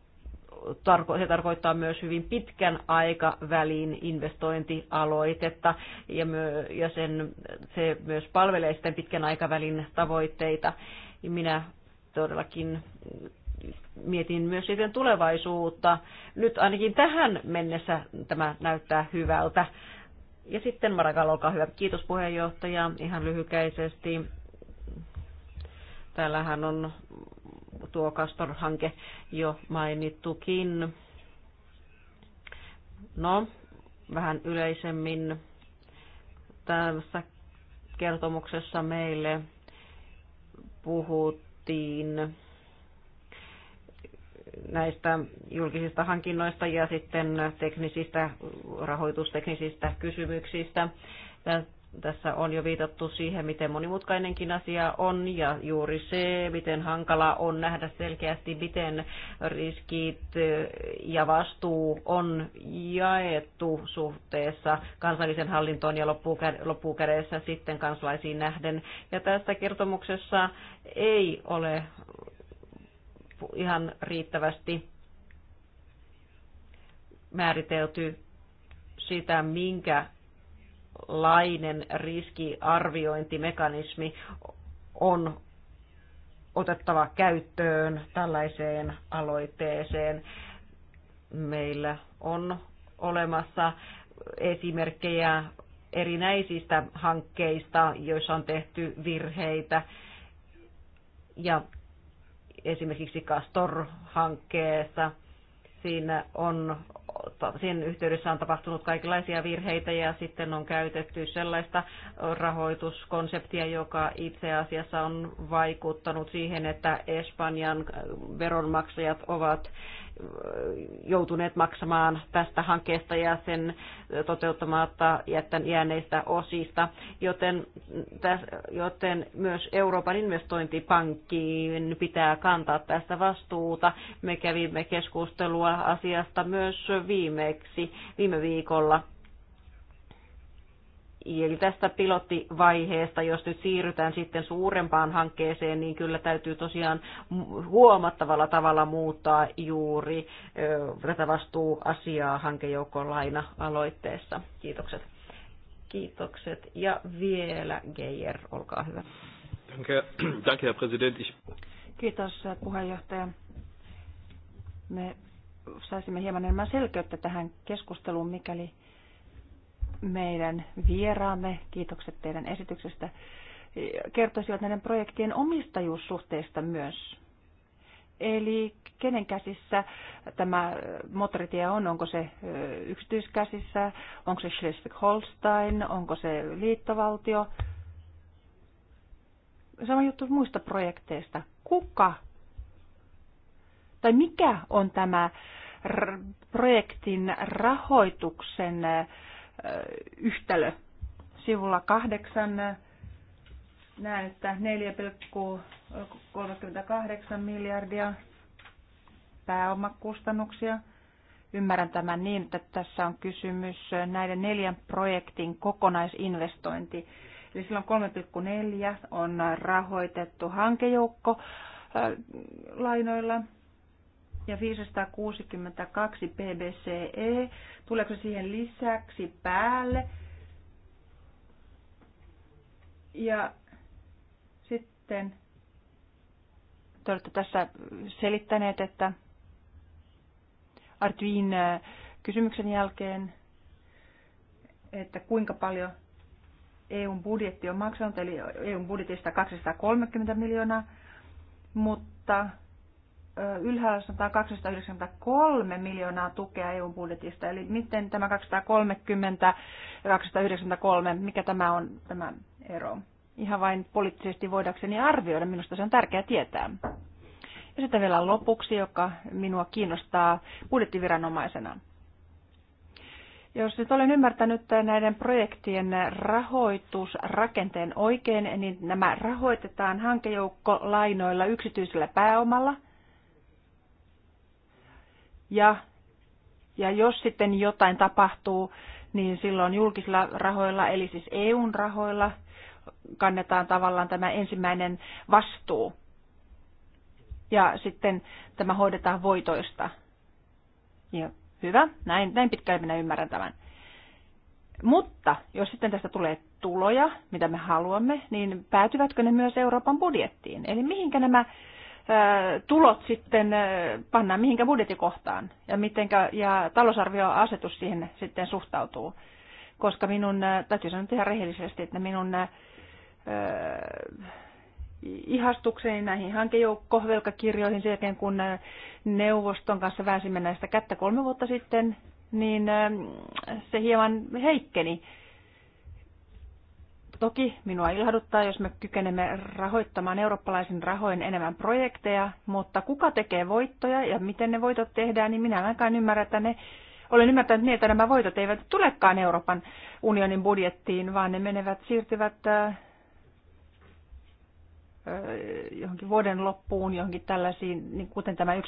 se tarkoittaa myös hyvin pitkän aikavälin investointialoitetta ja, myö, ja sen, se myös palvelee sitten pitkän aikavälin tavoitteita. Minä todellakin mietin myös sitten tulevaisuutta. Nyt ainakin tähän mennessä tämä näyttää hyvältä. Ja sitten Marakalo, olkaa hyvä. Kiitos puheenjohtaja. Ihan lyhykäisesti. Täällähän on tuo Castor-hanke jo mainittukin. No, vähän yleisemmin tässä kertomuksessa meille puhuttiin näistä julkisista hankinnoista ja sitten teknisistä, rahoitusteknisistä kysymyksistä tässä on jo viitattu siihen, miten monimutkainenkin asia on ja juuri se, miten hankala on nähdä selkeästi, miten riskit ja vastuu on jaettu suhteessa kansallisen hallintoon ja loppukädessä sitten kansalaisiin nähden. Ja tässä kertomuksessa ei ole ihan riittävästi määritelty sitä, minkä minkälainen riskiarviointimekanismi on otettava käyttöön tällaiseen aloitteeseen. Meillä on olemassa esimerkkejä erinäisistä hankkeista, joissa on tehty virheitä. Ja esimerkiksi Castor-hankkeessa siinä on sen yhteydessä on tapahtunut kaikenlaisia virheitä ja sitten on käytetty sellaista rahoituskonseptia, joka itse asiassa on vaikuttanut siihen, että Espanjan veronmaksajat ovat joutuneet maksamaan tästä hankkeesta ja sen toteuttamatta jättän jääneistä osista, joten, joten myös Euroopan investointipankkiin pitää kantaa tästä vastuuta. Me kävimme keskustelua asiasta myös viimeksi, viime viikolla Eli tästä pilottivaiheesta, jos nyt siirrytään sitten suurempaan hankkeeseen, niin kyllä täytyy tosiaan huomattavalla tavalla muuttaa juuri tätä vastuuasiaa hankejoukkoon laina-aloitteessa. Kiitokset. Kiitokset. Ja vielä Geijer, olkaa hyvä. Danke, danke Herr Präsident. Kiitos puheenjohtaja. Me saisimme hieman enemmän selkeyttä tähän keskusteluun, mikäli meidän vieraamme, kiitokset teidän esityksestä, kertoisivat näiden projektien omistajuussuhteista myös. Eli kenen käsissä tämä moottoritie on, onko se yksityiskäsissä, onko se Schleswig-Holstein, onko se liittovaltio. Sama juttu muista projekteista. Kuka tai mikä on tämä projektin rahoituksen Äh, yhtälö. Sivulla kahdeksan äh, näen, että 4,38 miljardia pääomakustannuksia. Ymmärrän tämän niin, että tässä on kysymys äh, näiden neljän projektin kokonaisinvestointi. Eli silloin 3,4 on rahoitettu hankejoukko lainoilla ja 562 PBCE. Tuleeko siihen lisäksi päälle? Ja sitten te olette tässä selittäneet, että Artuin äh, kysymyksen jälkeen, että kuinka paljon EUn budjetti on maksanut, eli EUn budjetista 230 miljoonaa, mutta ylhäällä sanotaan 293 miljoonaa tukea EU-budjetista. Eli miten tämä 230 ja 293, mikä tämä on tämä ero? Ihan vain poliittisesti voidakseni arvioida, minusta se on tärkeää tietää. Ja sitten vielä lopuksi, joka minua kiinnostaa budjettiviranomaisena. Jos nyt olen ymmärtänyt näiden projektien rahoitusrakenteen oikein, niin nämä rahoitetaan hankejoukkolainoilla yksityisellä pääomalla – ja, ja jos sitten jotain tapahtuu, niin silloin julkisilla rahoilla, eli siis EUn rahoilla, kannetaan tavallaan tämä ensimmäinen vastuu. Ja sitten tämä hoidetaan voitoista. Ja hyvä, näin, näin pitkälle minä ymmärrän tämän. Mutta jos sitten tästä tulee tuloja, mitä me haluamme, niin päätyvätkö ne myös Euroopan budjettiin? Eli mihinkä nämä tulot sitten pannaan mihinkä budjetikohtaan ja, mitenkä, ja talousarvioasetus siihen sitten suhtautuu. Koska minun, täytyy sanoa ihan rehellisesti, että minun äh, ihastukseni näihin hankejoukkovelkakirjoihin sen jälkeen, kun neuvoston kanssa väänsimme näistä kättä kolme vuotta sitten, niin se hieman heikkeni Toki minua ilahduttaa, jos me kykenemme rahoittamaan eurooppalaisin rahoin enemmän projekteja, mutta kuka tekee voittoja ja miten ne voitot tehdään, niin minä ainakaan ymmärrä, että ne, olen ymmärtänyt niin, että nämä voitot eivät tulekaan Euroopan unionin budjettiin, vaan ne menevät, siirtyvät äh, äh, johonkin vuoden loppuun, johonkin tällaisiin, niin kuten tämä 1,4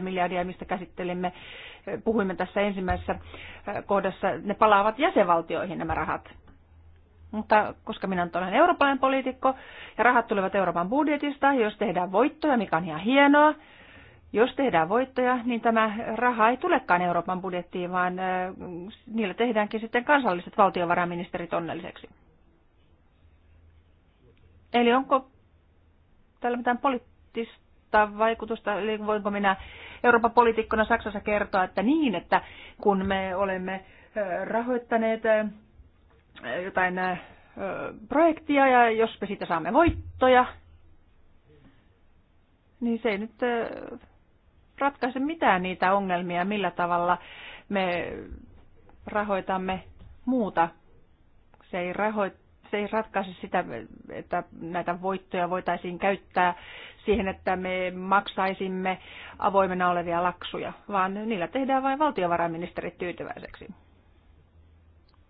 miljardia, mistä käsittelimme, äh, puhuimme tässä ensimmäisessä kohdassa, ne palaavat jäsenvaltioihin nämä rahat. Mutta koska minä olen eurooppalainen poliitikko ja rahat tulevat Euroopan budjetista, jos tehdään voittoja, mikä on ihan hienoa, jos tehdään voittoja, niin tämä raha ei tulekaan Euroopan budjettiin, vaan niillä tehdäänkin sitten kansalliset valtiovarainministerit onnelliseksi. Eli onko tällä mitään poliittista vaikutusta, eli voinko minä Euroopan poliitikkona Saksassa kertoa, että niin, että kun me olemme rahoittaneet jotain projektia ja jos me siitä saamme voittoja, niin se ei nyt ratkaise mitään niitä ongelmia, millä tavalla me rahoitamme muuta. Se ei, raho, se ei ratkaise sitä, että näitä voittoja voitaisiin käyttää siihen, että me maksaisimme avoimena olevia laksuja, vaan niillä tehdään vain valtiovarainministerit tyytyväiseksi.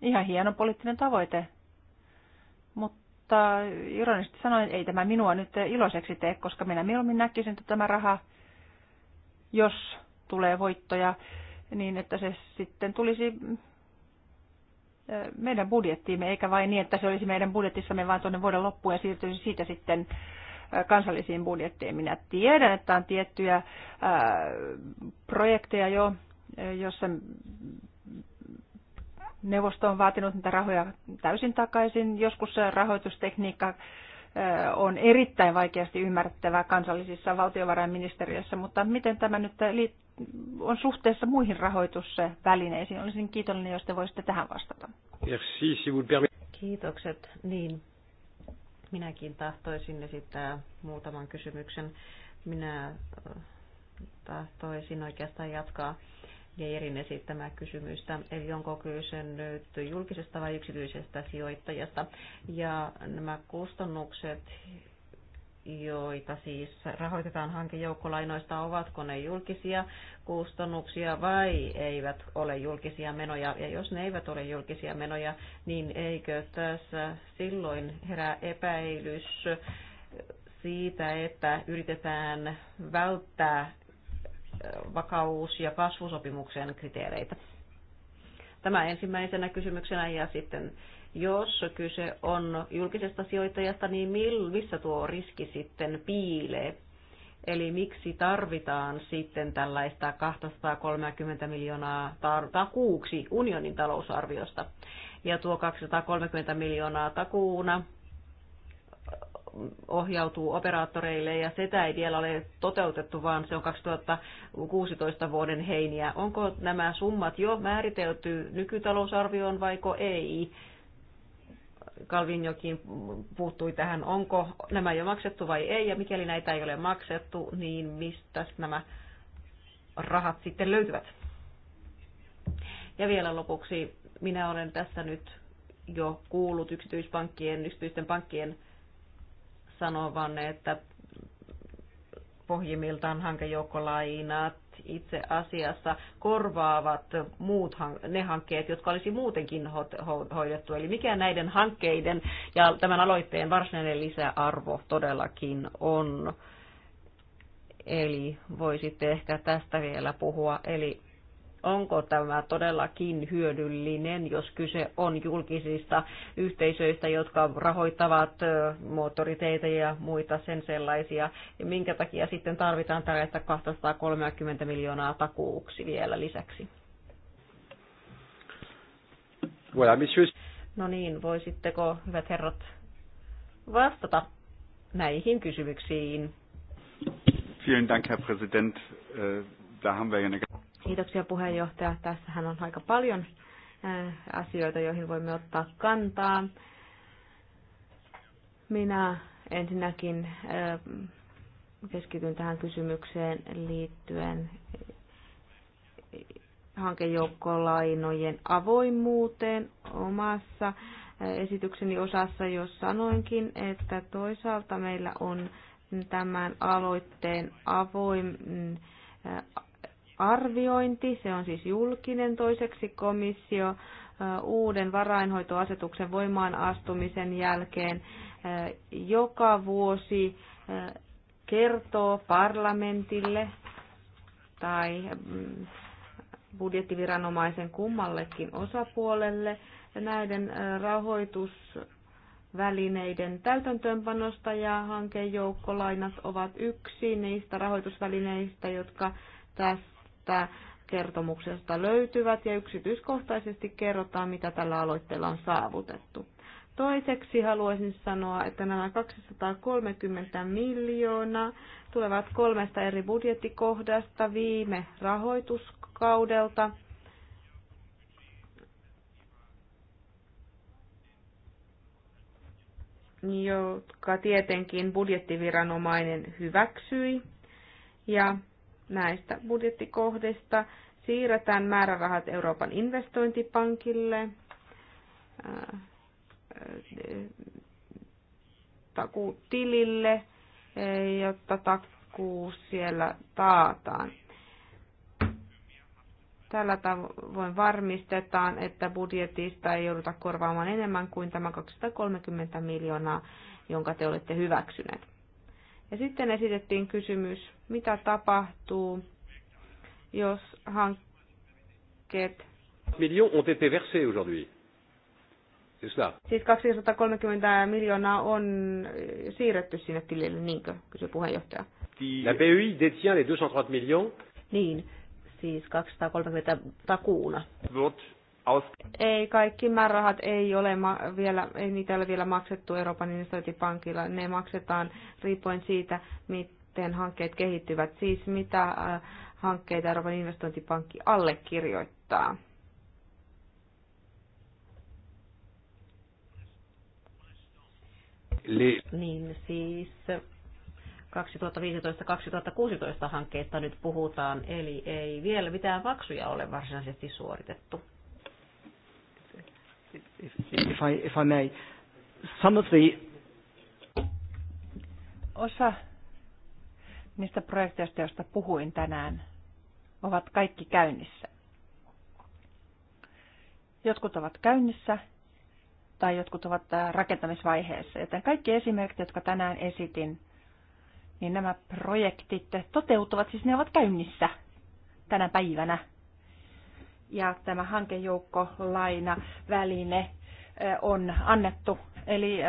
Ihan hieno poliittinen tavoite. Mutta ironisesti sanoin ei tämä minua nyt iloiseksi tee, koska minä mieluummin näkisin, että tämä raha, jos tulee voittoja, niin että se sitten tulisi meidän budjettiimme, eikä vain niin, että se olisi meidän budjetissamme vaan tuonne vuoden loppuun ja siirtyisi siitä sitten kansallisiin budjettiin. Minä tiedän, että on tiettyjä projekteja jo, jossa Neuvosto on vaatinut niitä rahoja täysin takaisin. Joskus rahoitustekniikka on erittäin vaikeasti ymmärrettävää kansallisissa valtiovarainministeriössä, mutta miten tämä nyt on suhteessa muihin rahoitusvälineisiin? Olisin kiitollinen, jos te voisitte tähän vastata. Kiitokset. Niin, minäkin tahtoisin esittää muutaman kysymyksen. Minä tahtoisin oikeastaan jatkaa Geirin esittämää kysymystä, eli onko kyse nyt julkisesta vai yksityisestä sijoittajasta. Ja nämä kustannukset, joita siis rahoitetaan hankejoukkolainoista, ovatko ne julkisia kustannuksia vai eivät ole julkisia menoja. Ja jos ne eivät ole julkisia menoja, niin eikö tässä silloin herää epäilys siitä, että yritetään välttää vakaus- ja kasvusopimuksen kriteereitä. Tämä ensimmäisenä kysymyksenä ja sitten jos kyse on julkisesta sijoittajasta, niin missä tuo riski sitten piilee? Eli miksi tarvitaan sitten tällaista 230 miljoonaa takuuksi unionin talousarviosta? Ja tuo 230 miljoonaa takuuna ohjautuu operaattoreille ja sitä ei vielä ole toteutettu, vaan se on 2016 vuoden heiniä. Onko nämä summat jo määritelty nykytalousarvioon vaiko ei? kalvin jokin puuttui tähän, onko nämä jo maksettu vai ei, ja mikäli näitä ei ole maksettu, niin mistä nämä rahat sitten löytyvät? Ja vielä lopuksi, minä olen tässä nyt jo kuullut yksityispankkien, yksityisten pankkien sanovan, että pohjimmiltaan hankejoukkolainat itse asiassa korvaavat muut ne hankkeet, jotka olisi muutenkin hoidettu. Eli mikä näiden hankkeiden ja tämän aloitteen varsinainen lisäarvo todellakin on. Eli voisitte ehkä tästä vielä puhua. Eli onko tämä todellakin hyödyllinen, jos kyse on julkisista yhteisöistä, jotka rahoittavat moottoriteitä ja muita sen sellaisia, ja minkä takia sitten tarvitaan tällaista 230 miljoonaa takuuksi vielä lisäksi. No niin, voisitteko, hyvät herrat, vastata näihin kysymyksiin? Vielen Dank, Herr Präsident. Äh, da haben wir eine Kiitoksia puheenjohtaja. Tässähän on aika paljon asioita, joihin voimme ottaa kantaa. Minä ensinnäkin keskityn tähän kysymykseen liittyen hankejoukkolainojen avoimuuteen omassa esitykseni osassa, jos sanoinkin, että toisaalta meillä on tämän aloitteen avoin arviointi, se on siis julkinen toiseksi komissio uuden varainhoitoasetuksen voimaan astumisen jälkeen joka vuosi kertoo parlamentille tai mm, budjettiviranomaisen kummallekin osapuolelle näiden rahoitusvälineiden täytäntöönpanosta ja hankejoukkolainat ovat yksi niistä rahoitusvälineistä, jotka tässä tästä kertomuksesta löytyvät ja yksityiskohtaisesti kerrotaan, mitä tällä aloitteella on saavutettu. Toiseksi haluaisin sanoa, että nämä 230 miljoonaa tulevat kolmesta eri budjettikohdasta viime rahoituskaudelta. jotka tietenkin budjettiviranomainen hyväksyi. Ja näistä budjettikohdista siirretään määrärahat Euroopan investointipankille äh, äh, takuutilille, jotta takuu siellä taataan. Tällä tavoin varmistetaan, että budjetista ei jouduta korvaamaan enemmän kuin tämä 230 miljoonaa, jonka te olette hyväksyneet. Ja sitten esitettiin kysymys mitä tapahtuu, jos hankkeet... Millions ont été versés aujourd'hui. C'est cela. Siis 230 miljoonaa on siirretty sinne tilille, niinkö, kysyi puheenjohtaja. La BEI détient les 230 millions. Niin, siis 230 takuuna. Vot aus... Ei, kaikki määrärahat ei ole ma- vielä, ei niitä ole vielä maksettu Euroopan investointipankilla. Ne maksetaan riippuen siitä, mitä teidän hankkeet kehittyvät, siis mitä äh, hankkeita Euroopan investointipankki allekirjoittaa. Eli... Niin siis 2015-2016 hankkeista nyt puhutaan, eli ei vielä mitään maksuja ole varsinaisesti suoritettu. If, if, I, if I may, some of the... Osa niistä projekteista, joista puhuin tänään, ovat kaikki käynnissä. Jotkut ovat käynnissä tai jotkut ovat rakentamisvaiheessa, joten kaikki esimerkit, jotka tänään esitin, niin nämä projektit toteutuvat, siis ne ovat käynnissä tänä päivänä. Ja tämä hankejoukko, laina, väline on annettu. Eli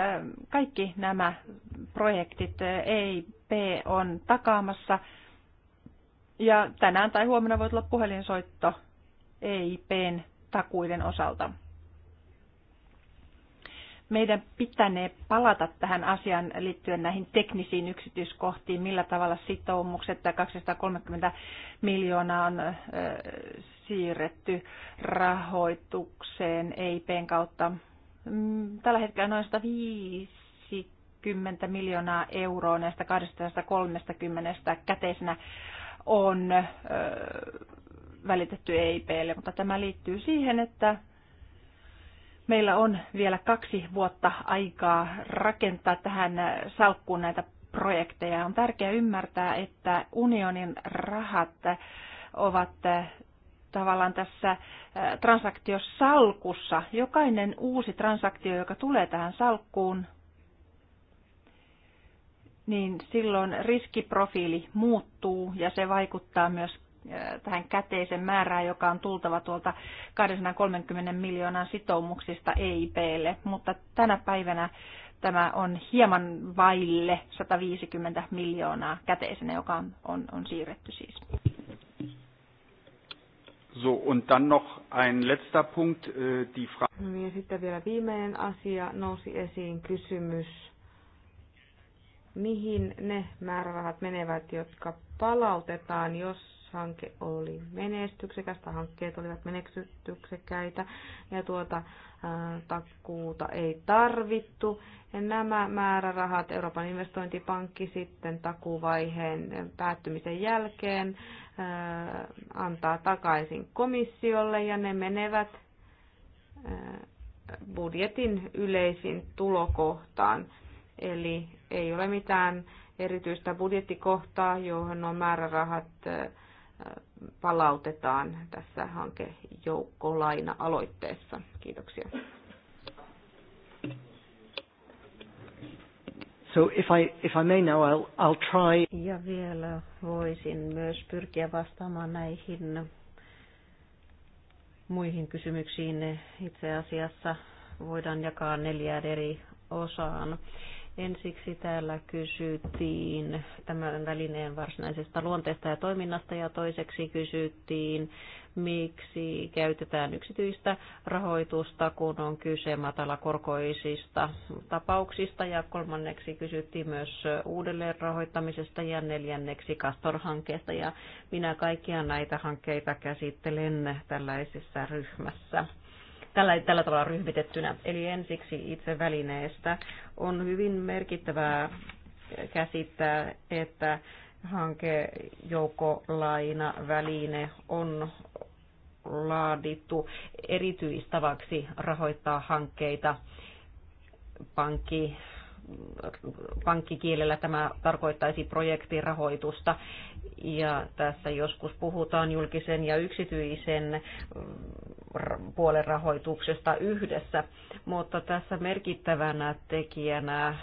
kaikki nämä projektit ei P on takaamassa. Ja tänään tai huomenna voi tulla puhelinsoitto EIPn takuiden osalta. Meidän pitänee palata tähän asiaan liittyen näihin teknisiin yksityiskohtiin, millä tavalla sitoumukset 230 miljoonaa on siirretty rahoitukseen EIPn kautta. Mm, tällä hetkellä noin 105 20 miljoonaa euroa näistä 230 käteisenä on välitetty EIPlle, mutta tämä liittyy siihen, että meillä on vielä kaksi vuotta aikaa rakentaa tähän salkkuun näitä projekteja. On tärkeää ymmärtää, että unionin rahat ovat tavallaan tässä transaktiosalkussa. Jokainen uusi transaktio, joka tulee tähän salkkuun, niin silloin riskiprofiili muuttuu ja se vaikuttaa myös äh, tähän käteisen määrään, joka on tultava tuolta 230 miljoonan sitoumuksista EIPlle, mutta tänä päivänä tämä on hieman vaille 150 miljoonaa käteisenä, joka on, on, on siirretty siis. So, und dann noch ein letzter Punkt, äh, die Frage. No niin, ja sitten vielä viimeinen asia nousi esiin kysymys mihin ne määrärahat menevät, jotka palautetaan, jos hanke oli menestyksekäs tai hankkeet olivat menestyksekkäitä ja tuota ää, takkuuta ei tarvittu. Ja nämä määrärahat Euroopan investointipankki sitten takuvaiheen päättymisen jälkeen ää, antaa takaisin komissiolle ja ne menevät ää, budjetin yleisin tulokohtaan. Eli ei ole mitään erityistä budjettikohtaa, johon nuo määrärahat palautetaan tässä hankejoukkolaina-aloitteessa. Kiitoksia. So if I, if I may now, I'll, I'll try. Ja vielä voisin myös pyrkiä vastaamaan näihin muihin kysymyksiin. Itse asiassa voidaan jakaa neljään eri osaan. Ensiksi täällä kysyttiin tämän välineen varsinaisesta luonteesta ja toiminnasta ja toiseksi kysyttiin, miksi käytetään yksityistä rahoitusta, kun on kyse matalakorkoisista tapauksista ja kolmanneksi kysyttiin myös rahoittamisesta ja neljänneksi Castor-hankkeesta ja minä kaikkia näitä hankkeita käsittelen tällaisessa ryhmässä tällä, tällä tavalla ryhmitettynä. Eli ensiksi itse välineestä on hyvin merkittävää käsittää, että väline on laadittu erityistavaksi rahoittaa hankkeita pankki pankkikielellä tämä tarkoittaisi projektirahoitusta. Ja tässä joskus puhutaan julkisen ja yksityisen mm, puolen rahoituksesta yhdessä, mutta tässä merkittävänä tekijänä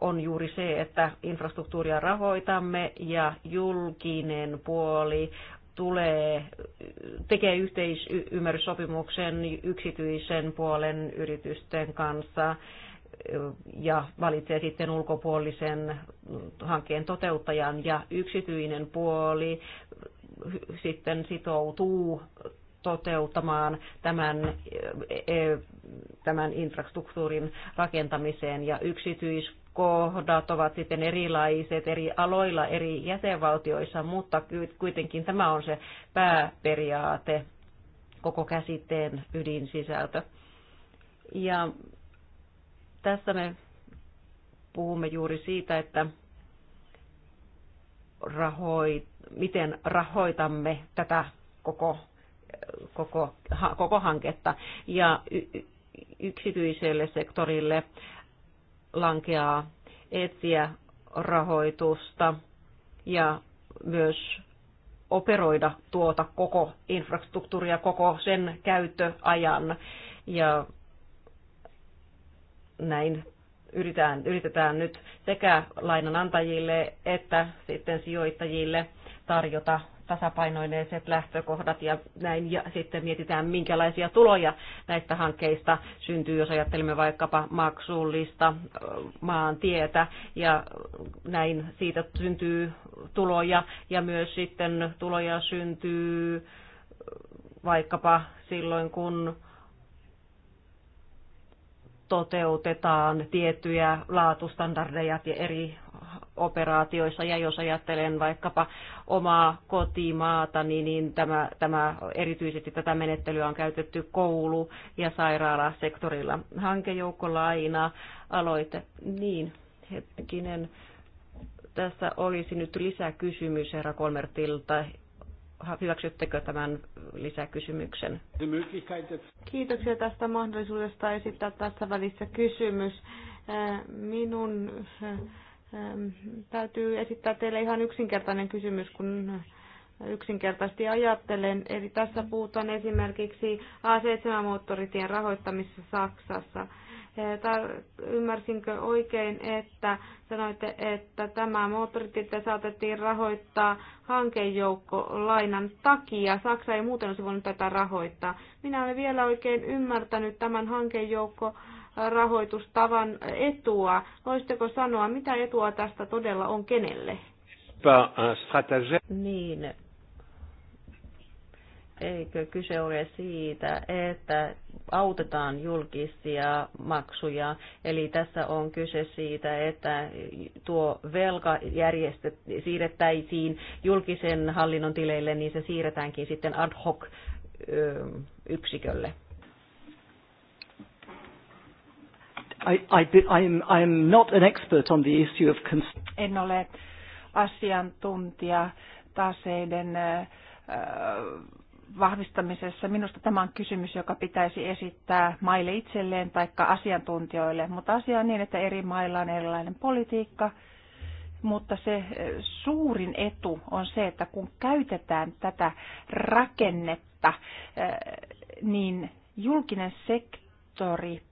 on juuri se, että infrastruktuuria rahoitamme ja julkinen puoli tulee, tekee yhteisymmärryssopimuksen yksityisen puolen yritysten kanssa ja valitsee sitten ulkopuolisen hankkeen toteuttajan ja yksityinen puoli sitten sitoutuu toteuttamaan tämän, e, e, tämän infrastruktuurin rakentamiseen ja yksityis kohdat ovat sitten erilaiset eri aloilla eri jäsenvaltioissa, mutta kuitenkin tämä on se pääperiaate, koko käsitteen ydinsisältö. Ja tässä me puhumme juuri siitä, että rahoit, miten rahoitamme tätä koko, koko, koko hanketta. Ja yksityiselle sektorille lankeaa etsiä rahoitusta ja myös operoida tuota koko infrastruktuuria, koko sen käyttöajan. Ja näin yritetään, yritetään nyt sekä lainanantajille että sitten sijoittajille tarjota tasapainoineiset lähtökohdat ja näin ja sitten mietitään, minkälaisia tuloja näistä hankkeista syntyy, jos ajattelemme vaikkapa maksullista maantietä ja näin siitä syntyy tuloja ja myös sitten tuloja syntyy vaikkapa silloin, kun toteutetaan tiettyjä laatustandardeja eri operaatioissa. Ja jos ajattelen vaikkapa omaa kotimaata, niin, niin tämä, tämä, erityisesti tätä menettelyä on käytetty koulu- ja sairaalasektorilla. aina aloite. Niin, hetkinen. Tässä olisi nyt lisäkysymys herra Kolmertilta hyväksyttekö tämän lisäkysymyksen? Kiitoksia tästä mahdollisuudesta esittää tässä välissä kysymys. Äh, minun äh, ähm, täytyy esittää teille ihan yksinkertainen kysymys, kun äh, yksinkertaisesti ajattelen. Eli tässä puhutaan esimerkiksi A7-moottoritien rahoittamisessa Saksassa – Ymmärsinkö oikein, että sanoitte, että tämä moottoritietä saatettiin rahoittaa lainan takia. Saksa ei muuten olisi voinut tätä rahoittaa. Minä olen vielä oikein ymmärtänyt tämän hankejoukko äh, rahoitustavan etua. Voisitteko sanoa, mitä etua tästä todella on kenelle? Euh, niin, eikö kyse ole siitä, että autetaan julkisia maksuja. Eli tässä on kyse siitä, että tuo velka järjestet, siirrettäisiin julkisen hallinnon tileille, niin se siirretäänkin sitten ad hoc yksikölle. I, I, I'm, I'm not an expert on the issue of en ole asiantuntija taseiden äh, vahvistamisessa. Minusta tämä on kysymys, joka pitäisi esittää maille itselleen tai asiantuntijoille, mutta asia on niin, että eri mailla on erilainen politiikka, mutta se eh, suurin etu on se, että kun käytetään tätä rakennetta, eh, niin julkinen sektori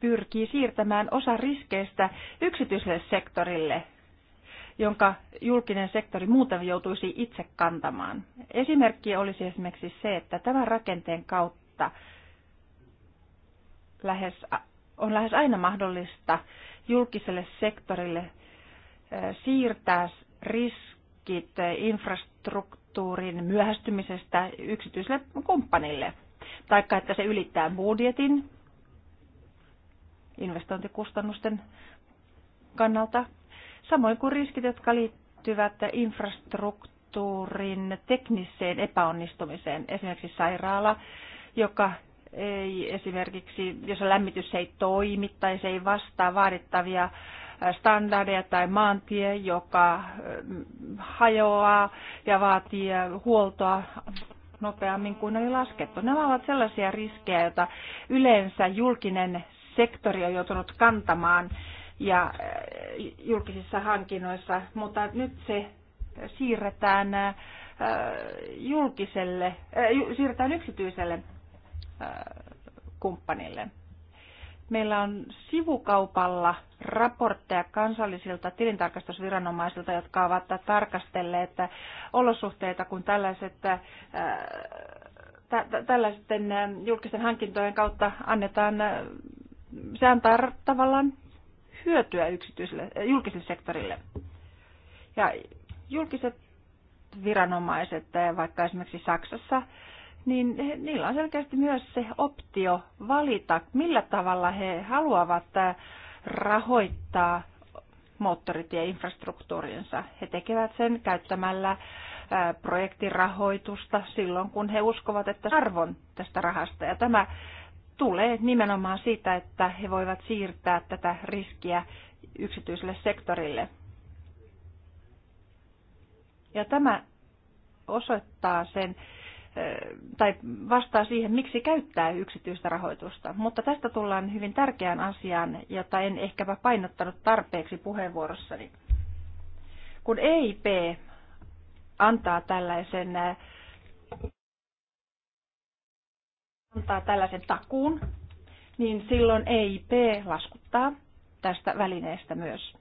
pyrkii siirtämään osa riskeistä yksityiselle sektorille jonka julkinen sektori muuten joutuisi itse kantamaan. Esimerkki olisi esimerkiksi se, että tämän rakenteen kautta lähes, on lähes aina mahdollista julkiselle sektorille siirtää riskit infrastruktuurin myöhästymisestä yksityiselle kumppanille, taikka että se ylittää budjetin investointikustannusten kannalta samoin kuin riskit, jotka liittyvät infrastruktuurin tekniseen epäonnistumiseen, esimerkiksi sairaala, joka ei esimerkiksi, jos lämmitys ei toimi tai se ei vastaa vaadittavia standardeja tai maantie, joka mm, hajoaa ja vaatii huoltoa nopeammin kuin oli laskettu. Nämä ovat sellaisia riskejä, joita yleensä julkinen sektori on joutunut kantamaan ja eh, julkisissa hankinnoissa, mutta nyt se siirretään eh, julkiselle, eh, siirretään yksityiselle kumppanille. Meillä on sivukaupalla raportteja kansallisilta tilintarkastusviranomaisilta, jotka ovat tarkastelleet olosuhteita, kun tällaiset, tällaisten julkisten hankintojen kautta annetaan, se antaa tavallaan hyötyä yksityiselle, äh, julkiselle sektorille. Ja julkiset viranomaiset, äh, vaikka esimerkiksi Saksassa, niin niillä on selkeästi myös se optio valita, millä tavalla he haluavat äh, rahoittaa moottoritieinfrastruktuurinsa. He tekevät sen käyttämällä projektirahoitusta silloin, kun he uskovat, että arvon tästä rahasta. Ja tämä tulee nimenomaan siitä, että he voivat siirtää tätä riskiä yksityiselle sektorille. Ja tämä osoittaa sen, eh, tai vastaa siihen, miksi käyttää yksityistä rahoitusta. Mutta tästä tullaan hyvin tärkeään asiaan, jota en ehkäpä painottanut tarpeeksi puheenvuorossani. Kun EIP antaa tällaisen eh, antaa tällaisen takuun, niin silloin EIP laskuttaa tästä välineestä myös.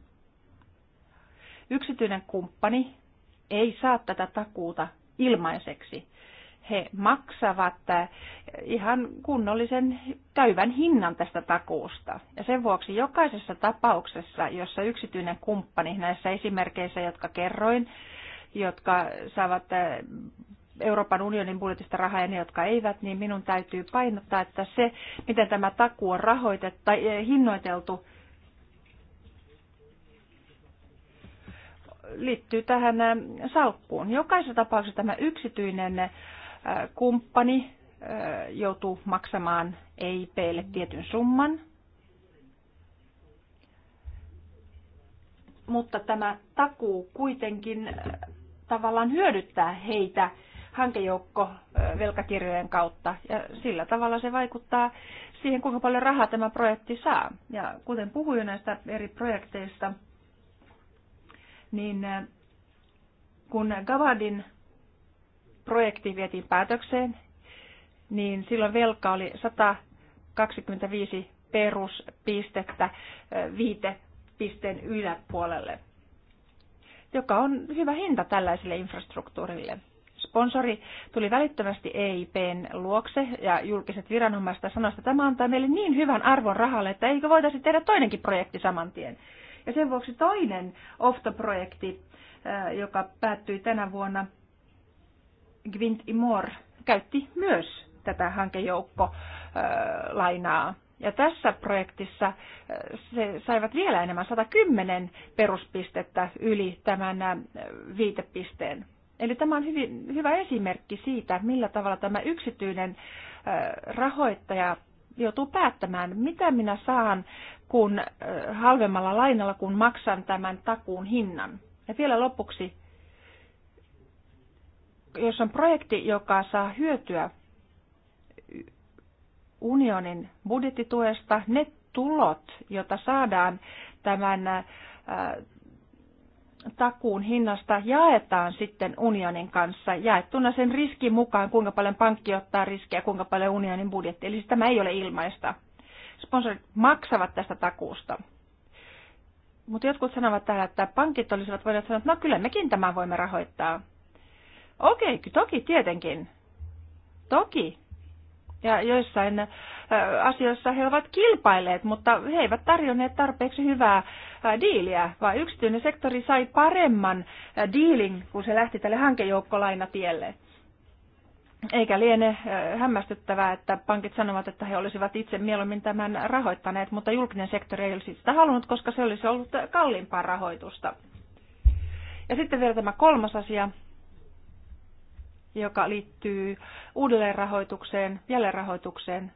Yksityinen kumppani ei saa tätä takuuta ilmaiseksi. He maksavat äh, ihan kunnollisen käyvän hinnan tästä takuusta. Ja sen vuoksi jokaisessa tapauksessa, jossa yksityinen kumppani näissä esimerkkeissä, jotka kerroin, jotka saavat äh, Euroopan unionin budjetista rahaa ja ne, jotka eivät, niin minun täytyy painottaa, että se, miten tämä takuu on rahoitettu tai eh, hinnoiteltu, liittyy tähän eh, salkkuun. Jokaisessa tapauksessa tämä yksityinen eh, kumppani joutuu maksamaan EIPlle tietyn summan, mutta tämä takuu kuitenkin tavallaan hyödyttää heitä hankejoukko velkakirjojen kautta. Ja sillä tavalla se vaikuttaa siihen, kuinka paljon rahaa tämä projekti saa. Ja kuten puhuin näistä eri projekteista, niin kun Gavadin projekti vietiin päätökseen, niin silloin velka oli 125 peruspistettä viitepisteen yläpuolelle, joka on hyvä hinta tällaiselle infrastruktuurille sponsori tuli välittömästi EIPn luokse ja julkiset viranomaiset sanoivat, että tämä antaa meille niin hyvän arvon rahalle, että eikö voitaisi tehdä toinenkin projekti saman tien. Ja sen vuoksi toinen OFTO-projekti, äh, joka päättyi tänä vuonna, Gwint Imor, käytti myös tätä äh, lainaa. Ja tässä projektissa äh, se saivat vielä enemmän 110 peruspistettä yli tämän viitepisteen. Eli tämä on hyvin, hyvä esimerkki siitä, millä tavalla tämä yksityinen rahoittaja joutuu päättämään, mitä minä saan kun halvemmalla lainalla, kun maksan tämän takuun hinnan. Ja vielä lopuksi, jos on projekti, joka saa hyötyä unionin budjettituesta, ne tulot, joita saadaan tämän takuun hinnasta jaetaan sitten unionin kanssa jaettuna sen riskin mukaan, kuinka paljon pankki ottaa riskejä, kuinka paljon unionin budjetti. Eli siis tämä ei ole ilmaista. Sponsorit maksavat tästä takuusta. Mutta jotkut sanovat täällä, että pankit olisivat voineet sanoa, että no kyllä mekin tämän voimme rahoittaa. Okei, toki tietenkin. Toki. Ja joissain asioissa he ovat kilpailleet, mutta he eivät tarjonneet tarpeeksi hyvää diiliä, vaan yksityinen sektori sai paremman diilin, kun se lähti tälle hankejoukkolainatielle. Eikä liene hämmästyttävää, että pankit sanovat, että he olisivat itse mieluummin tämän rahoittaneet, mutta julkinen sektori ei olisi sitä halunnut, koska se olisi ollut kalliimpaa rahoitusta. Ja sitten vielä tämä kolmas asia, joka liittyy uudelleenrahoitukseen, jälleenrahoitukseen.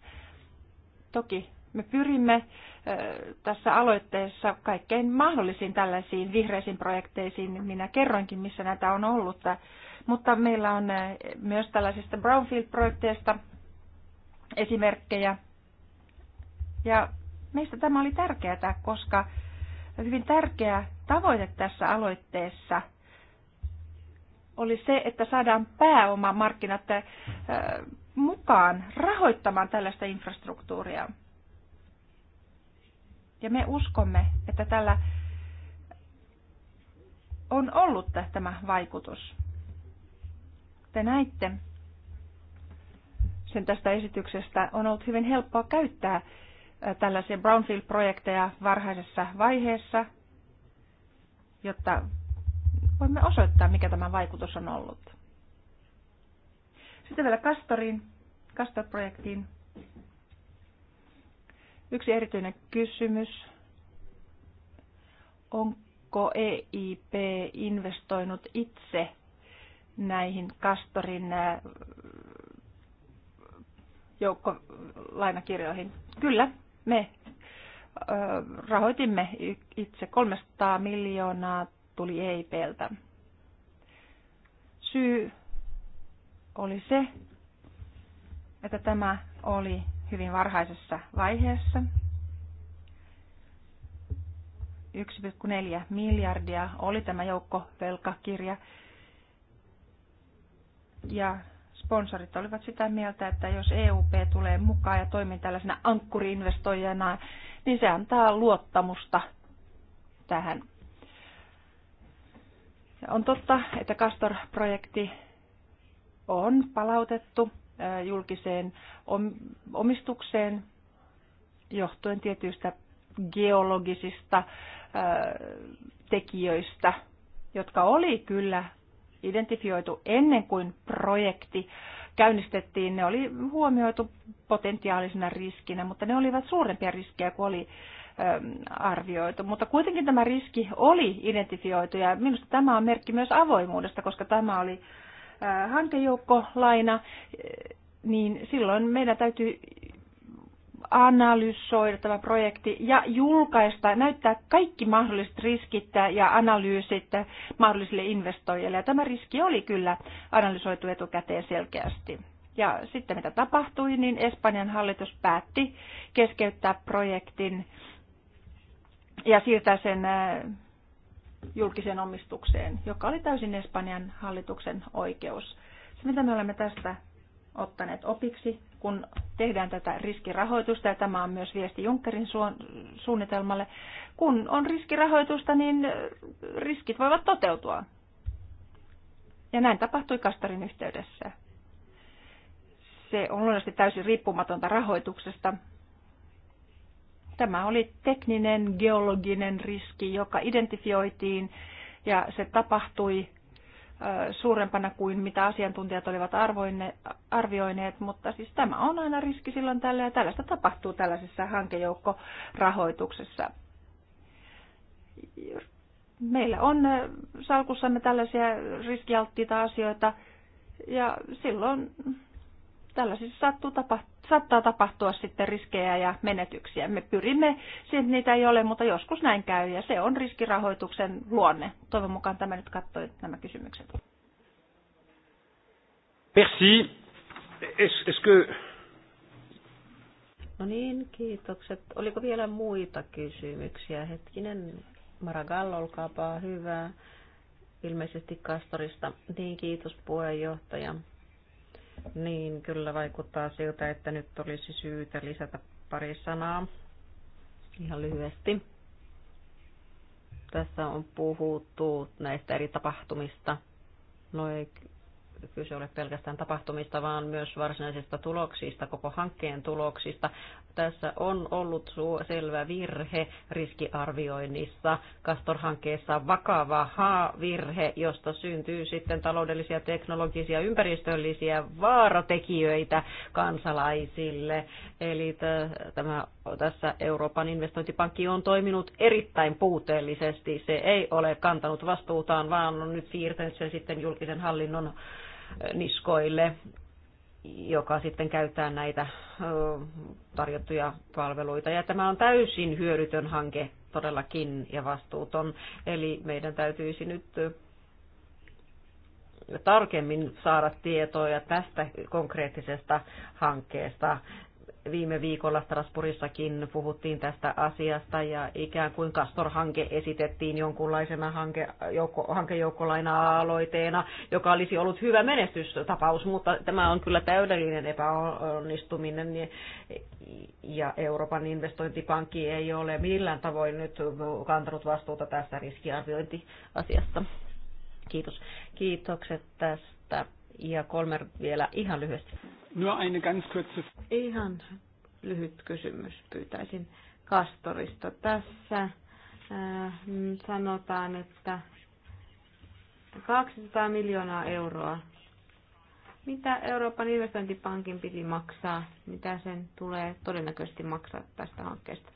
Toki me pyrimme tässä aloitteessa kaikkein mahdollisiin tällaisiin vihreisiin projekteisiin. Minä kerroinkin, missä näitä on ollut. Mutta meillä on myös tällaisista brownfield-projekteista esimerkkejä. Ja meistä tämä oli tärkeää, koska hyvin tärkeä tavoite tässä aloitteessa oli se, että saadaan pääomamarkkinat mukaan rahoittamaan tällaista infrastruktuuria. Ja me uskomme, että tällä on ollut tämä vaikutus. Te näitte sen tästä esityksestä. On ollut hyvin helppoa käyttää tällaisia brownfield-projekteja varhaisessa vaiheessa, jotta voimme osoittaa, mikä tämä vaikutus on ollut. Sitten vielä Kastoriin, kastor projektiin Yksi erityinen kysymys. Onko EIP investoinut itse näihin Kastorin äh, joukkolainakirjoihin? Kyllä, me äh, rahoitimme itse 300 miljoonaa tuli EIPltä. Syy oli se, että tämä oli hyvin varhaisessa vaiheessa. 1,4 miljardia oli tämä velkakirja Ja sponsorit olivat sitä mieltä, että jos EUP tulee mukaan ja toimii tällaisena ankkuriinvestoijana, niin se antaa luottamusta tähän. On totta, että Castor-projekti on palautettu julkiseen omistukseen johtuen tietyistä geologisista tekijöistä, jotka oli kyllä identifioitu ennen kuin projekti käynnistettiin. Ne oli huomioitu potentiaalisena riskinä, mutta ne olivat suurempia riskejä kuin oli arvioitu. Mutta kuitenkin tämä riski oli identifioitu ja minusta tämä on merkki myös avoimuudesta, koska tämä oli hankejoukkolaina, niin silloin meidän täytyy analysoida tämä projekti ja julkaista, näyttää kaikki mahdolliset riskit ja analyysit mahdollisille investoijille. Ja tämä riski oli kyllä analysoitu etukäteen selkeästi. Ja sitten mitä tapahtui, niin Espanjan hallitus päätti keskeyttää projektin ja siirtää sen julkiseen omistukseen, joka oli täysin Espanjan hallituksen oikeus. Se, mitä me olemme tästä ottaneet opiksi, kun tehdään tätä riskirahoitusta, ja tämä on myös viesti Junckerin suunnitelmalle, kun on riskirahoitusta, niin riskit voivat toteutua. Ja näin tapahtui Kastarin yhteydessä. Se on luonnollisesti täysin riippumatonta rahoituksesta, Tämä oli tekninen geologinen riski, joka identifioitiin ja se tapahtui suurempana kuin mitä asiantuntijat olivat arvioineet, mutta siis tämä on aina riski silloin tällä ja tällaista tapahtuu tällaisessa hankejoukkorahoituksessa. Meillä on salkussamme tällaisia riskialttiita asioita ja silloin tällaisissa sattuu tapahtua saattaa tapahtua sitten riskejä ja menetyksiä. Me pyrimme siitä niitä ei ole, mutta joskus näin käy ja se on riskirahoituksen luonne. Toivon mukaan tämä nyt katsoi nämä kysymykset. Merci. Est-ce es que... No niin, kiitokset. Oliko vielä muita kysymyksiä? Hetkinen, Maragall, olkaapa hyvä. Ilmeisesti Kastorista. Niin, kiitos puheenjohtaja niin kyllä vaikuttaa siltä, että nyt olisi syytä lisätä pari sanaa ihan lyhyesti. Tässä on puhuttu näistä eri tapahtumista. No ei kyse ole pelkästään tapahtumista, vaan myös varsinaisista tuloksista, koko hankkeen tuloksista. Tässä on ollut selvä virhe riskiarvioinnissa. Castor-hankkeessa vakava virhe, josta syntyy sitten taloudellisia, teknologisia, ympäristöllisiä vaaratekijöitä kansalaisille. Eli tämä, tässä Euroopan investointipankki on toiminut erittäin puutteellisesti. Se ei ole kantanut vastuutaan, vaan on nyt siirtänyt sen sitten julkisen hallinnon niskoille, joka sitten käyttää näitä tarjottuja palveluita. Ja tämä on täysin hyödytön hanke todellakin ja vastuuton. Eli meidän täytyisi nyt tarkemmin saada tietoja tästä konkreettisesta hankkeesta viime viikolla Strasbourgissakin puhuttiin tästä asiasta ja ikään kuin Castor-hanke esitettiin jonkunlaisena hanke, joukko, hankejoukkolaina-aloiteena, joka olisi ollut hyvä menestystapaus, mutta tämä on kyllä täydellinen epäonnistuminen ja Euroopan investointipankki ei ole millään tavoin nyt kantanut vastuuta tästä riskiarviointiasiasta. Kiitos. Kiitokset tästä. Ja kolme vielä ihan lyhyesti. Nur eine ganz kurze... Ihan lyhyt kysymys pyytäisin Kastorista. Tässä äh, sanotaan, että 200 miljoonaa euroa. Mitä Euroopan investointipankin piti maksaa? Mitä sen tulee todennäköisesti maksaa tästä hankkeesta?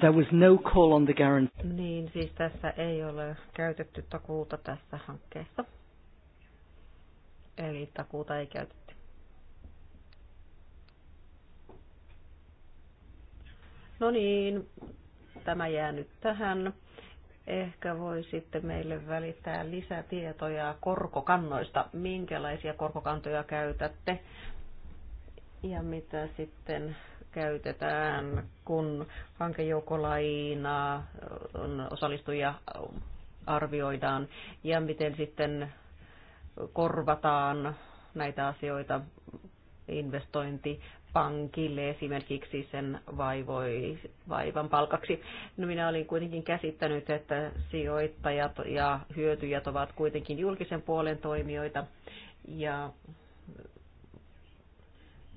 There was no call on the guarantee. Niin, siis tässä ei ole käytetty takuuta tässä hankkeessa. Eli takuuta ei käytetty. No niin, tämä jää nyt tähän. Ehkä voi sitten meille välittää lisätietoja korkokannoista, minkälaisia korkokantoja käytätte ja mitä sitten käytetään, kun hankejoukkolaina osallistujia arvioidaan ja miten sitten korvataan näitä asioita investointi pankille esimerkiksi sen vaivoi, vaivan palkaksi. No minä olin kuitenkin käsittänyt, että sijoittajat ja hyötyjät ovat kuitenkin julkisen puolen toimijoita ja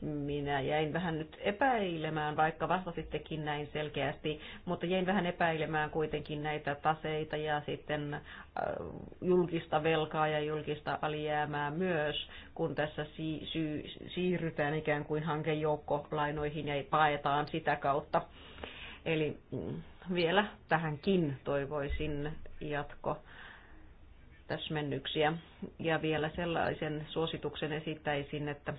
minä jäin vähän nyt epäilemään, vaikka vastasittekin näin selkeästi, mutta jäin vähän epäilemään kuitenkin näitä taseita ja sitten äh, julkista velkaa ja julkista alijäämää myös, kun tässä siirrytään ikään kuin hankejoukkolainoihin ja paetaan sitä kautta. Eli mm, vielä tähänkin toivoisin jatko täsmennyksiä. Ja vielä sellaisen suosituksen esittäisin, että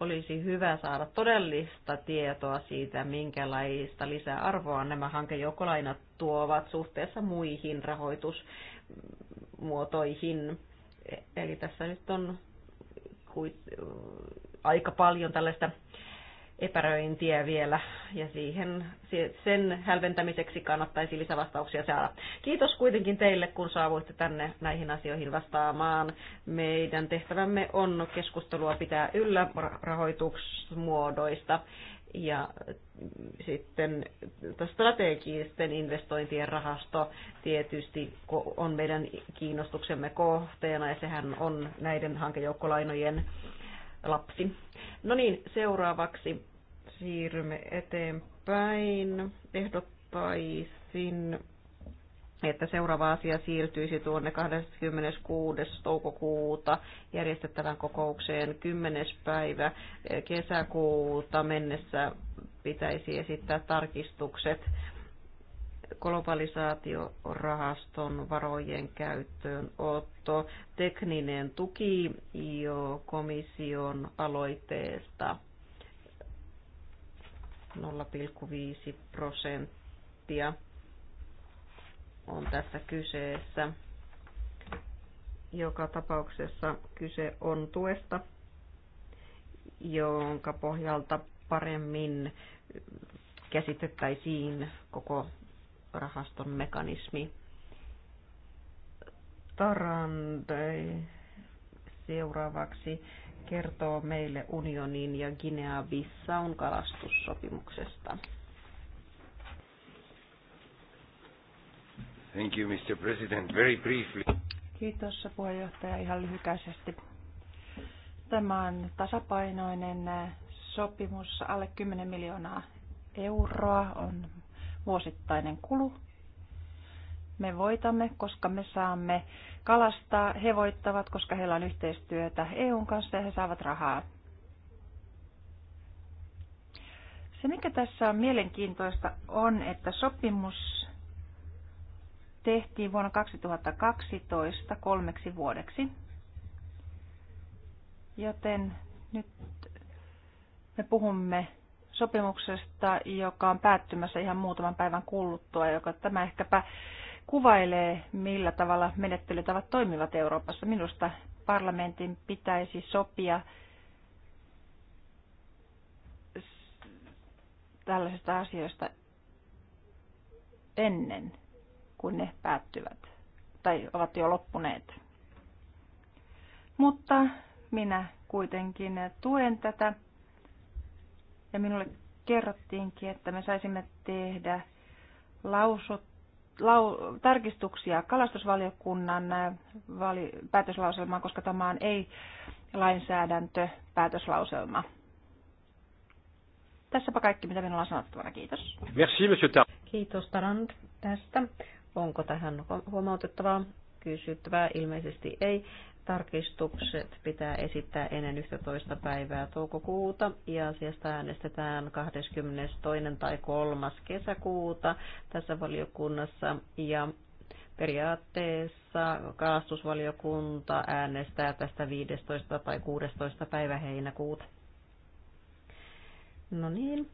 olisi hyvä saada todellista tietoa siitä, minkälaista lisäarvoa nämä hankejoukkolainat tuovat suhteessa muihin rahoitusmuotoihin. E-, eli tässä nyt on aika paljon tällaista epäröintiä vielä ja siihen, sen hälventämiseksi kannattaisi lisävastauksia saada. Kiitos kuitenkin teille, kun saavuitte tänne näihin asioihin vastaamaan. Meidän tehtävämme on keskustelua pitää yllä rahoitusmuodoista ja sitten strategisten investointien rahasto tietysti on meidän kiinnostuksemme kohteena ja sehän on näiden hankejoukkolainojen lapsi. No niin, seuraavaksi siirrymme eteenpäin. Ehdottaisin, että seuraava asia siirtyisi tuonne 26. toukokuuta järjestettävän kokoukseen 10. päivä kesäkuuta mennessä pitäisi esittää tarkistukset globalisaatiorahaston varojen käyttöönotto, tekninen tuki jo komission aloitteesta 0,5 prosenttia on tässä kyseessä. Joka tapauksessa kyse on tuesta, jonka pohjalta paremmin käsitettäisiin koko rahaston mekanismi. Tarande seuraavaksi kertoo meille unionin ja Guinea-Bissaun kalastussopimuksesta. Thank you, Mr. President. Very briefly. Kiitos puheenjohtaja ihan lyhykäisesti. Tämä on tasapainoinen sopimus, alle 10 miljoonaa euroa on vuosittainen kulu. Me voitamme, koska me saamme kalastaa, he voittavat, koska heillä on yhteistyötä EUn kanssa ja he saavat rahaa. Se, mikä tässä on mielenkiintoista, on, että sopimus tehtiin vuonna 2012 kolmeksi vuodeksi. Joten nyt me puhumme sopimuksesta, joka on päättymässä ihan muutaman päivän kuluttua, joka tämä ehkäpä kuvailee, millä tavalla menettelytavat toimivat Euroopassa. Minusta parlamentin pitäisi sopia tällaisista asioista ennen kuin ne päättyvät tai ovat jo loppuneet. Mutta minä kuitenkin tuen tätä ja minulle kerrottiinkin, että me saisimme tehdä lausut, lau, tarkistuksia kalastusvaliokunnan äh, vali, päätöslauselmaan, koska tämä on ei päätöslauselma. Tässäpä kaikki, mitä minulla on sanottavana. Kiitos. Merci, monsieur Kiitos Tarand tästä. Onko tähän huomautettavaa? Kysyttävää ilmeisesti ei. Tarkistukset pitää esittää ennen 11. päivää toukokuuta ja asiasta äänestetään 22. tai 3. kesäkuuta tässä valiokunnassa ja periaatteessa kaastusvaliokunta äänestää tästä 15. tai 16. päivä heinäkuuta. No niin,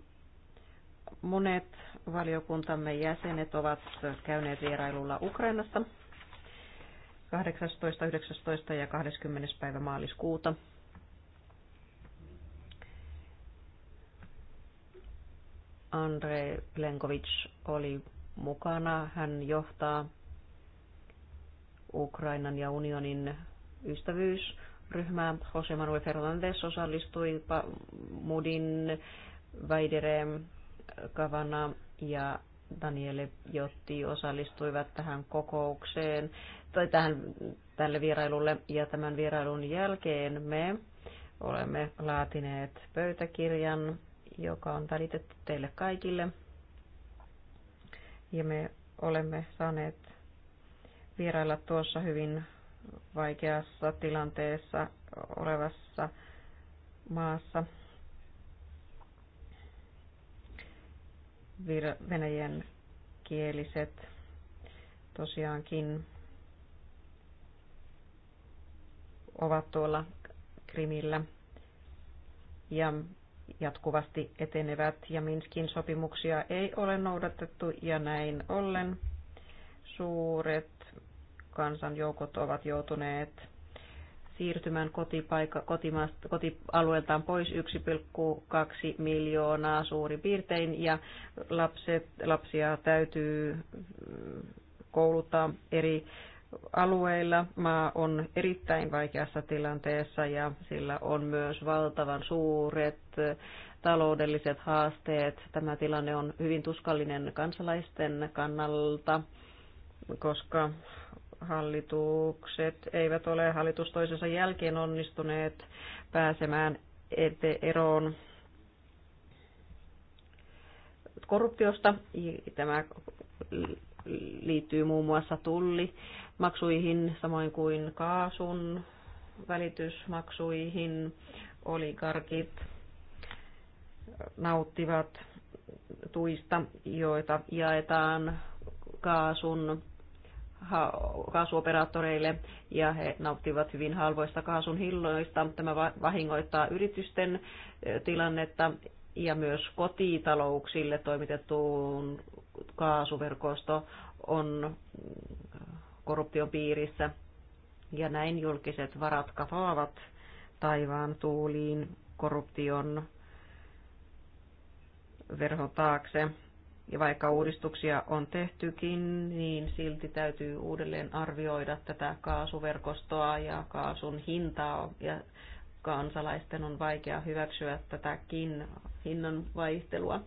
monet valiokuntamme jäsenet ovat käyneet vierailulla Ukrainassa 18, 19 ja 20. päivä maaliskuuta. Andre Plenkovic oli mukana. Hän johtaa Ukrainan ja unionin ystävyysryhmää. Jose Manuel Fernandez osallistui Mudin, Väidere, Kavana ja Daniele Jotti osallistuivat tähän kokoukseen tai tähän, tälle vierailulle ja tämän vierailun jälkeen me olemme laatineet pöytäkirjan, joka on välitetty teille kaikille. Ja me olemme saaneet vierailla tuossa hyvin vaikeassa tilanteessa olevassa maassa venäjän kieliset tosiaankin ovat tuolla Krimillä ja jatkuvasti etenevät ja Minskin sopimuksia ei ole noudatettu ja näin ollen suuret kansanjoukot ovat joutuneet siirtymään kotipaikka, kotialueeltaan pois 1,2 miljoonaa suurin piirtein ja lapset, lapsia täytyy kouluttaa eri alueilla maa on erittäin vaikeassa tilanteessa ja sillä on myös valtavan suuret taloudelliset haasteet. Tämä tilanne on hyvin tuskallinen kansalaisten kannalta, koska hallitukset eivät ole hallitus toisensa jälkeen onnistuneet pääsemään eroon korruptiosta. Tämä liittyy muun muassa tulli maksuihin, samoin kuin kaasun välitysmaksuihin. Oligarkit nauttivat tuista, joita jaetaan kaasun kaasuoperaattoreille ja he nauttivat hyvin halvoista kaasun hilloista. Tämä vahingoittaa yritysten tilannetta ja myös kotitalouksille toimitettuun kaasuverkosto on korruption piirissä. Ja näin julkiset varat kafaavat taivaan tuuliin korruption verho taakse. Ja vaikka uudistuksia on tehtykin, niin silti täytyy uudelleen arvioida tätä kaasuverkostoa ja kaasun hintaa. Ja kansalaisten on vaikea hyväksyä tätäkin hinnan vaihtelua.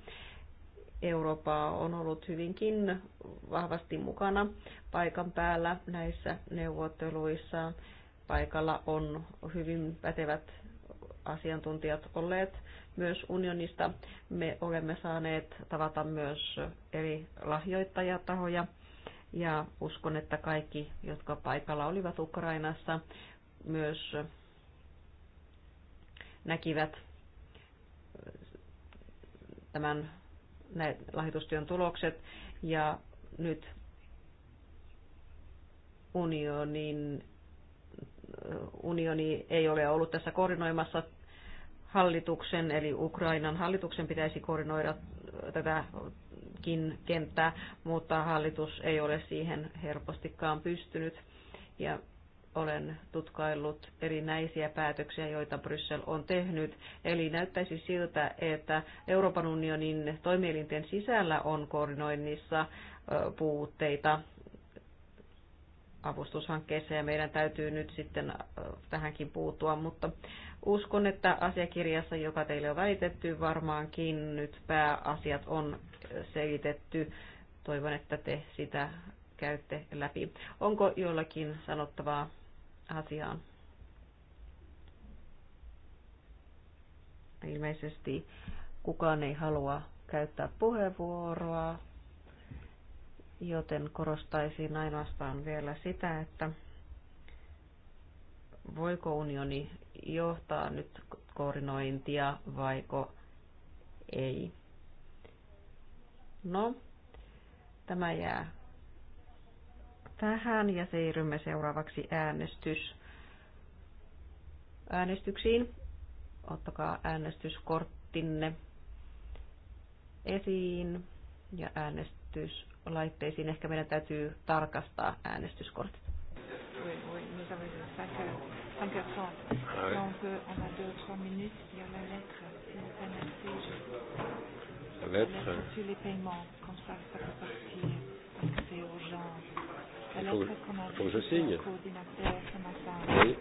Eurooppa on ollut hyvinkin vahvasti mukana paikan päällä näissä neuvotteluissa. Paikalla on hyvin pätevät asiantuntijat olleet myös unionista. Me olemme saaneet tavata myös eri lahjoittajatahoja ja uskon, että kaikki, jotka paikalla olivat Ukrainassa, myös näkivät tämän näitä lahjoitustyön tulokset ja nyt unionin, unioni ei ole ollut tässä koordinoimassa hallituksen, eli Ukrainan hallituksen pitäisi koordinoida tätäkin kenttää, mutta hallitus ei ole siihen helpostikaan pystynyt. Ja olen tutkaillut erinäisiä päätöksiä, joita Bryssel on tehnyt. Eli näyttäisi siltä, että Euroopan unionin toimielinten sisällä on koordinoinnissa puutteita avustushankkeessa ja meidän täytyy nyt sitten tähänkin puuttua, mutta uskon, että asiakirjassa, joka teille on väitetty, varmaankin nyt pääasiat on selitetty. Toivon, että te sitä käytte läpi. Onko jollakin sanottavaa asiaan. Ilmeisesti kukaan ei halua käyttää puheenvuoroa, joten korostaisin ainoastaan vielä sitä, että voiko unioni johtaa nyt koordinointia vaiko ei. No, tämä jää tähän ja siirrymme seuraavaksi äänestys. äänestyksiin. Ottakaa äänestyskorttinne esiin ja äänestyslaitteisiin. Ehkä meidän täytyy tarkastaa äänestyskortit. lettre, lettre, lettre sur les paiements, comme ça, ça peut partir, c'est urgent. Il faut, faut que je signe. Oui.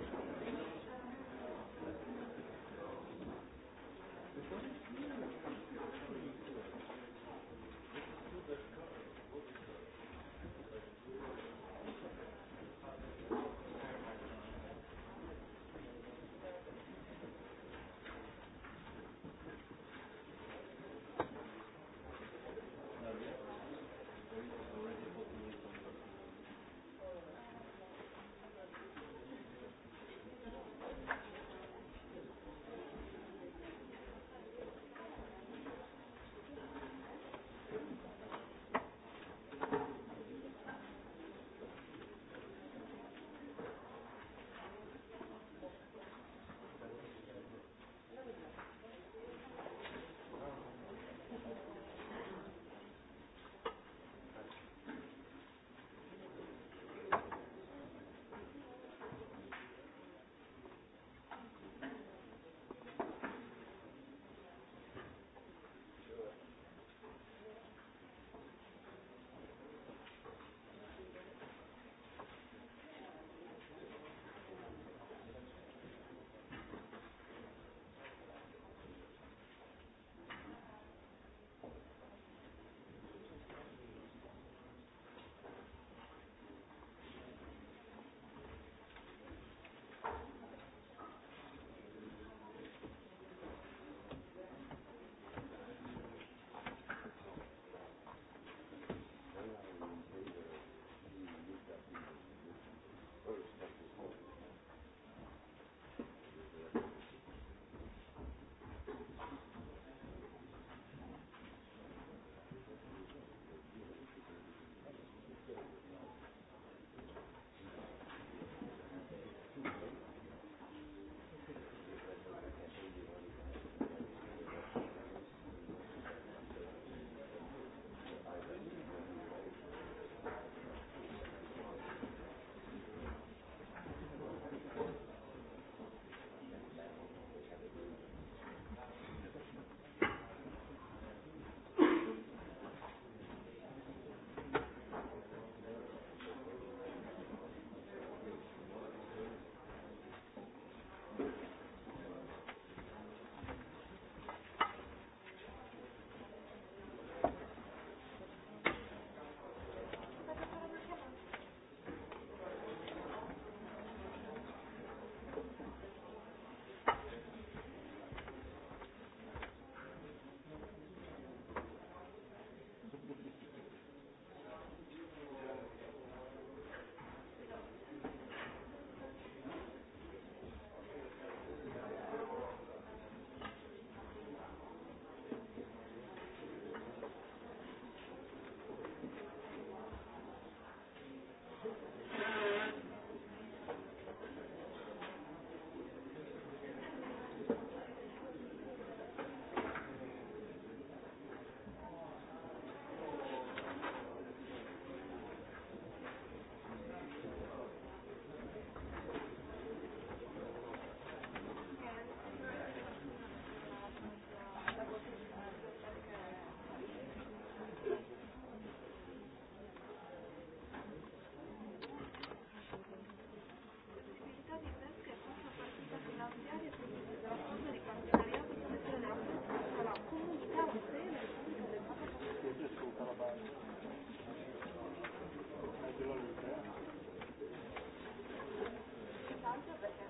Grazie perché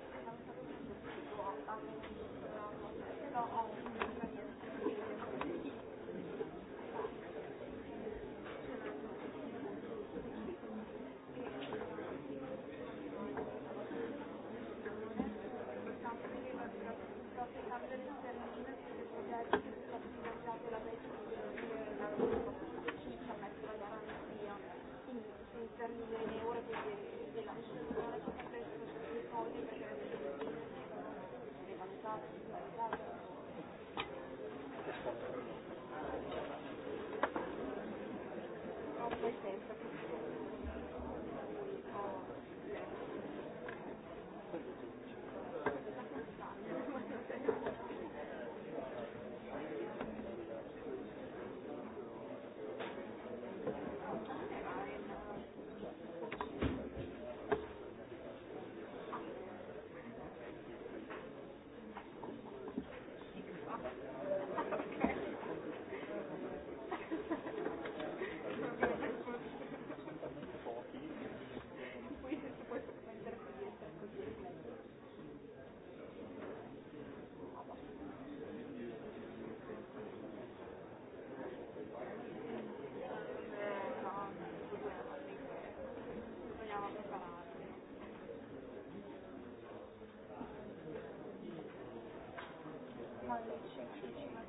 relationship.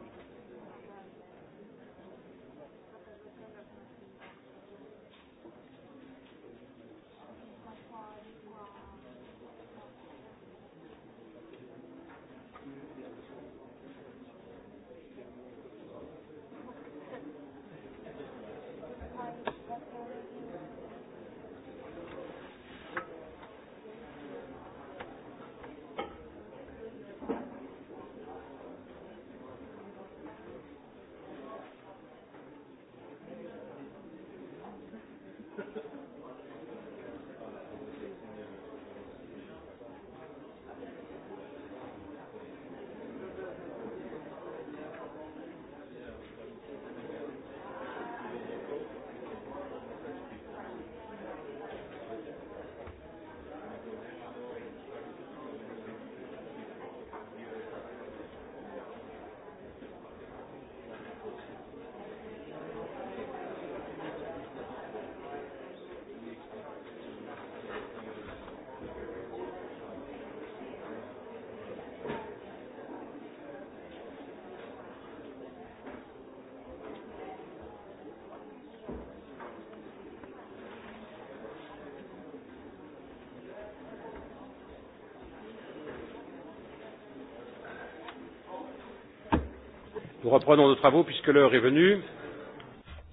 Nous reprenons nos travaux puisque l'heure est venue.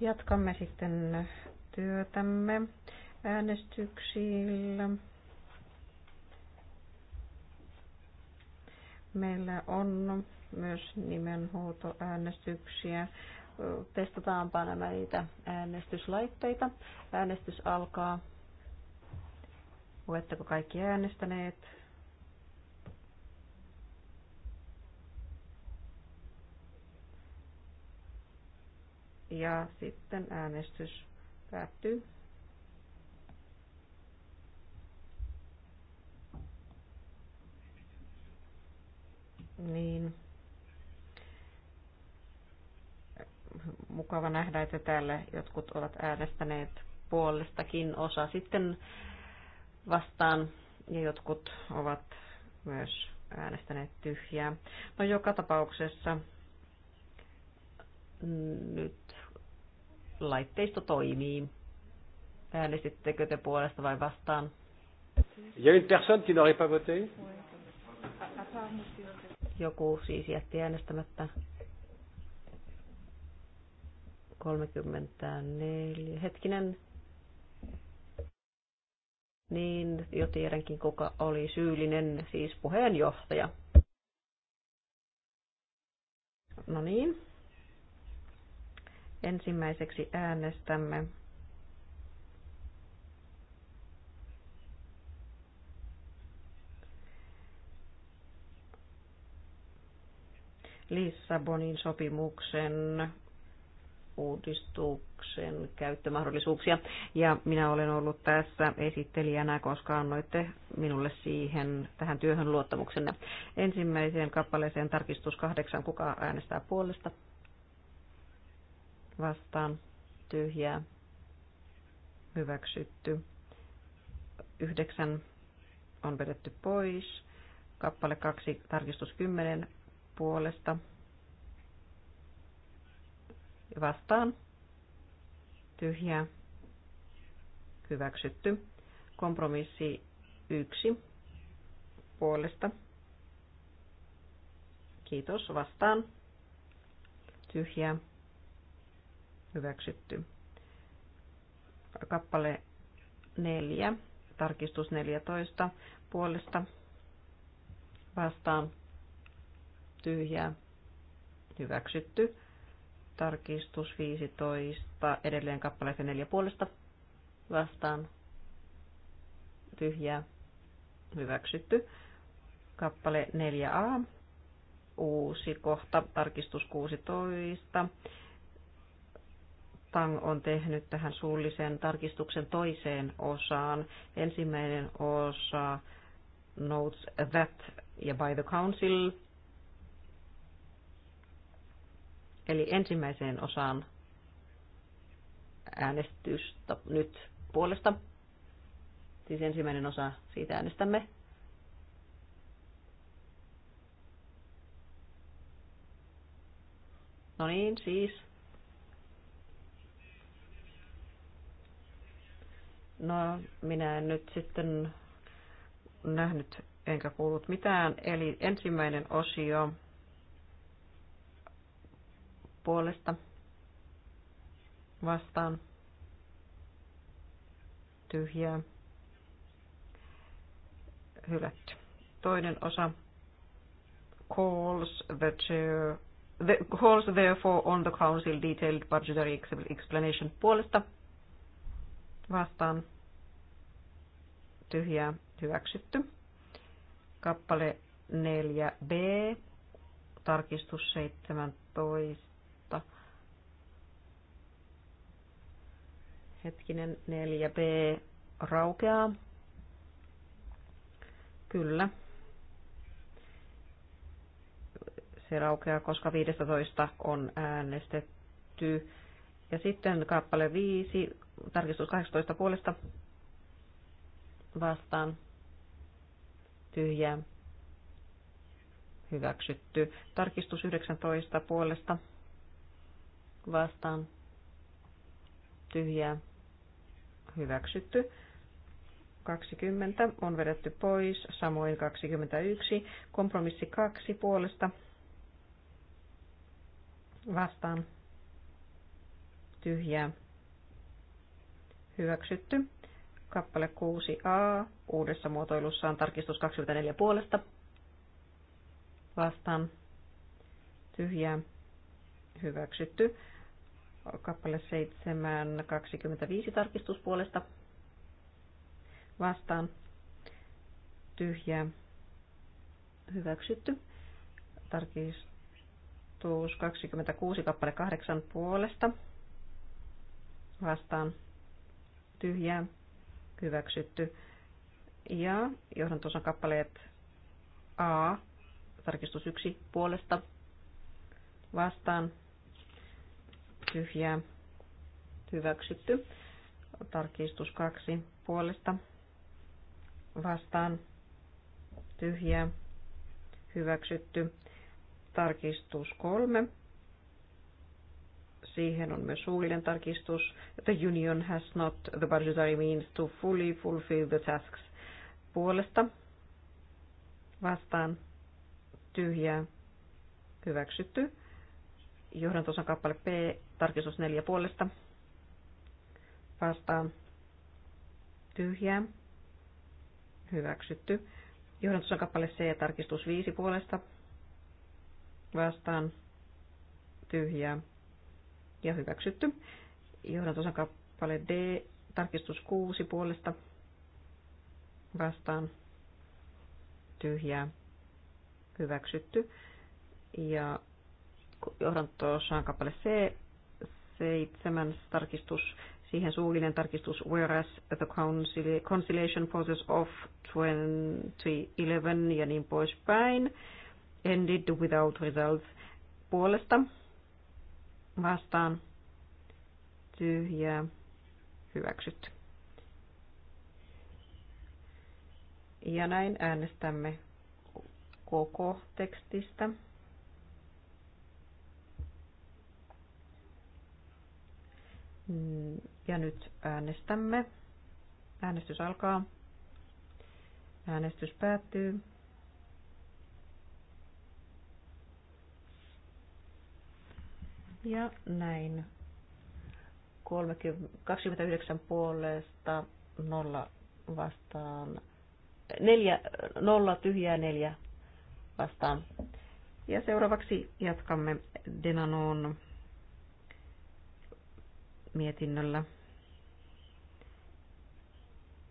Jatkamme sitten työtämme äänestyksillä. Meillä on myös nimenhuutoäänestyksiä. Testataanpa nämä niitä äänestyslaitteita. Äänestys alkaa. Oletteko kaikki äänestäneet? Ja sitten äänestys päättyy. Niin. Mukava nähdä, että täällä jotkut ovat äänestäneet puolestakin osa sitten vastaan ja jotkut ovat myös äänestäneet tyhjää. No joka tapauksessa nyt laitteisto toimii. Äänestittekö te puolesta vai vastaan? Il y a une personne qui n'aurait pas voté? Joku siis jätti äänestämättä. 34. Hetkinen. Niin, jo tiedänkin kuka oli syyllinen, siis puheenjohtaja. No niin. Ensimmäiseksi äänestämme Lissabonin sopimuksen uudistuksen käyttömahdollisuuksia. Ja minä olen ollut tässä esittelijänä, koska annoitte minulle siihen tähän työhön luottamuksenne. Ensimmäiseen kappaleeseen tarkistus kahdeksan. Kuka äänestää puolesta? vastaan tyhjää hyväksytty. Yhdeksän on vedetty pois. Kappale kaksi tarkistus kymmenen puolesta vastaan tyhjää hyväksytty. Kompromissi yksi puolesta. Kiitos vastaan. Tyhjää hyväksytty. Kappale 4, tarkistus 14 puolesta vastaan tyhjää hyväksytty. Tarkistus 15, edelleen kappale 4 puolesta vastaan tyhjää hyväksytty. Kappale 4a, uusi kohta, tarkistus 16 Tang on tehnyt tähän suullisen tarkistuksen toiseen osaan. Ensimmäinen osa notes that ja by the council. Eli ensimmäiseen osaan äänestystä nyt puolesta. Siis ensimmäinen osa siitä äänestämme. No niin, siis No, minä en nyt sitten nähnyt enkä kuullut mitään. Eli ensimmäinen osio puolesta vastaan tyhjää hylätty. Toinen osa calls the chair the, calls therefore on the council detailed budgetary explanation puolesta vastaan tyhjää hyväksytty. Kappale 4b, tarkistus 17. Hetkinen 4b raukeaa. Kyllä. Se raukeaa, koska 15 on äänestetty. Ja sitten kappale 5, tarkistus 18 puolesta vastaan tyhjää hyväksytty. Tarkistus 19 puolesta vastaan tyhjää hyväksytty. 20 on vedetty pois, samoin 21, kompromissi 2 puolesta vastaan tyhjää hyväksytty. Kappale 6a uudessa muotoilussa on tarkistus 24 puolesta. Vastaan tyhjää hyväksytty. Kappale 7, 25 tarkistus puolesta. Vastaan tyhjää hyväksytty. Tarkistus 26 kappale 8 puolesta. Vastaan tyhjää hyväksytty. Ja tuossa kappaleet A, tarkistus 1 puolesta vastaan tyhjää hyväksytty. Tarkistus 2 puolesta vastaan tyhjää hyväksytty. Tarkistus 3 Siihen on myös suullinen tarkistus. The union has not the budgetary means to fully fulfill the tasks. Puolesta vastaan tyhjää hyväksytty. Johdantosan kappale P, tarkistus neljä puolesta vastaan tyhjää hyväksytty. Johdantosan kappale C, tarkistus viisi puolesta vastaan tyhjää ja hyväksytty. Johdatusan kappale D, tarkistus 6 puolesta vastaan tyhjää hyväksytty. Ja johdantosaan kappale C, 7 tarkistus, siihen suullinen tarkistus, whereas the conciliation process of 2011 ja niin poispäin, ended without results puolesta vastaan tyhjää hyväksytty. Ja näin äänestämme koko tekstistä. Ja nyt äänestämme. Äänestys alkaa. Äänestys päättyy. Ja näin. 30, 29 puolesta, 0 vastaan, 4, 0 tyhjää, 4 vastaan. Ja seuraavaksi jatkamme Denanon mietinnöllä.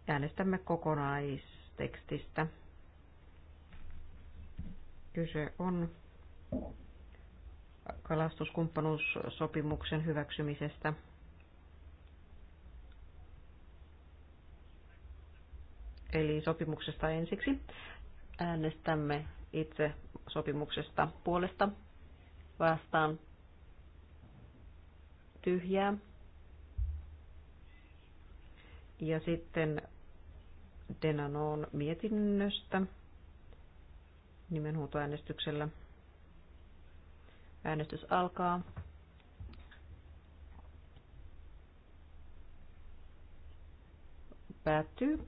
Äänestämme kokonaistekstistä. Kyse on kalastuskumppanuussopimuksen hyväksymisestä. Eli sopimuksesta ensiksi. Äänestämme itse sopimuksesta puolesta vastaan tyhjää. Ja sitten Denanoon mietinnöstä nimenhuutoäänestyksellä. Äänestys alkaa. Päättyy.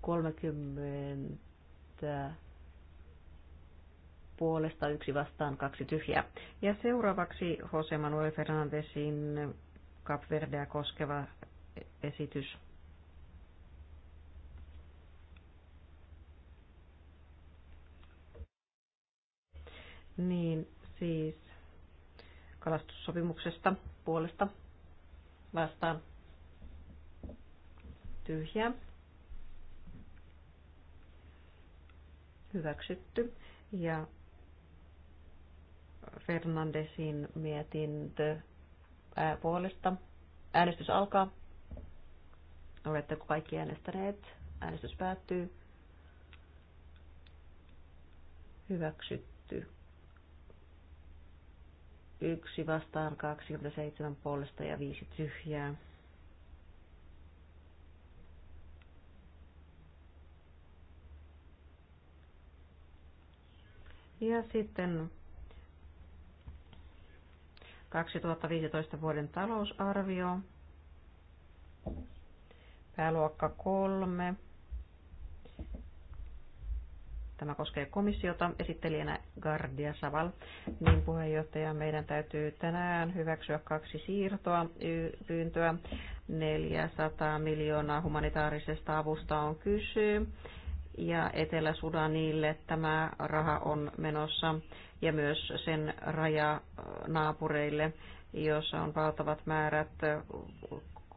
Kolmekymmentä puolesta yksi vastaan kaksi tyhjää. Ja seuraavaksi Jose Manuel Fernandesin Kapverdeä koskeva esitys. Niin siis kalastussopimuksesta puolesta vastaan tyhjä. Hyväksytty. Ja Fernandesin mietintö ää, puolesta. Äänestys alkaa. Oletteko kaikki äänestäneet? Äänestys päättyy. Hyväksytty. 1 vastaan 27 puolesta ja 5 tyhjää. Ja sitten 2015 vuoden talousarvio. Pääluokka 3. Tämä koskee komissiota esittelijänä Gardia Saval. Niin puheenjohtaja, meidän täytyy tänään hyväksyä kaksi siirtoa pyyntöä. 400 miljoonaa humanitaarisesta avusta on kysy. Ja Etelä-Sudanille tämä raha on menossa ja myös sen rajanaapureille, jossa on valtavat määrät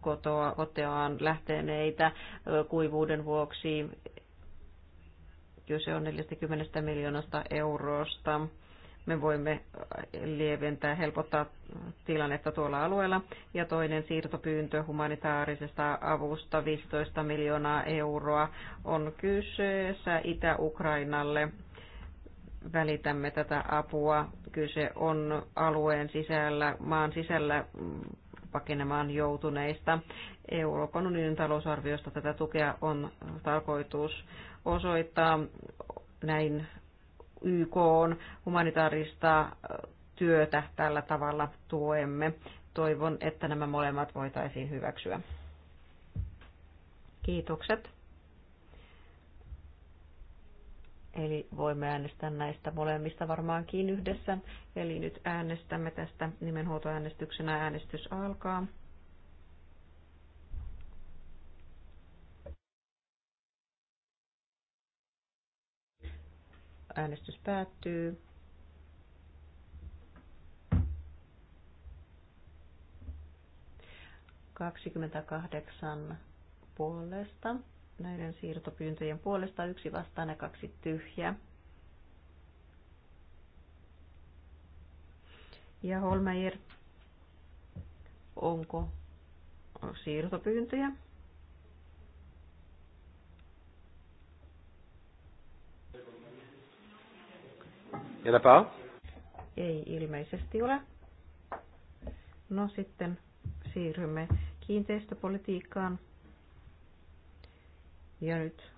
kotoa, kotoaan lähteneitä kuivuuden vuoksi Kyse on 40 miljoonasta eurosta. Me voimme lieventää, helpottaa tilannetta tuolla alueella. Ja toinen siirtopyyntö humanitaarisesta avusta 15 miljoonaa euroa on kyseessä Itä-Ukrainalle välitämme tätä apua. Kyse on alueen sisällä, maan sisällä pakenemaan joutuneista. Euroopan unionin talousarviosta tätä tukea on tarkoitus osoittaa näin YK on humanitaarista työtä tällä tavalla tuemme. Toivon, että nämä molemmat voitaisiin hyväksyä. Kiitokset. Eli voimme äänestää näistä molemmista varmaankin yhdessä. Eli nyt äänestämme tästä nimenhuoltoäänestyksenä. Äänestys alkaa. Äänestys päättyy. Kaksikymmentäkahdeksan puolesta näiden siirtopyyntöjen puolesta yksi vastaan ja kaksi tyhjää. Ja Holmeier, onko siirtopyyntöjä? Vieläpä Ei ilmeisesti ole. No sitten siirrymme kiinteistöpolitiikkaan. Ja nyt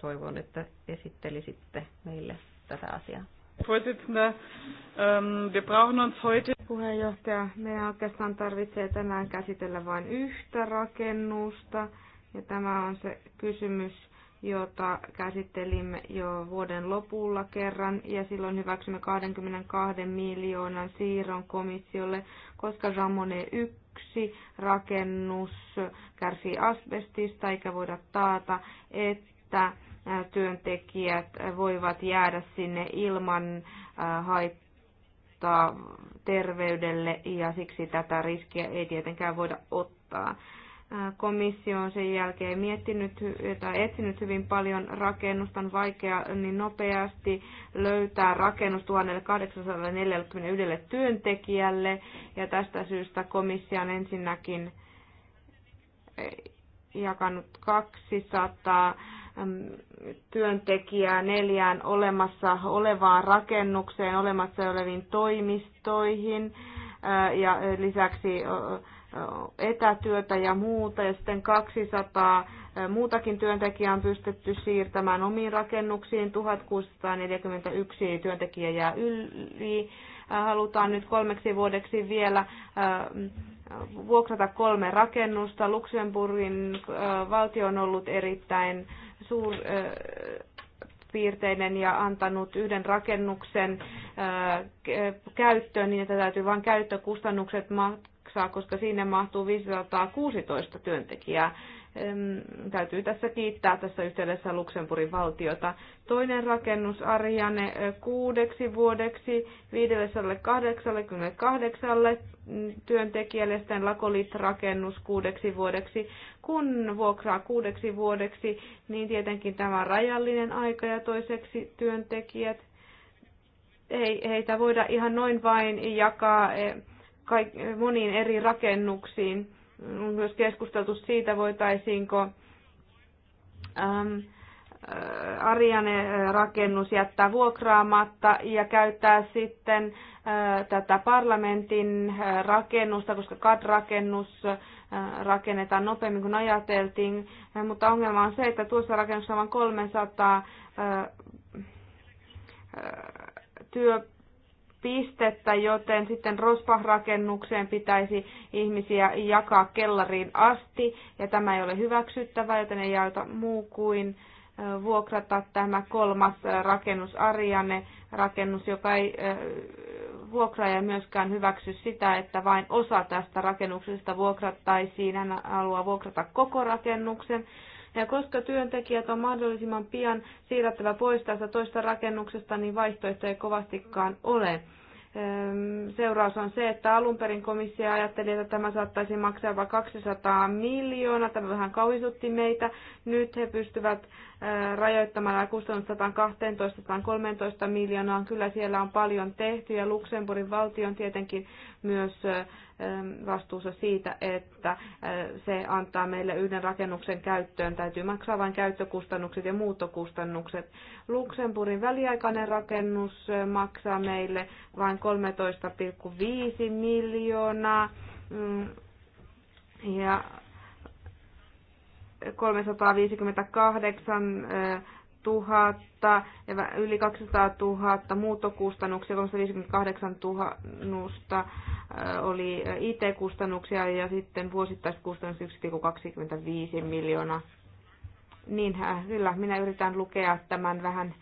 toivon, että esittelisitte meille tätä asiaa. Vorsitzender, ähm, wir brauchen uns heute... Puheenjohtaja, me oikeastaan tarvitsee tänään käsitellä vain yhtä rakennusta. Ja tämä on se kysymys, jota käsittelimme jo vuoden lopulla kerran, ja silloin hyväksymme 22 miljoonan siirron komissiolle, koska Ramone 1 rakennus kärsii asbestista, eikä voida taata, että työntekijät voivat jäädä sinne ilman haittaa terveydelle, ja siksi tätä riskiä ei tietenkään voida ottaa. Komissio on sen jälkeen miettinyt tai etsinyt hyvin paljon rakennusta. On vaikea niin nopeasti löytää rakennus 1841 työntekijälle. Ja tästä syystä komissio on ensinnäkin jakanut 200 työntekijää neljään olemassa olevaan rakennukseen, olemassa oleviin toimistoihin ja lisäksi etätyötä ja muuta, ja sitten 200 muutakin työntekijää on pystytty siirtämään omiin rakennuksiin, 1641 työntekijä jää yli, halutaan nyt kolmeksi vuodeksi vielä vuokrata kolme rakennusta. Luxemburgin valtio on ollut erittäin suur, piirteinen ja antanut yhden rakennuksen käyttöön, niin että täytyy vain käyttökustannukset maksaa, koska sinne mahtuu 516 työntekijää. Täytyy tässä kiittää tässä yhteydessä Luxemburgin valtiota. Toinen rakennus Arjane, kuudeksi vuodeksi 588 työntekijälle, sitten Lakolit-rakennus kuudeksi vuodeksi. Kun vuokraa kuudeksi vuodeksi, niin tietenkin tämä on rajallinen aika ja toiseksi työntekijät ei, heitä voida ihan noin vain jakaa e, kaik, moniin eri rakennuksiin. On myös keskusteltu siitä, voitaisiinko äm, äh, Ariane-rakennus äh, jättää vuokraamatta ja käyttää sitten äh, tätä parlamentin rakennusta, koska CAD-rakennus rakennetaan nopeammin kuin ajateltiin. Mutta ongelma on se, että tuossa rakennuksessa on vain 300 työ pistettä, joten sitten rospahrakennukseen pitäisi ihmisiä jakaa kellariin asti, ja tämä ei ole hyväksyttävä, joten ei jaeta muu kuin vuokrata tämä kolmas rakennus, Ariane rakennus, joka ei vuokraaja myöskään hyväksy sitä, että vain osa tästä rakennuksesta vuokrattaisiin. Hän haluaa vuokrata koko rakennuksen. Ja koska työntekijät on mahdollisimman pian siirrettävä pois tästä toista rakennuksesta, niin vaihtoehtoja ei kovastikaan ole. Seuraus on se, että alun perin komissio ajatteli, että tämä saattaisi maksaa vain 200 miljoonaa. Tämä vähän kauhistutti meitä. Nyt he pystyvät rajoittamaan kustannusta 112-113 miljoonaan. Kyllä siellä on paljon tehty ja Luxemburgin valtio on tietenkin myös vastuussa siitä, että se antaa meille yhden rakennuksen käyttöön. Täytyy maksaa vain käyttökustannukset ja muuttokustannukset. Luxemburgin väliaikainen rakennus maksaa meille vain 13,5 miljoonaa. Mm, ja 358 000 ja yli 200 000 muuttokustannuksia, 358 000 oli IT-kustannuksia ja sitten vuosittaiset kustannukset 1,25 miljoonaa. Niin, kyllä, minä yritän lukea tämän vähän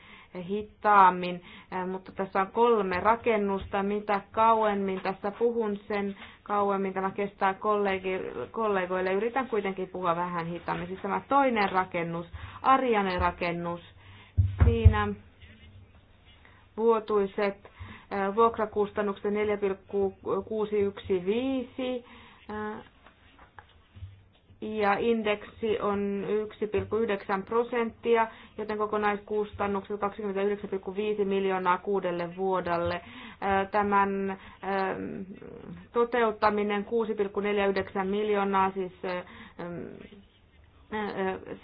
hitaammin, mutta tässä on kolme rakennusta. Mitä kauemmin tässä puhun, sen kauemmin tämä kestää kollegoille. Yritän kuitenkin puhua vähän hitaammin. Siis tämä toinen rakennus, Arianen rakennus, Siinä vuotuiset vuokrakustannukset 4,615 ja indeksi on 1,9 prosenttia, joten kokonaiskustannukset 29,5 miljoonaa kuudelle vuodelle. Tämän toteuttaminen 6,49 miljoonaa, siis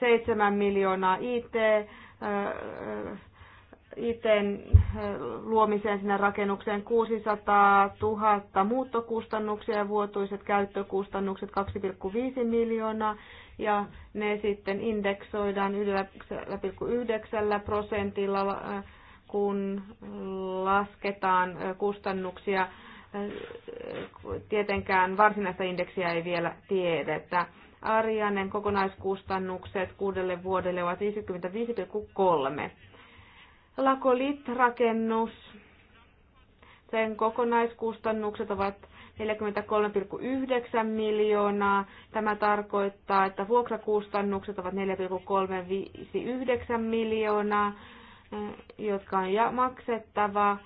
7 miljoonaa IT, ITn luomiseen sinne rakennukseen 600 000 muuttokustannuksia ja vuotuiset käyttökustannukset 2,5 miljoonaa ja ne sitten indeksoidaan 9,9 prosentilla, kun lasketaan kustannuksia. Tietenkään varsinaista indeksiä ei vielä tiedetä. Arjanen kokonaiskustannukset kuudelle vuodelle ovat 55,3. Lakolit-rakennus, sen kokonaiskustannukset ovat 43,9 miljoonaa. Tämä tarkoittaa, että vuokrakustannukset ovat 4,359 miljoonaa, jotka on maksettava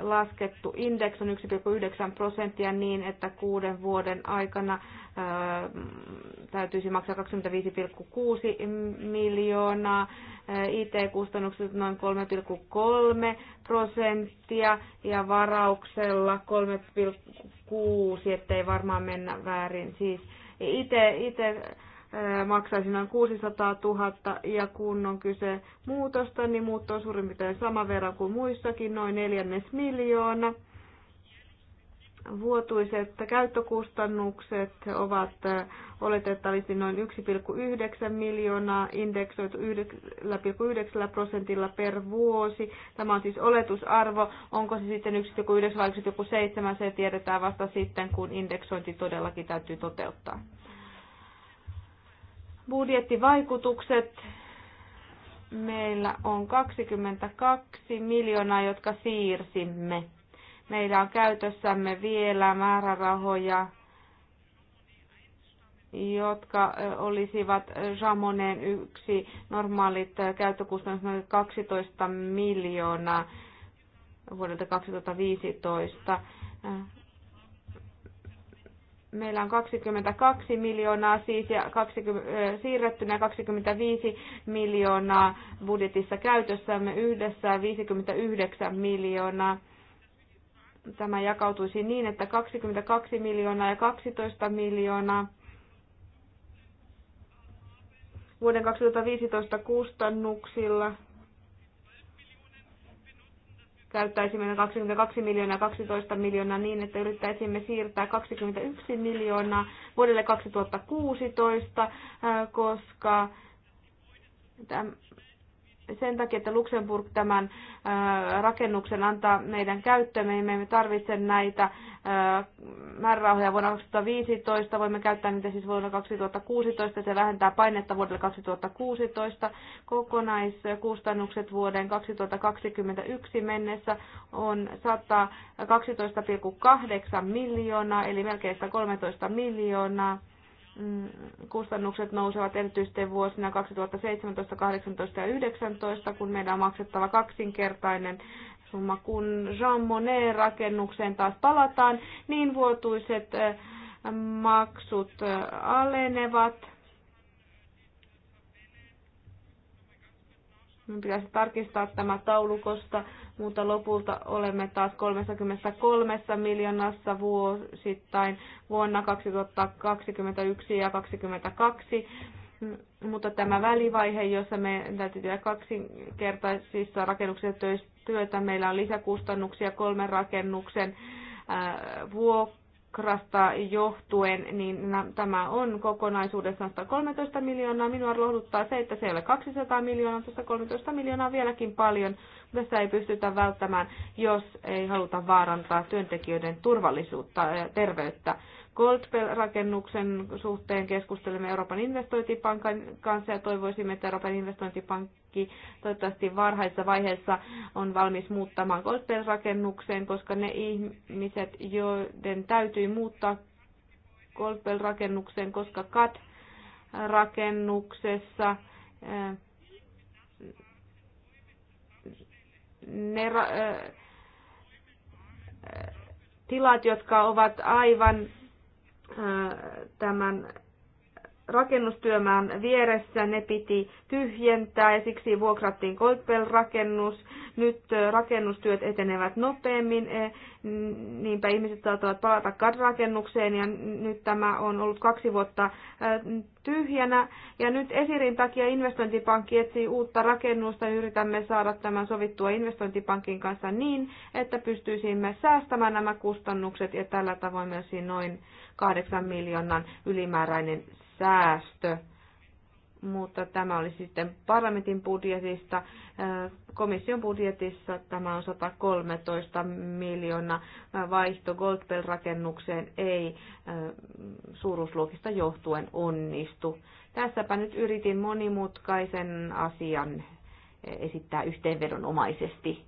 laskettu indeks on 1,9 prosenttia niin, että kuuden vuoden aikana täytyisi maksaa 25,6 miljoonaa, IT-kustannukset noin 3,3 prosenttia ja varauksella 3,6, ettei varmaan mennä väärin. Siis IT, IT maksaisi noin 600 000 ja kun on kyse muutosta, niin muutto on suurin piirtein sama verran kuin muissakin, noin neljännes miljoona. Vuotuiset käyttökustannukset ovat oletettavasti noin 1,9 miljoonaa, indeksoitu 1,9 prosentilla per vuosi. Tämä on siis oletusarvo. Onko se sitten 1,9 vai 1,7, se tiedetään vasta sitten, kun indeksointi todellakin täytyy toteuttaa. Budjettivaikutukset. Meillä on 22 miljoonaa, jotka siirsimme. Meillä on käytössämme vielä määrärahoja, jotka olisivat Jamoneen yksi normaalit käyttökustannukset 12 miljoonaa vuodelta 2015 meillä on 22 miljoonaa siis ja 20, siirrettynä 25 miljoonaa budjetissa käytössämme yhdessä 59 miljoonaa. Tämä jakautuisi niin, että 22 miljoonaa ja 12 miljoonaa vuoden 2015 kustannuksilla – käyttäisimme 22 miljoonaa 12 miljoonaa niin, että yrittäisimme siirtää 21 miljoonaa vuodelle 2016, äh, koska sen takia, että Luxemburg tämän rakennuksen antaa meidän käyttöön. me emme tarvitse näitä määrärahoja vuonna 2015, voimme käyttää niitä siis vuonna 2016, se vähentää painetta vuodelle 2016. Kokonaiskustannukset vuoden 2021 mennessä on 112,8 miljoonaa, eli melkein 113 miljoonaa Mm, kustannukset nousevat erityisesti vuosina 2017, 2018 ja 2019, kun meidän on maksettava kaksinkertainen summa. Kun Jean Monnet-rakennukseen taas palataan, niin vuotuiset maksut alenevat. Minun pitäisi tarkistaa tämä taulukosta, mutta lopulta olemme taas 33 miljoonassa vuosittain vuonna 2021 ja 2022. Mutta tämä välivaihe, jossa me täytyy tehdä kaksinkertaisissa rakennuksissa työtä, meillä on lisäkustannuksia kolmen rakennuksen vuoksi vuokrasta johtuen, niin tämä on kokonaisuudessaan 113 miljoonaa. Minua lohduttaa se, että se ei ole 200 miljoonaa, mutta 113 miljoonaa vieläkin paljon. Tässä ei pystytä välttämään, jos ei haluta vaarantaa työntekijöiden turvallisuutta ja terveyttä. Goldbell-rakennuksen suhteen keskustelemme Euroopan investointipankan kanssa ja toivoisimme, että Euroopan investointipankki toivottavasti varhaisessa vaiheessa on valmis muuttamaan Goldbell-rakennukseen, koska ne ihmiset, joiden täytyy muuttaa Goldbell-rakennukseen, koska cad rakennuksessa eh, ne ra- eh, eh, tilat, jotka ovat aivan tämän rakennustyömään vieressä. Ne piti tyhjentää ja siksi vuokrattiin Koipel-rakennus. Nyt rakennustyöt etenevät nopeammin, e, niinpä ihmiset saattavat palata kadrakennukseen ja nyt tämä on ollut kaksi vuotta tyhjänä. Ja nyt Esirin takia investointipankki etsii uutta rakennusta. Yritämme saada tämän sovittua investointipankin kanssa niin, että pystyisimme säästämään nämä kustannukset ja tällä tavoin myös noin 8 miljoonan ylimääräinen säästö mutta tämä oli sitten parlamentin budjetista. Komission budjetissa tämä on 113 miljoonaa vaihto Goldbell-rakennukseen ei suuruusluokista johtuen onnistu. Tässäpä nyt yritin monimutkaisen asian e, esittää yhteenvedonomaisesti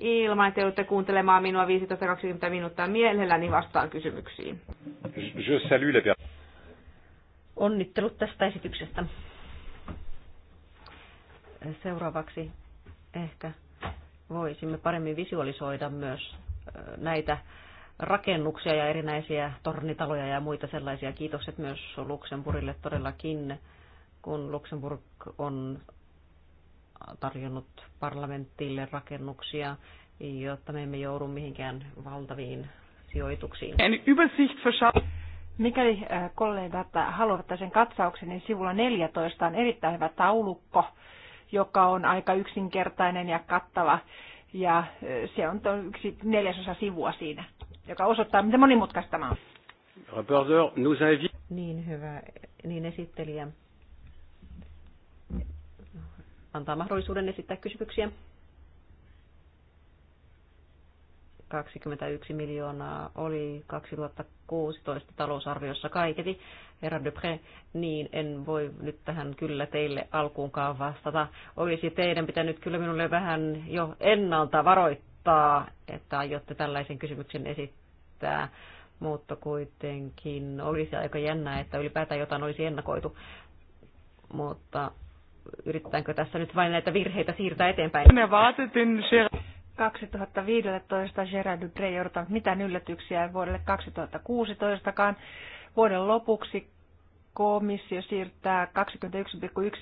ilman, että joudutte kuuntelemaan minua 15-20 minuuttia mielelläni vastaan kysymyksiin. Je salue la... Onnittelut tästä esityksestä. Seuraavaksi ehkä voisimme paremmin visualisoida myös näitä rakennuksia ja erinäisiä tornitaloja ja muita sellaisia. Kiitokset myös Luxemburgille todellakin, kun Luxemburg on tarjonnut parlamentille rakennuksia, jotta me emme joudu mihinkään valtaviin sijoituksiin. Mikäli äh, kollegat haluavat sen katsauksen, niin sivulla 14 on erittäin hyvä taulukko, joka on aika yksinkertainen ja kattava. Ja äh, se on yksi neljäsosa sivua siinä, joka osoittaa, miten monimutkaista tämä on. Niin hyvä, niin esittelijä antaa mahdollisuuden esittää kysymyksiä. 21 miljoonaa oli 2016 talousarviossa kaiketi, herra Dupré, niin en voi nyt tähän kyllä teille alkuunkaan vastata. Olisi teidän pitänyt kyllä minulle vähän jo ennalta varoittaa, että aiotte tällaisen kysymyksen esittää, mutta kuitenkin olisi aika jännää, että ylipäätään jotain olisi ennakoitu. Mutta yritetäänkö tässä nyt vain näitä virheitä siirtää eteenpäin? Me vaatetin 2015 Gerard Dupré ei odottanut mitään yllätyksiä vuodelle 2016kaan. Vuoden lopuksi komissio siirtää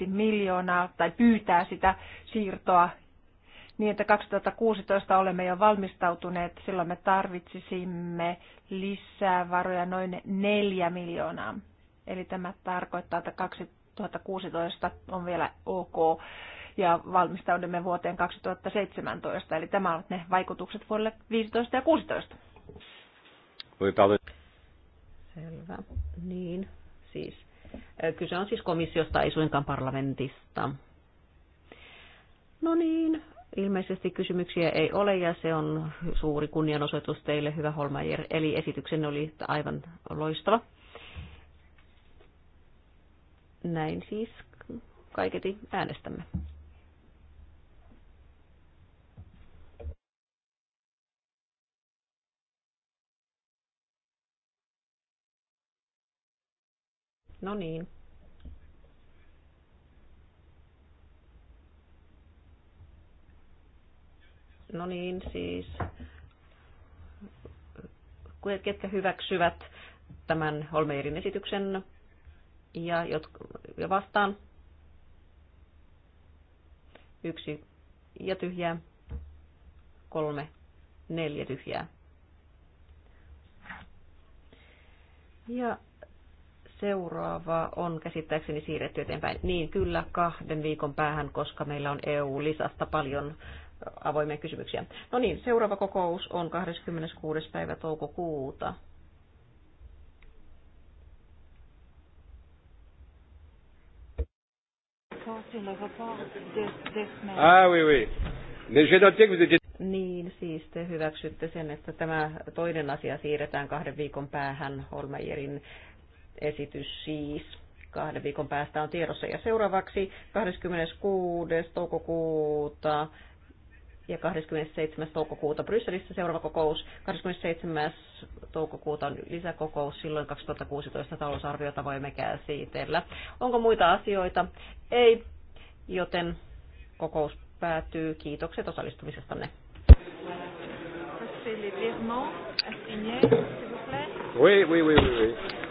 21,1 miljoonaa tai pyytää sitä siirtoa niin, että 2016 olemme jo valmistautuneet. Silloin me tarvitsisimme lisää varoja noin 4 miljoonaa. Eli tämä tarkoittaa, että 2000 2016 on vielä ok ja valmistaudumme vuoteen 2017. Eli tämä ovat ne vaikutukset vuodelle 15 ja 16. Selvä. Niin, siis. Kyse on siis komissiosta, ei suinkaan parlamentista. No niin, ilmeisesti kysymyksiä ei ole ja se on suuri kunnianosoitus teille, hyvä Holmeier. Eli esityksen oli aivan loistava. Näin siis kaiketi äänestämme. No niin. No niin, siis ketkä hyväksyvät tämän Holmeirin esityksen ja, jotka, ja vastaan yksi ja tyhjää, kolme, neljä tyhjää. Ja seuraava on käsittääkseni siirretty eteenpäin. Niin kyllä kahden viikon päähän, koska meillä on EU-lisasta paljon avoimia kysymyksiä. No niin, seuraava kokous on 26. päivä toukokuuta Ah oui, oui. Mais j'ai noté que vous étiez... Niin, siis te hyväksytte sen, että tämä toinen asia siirretään kahden viikon päähän, Holmeierin esitys siis. Kahden viikon päästä on tiedossa. Ja seuraavaksi 26. toukokuuta ja 27. toukokuuta Brysselissä seuraava kokous. 27. toukokuuta on lisäkokous, silloin 2016 talousarviota voimme käsitellä. Onko muita asioita? Ei joten kokous päättyy. Kiitokset osallistumisestanne. Oui, oui, oui, oui, oui.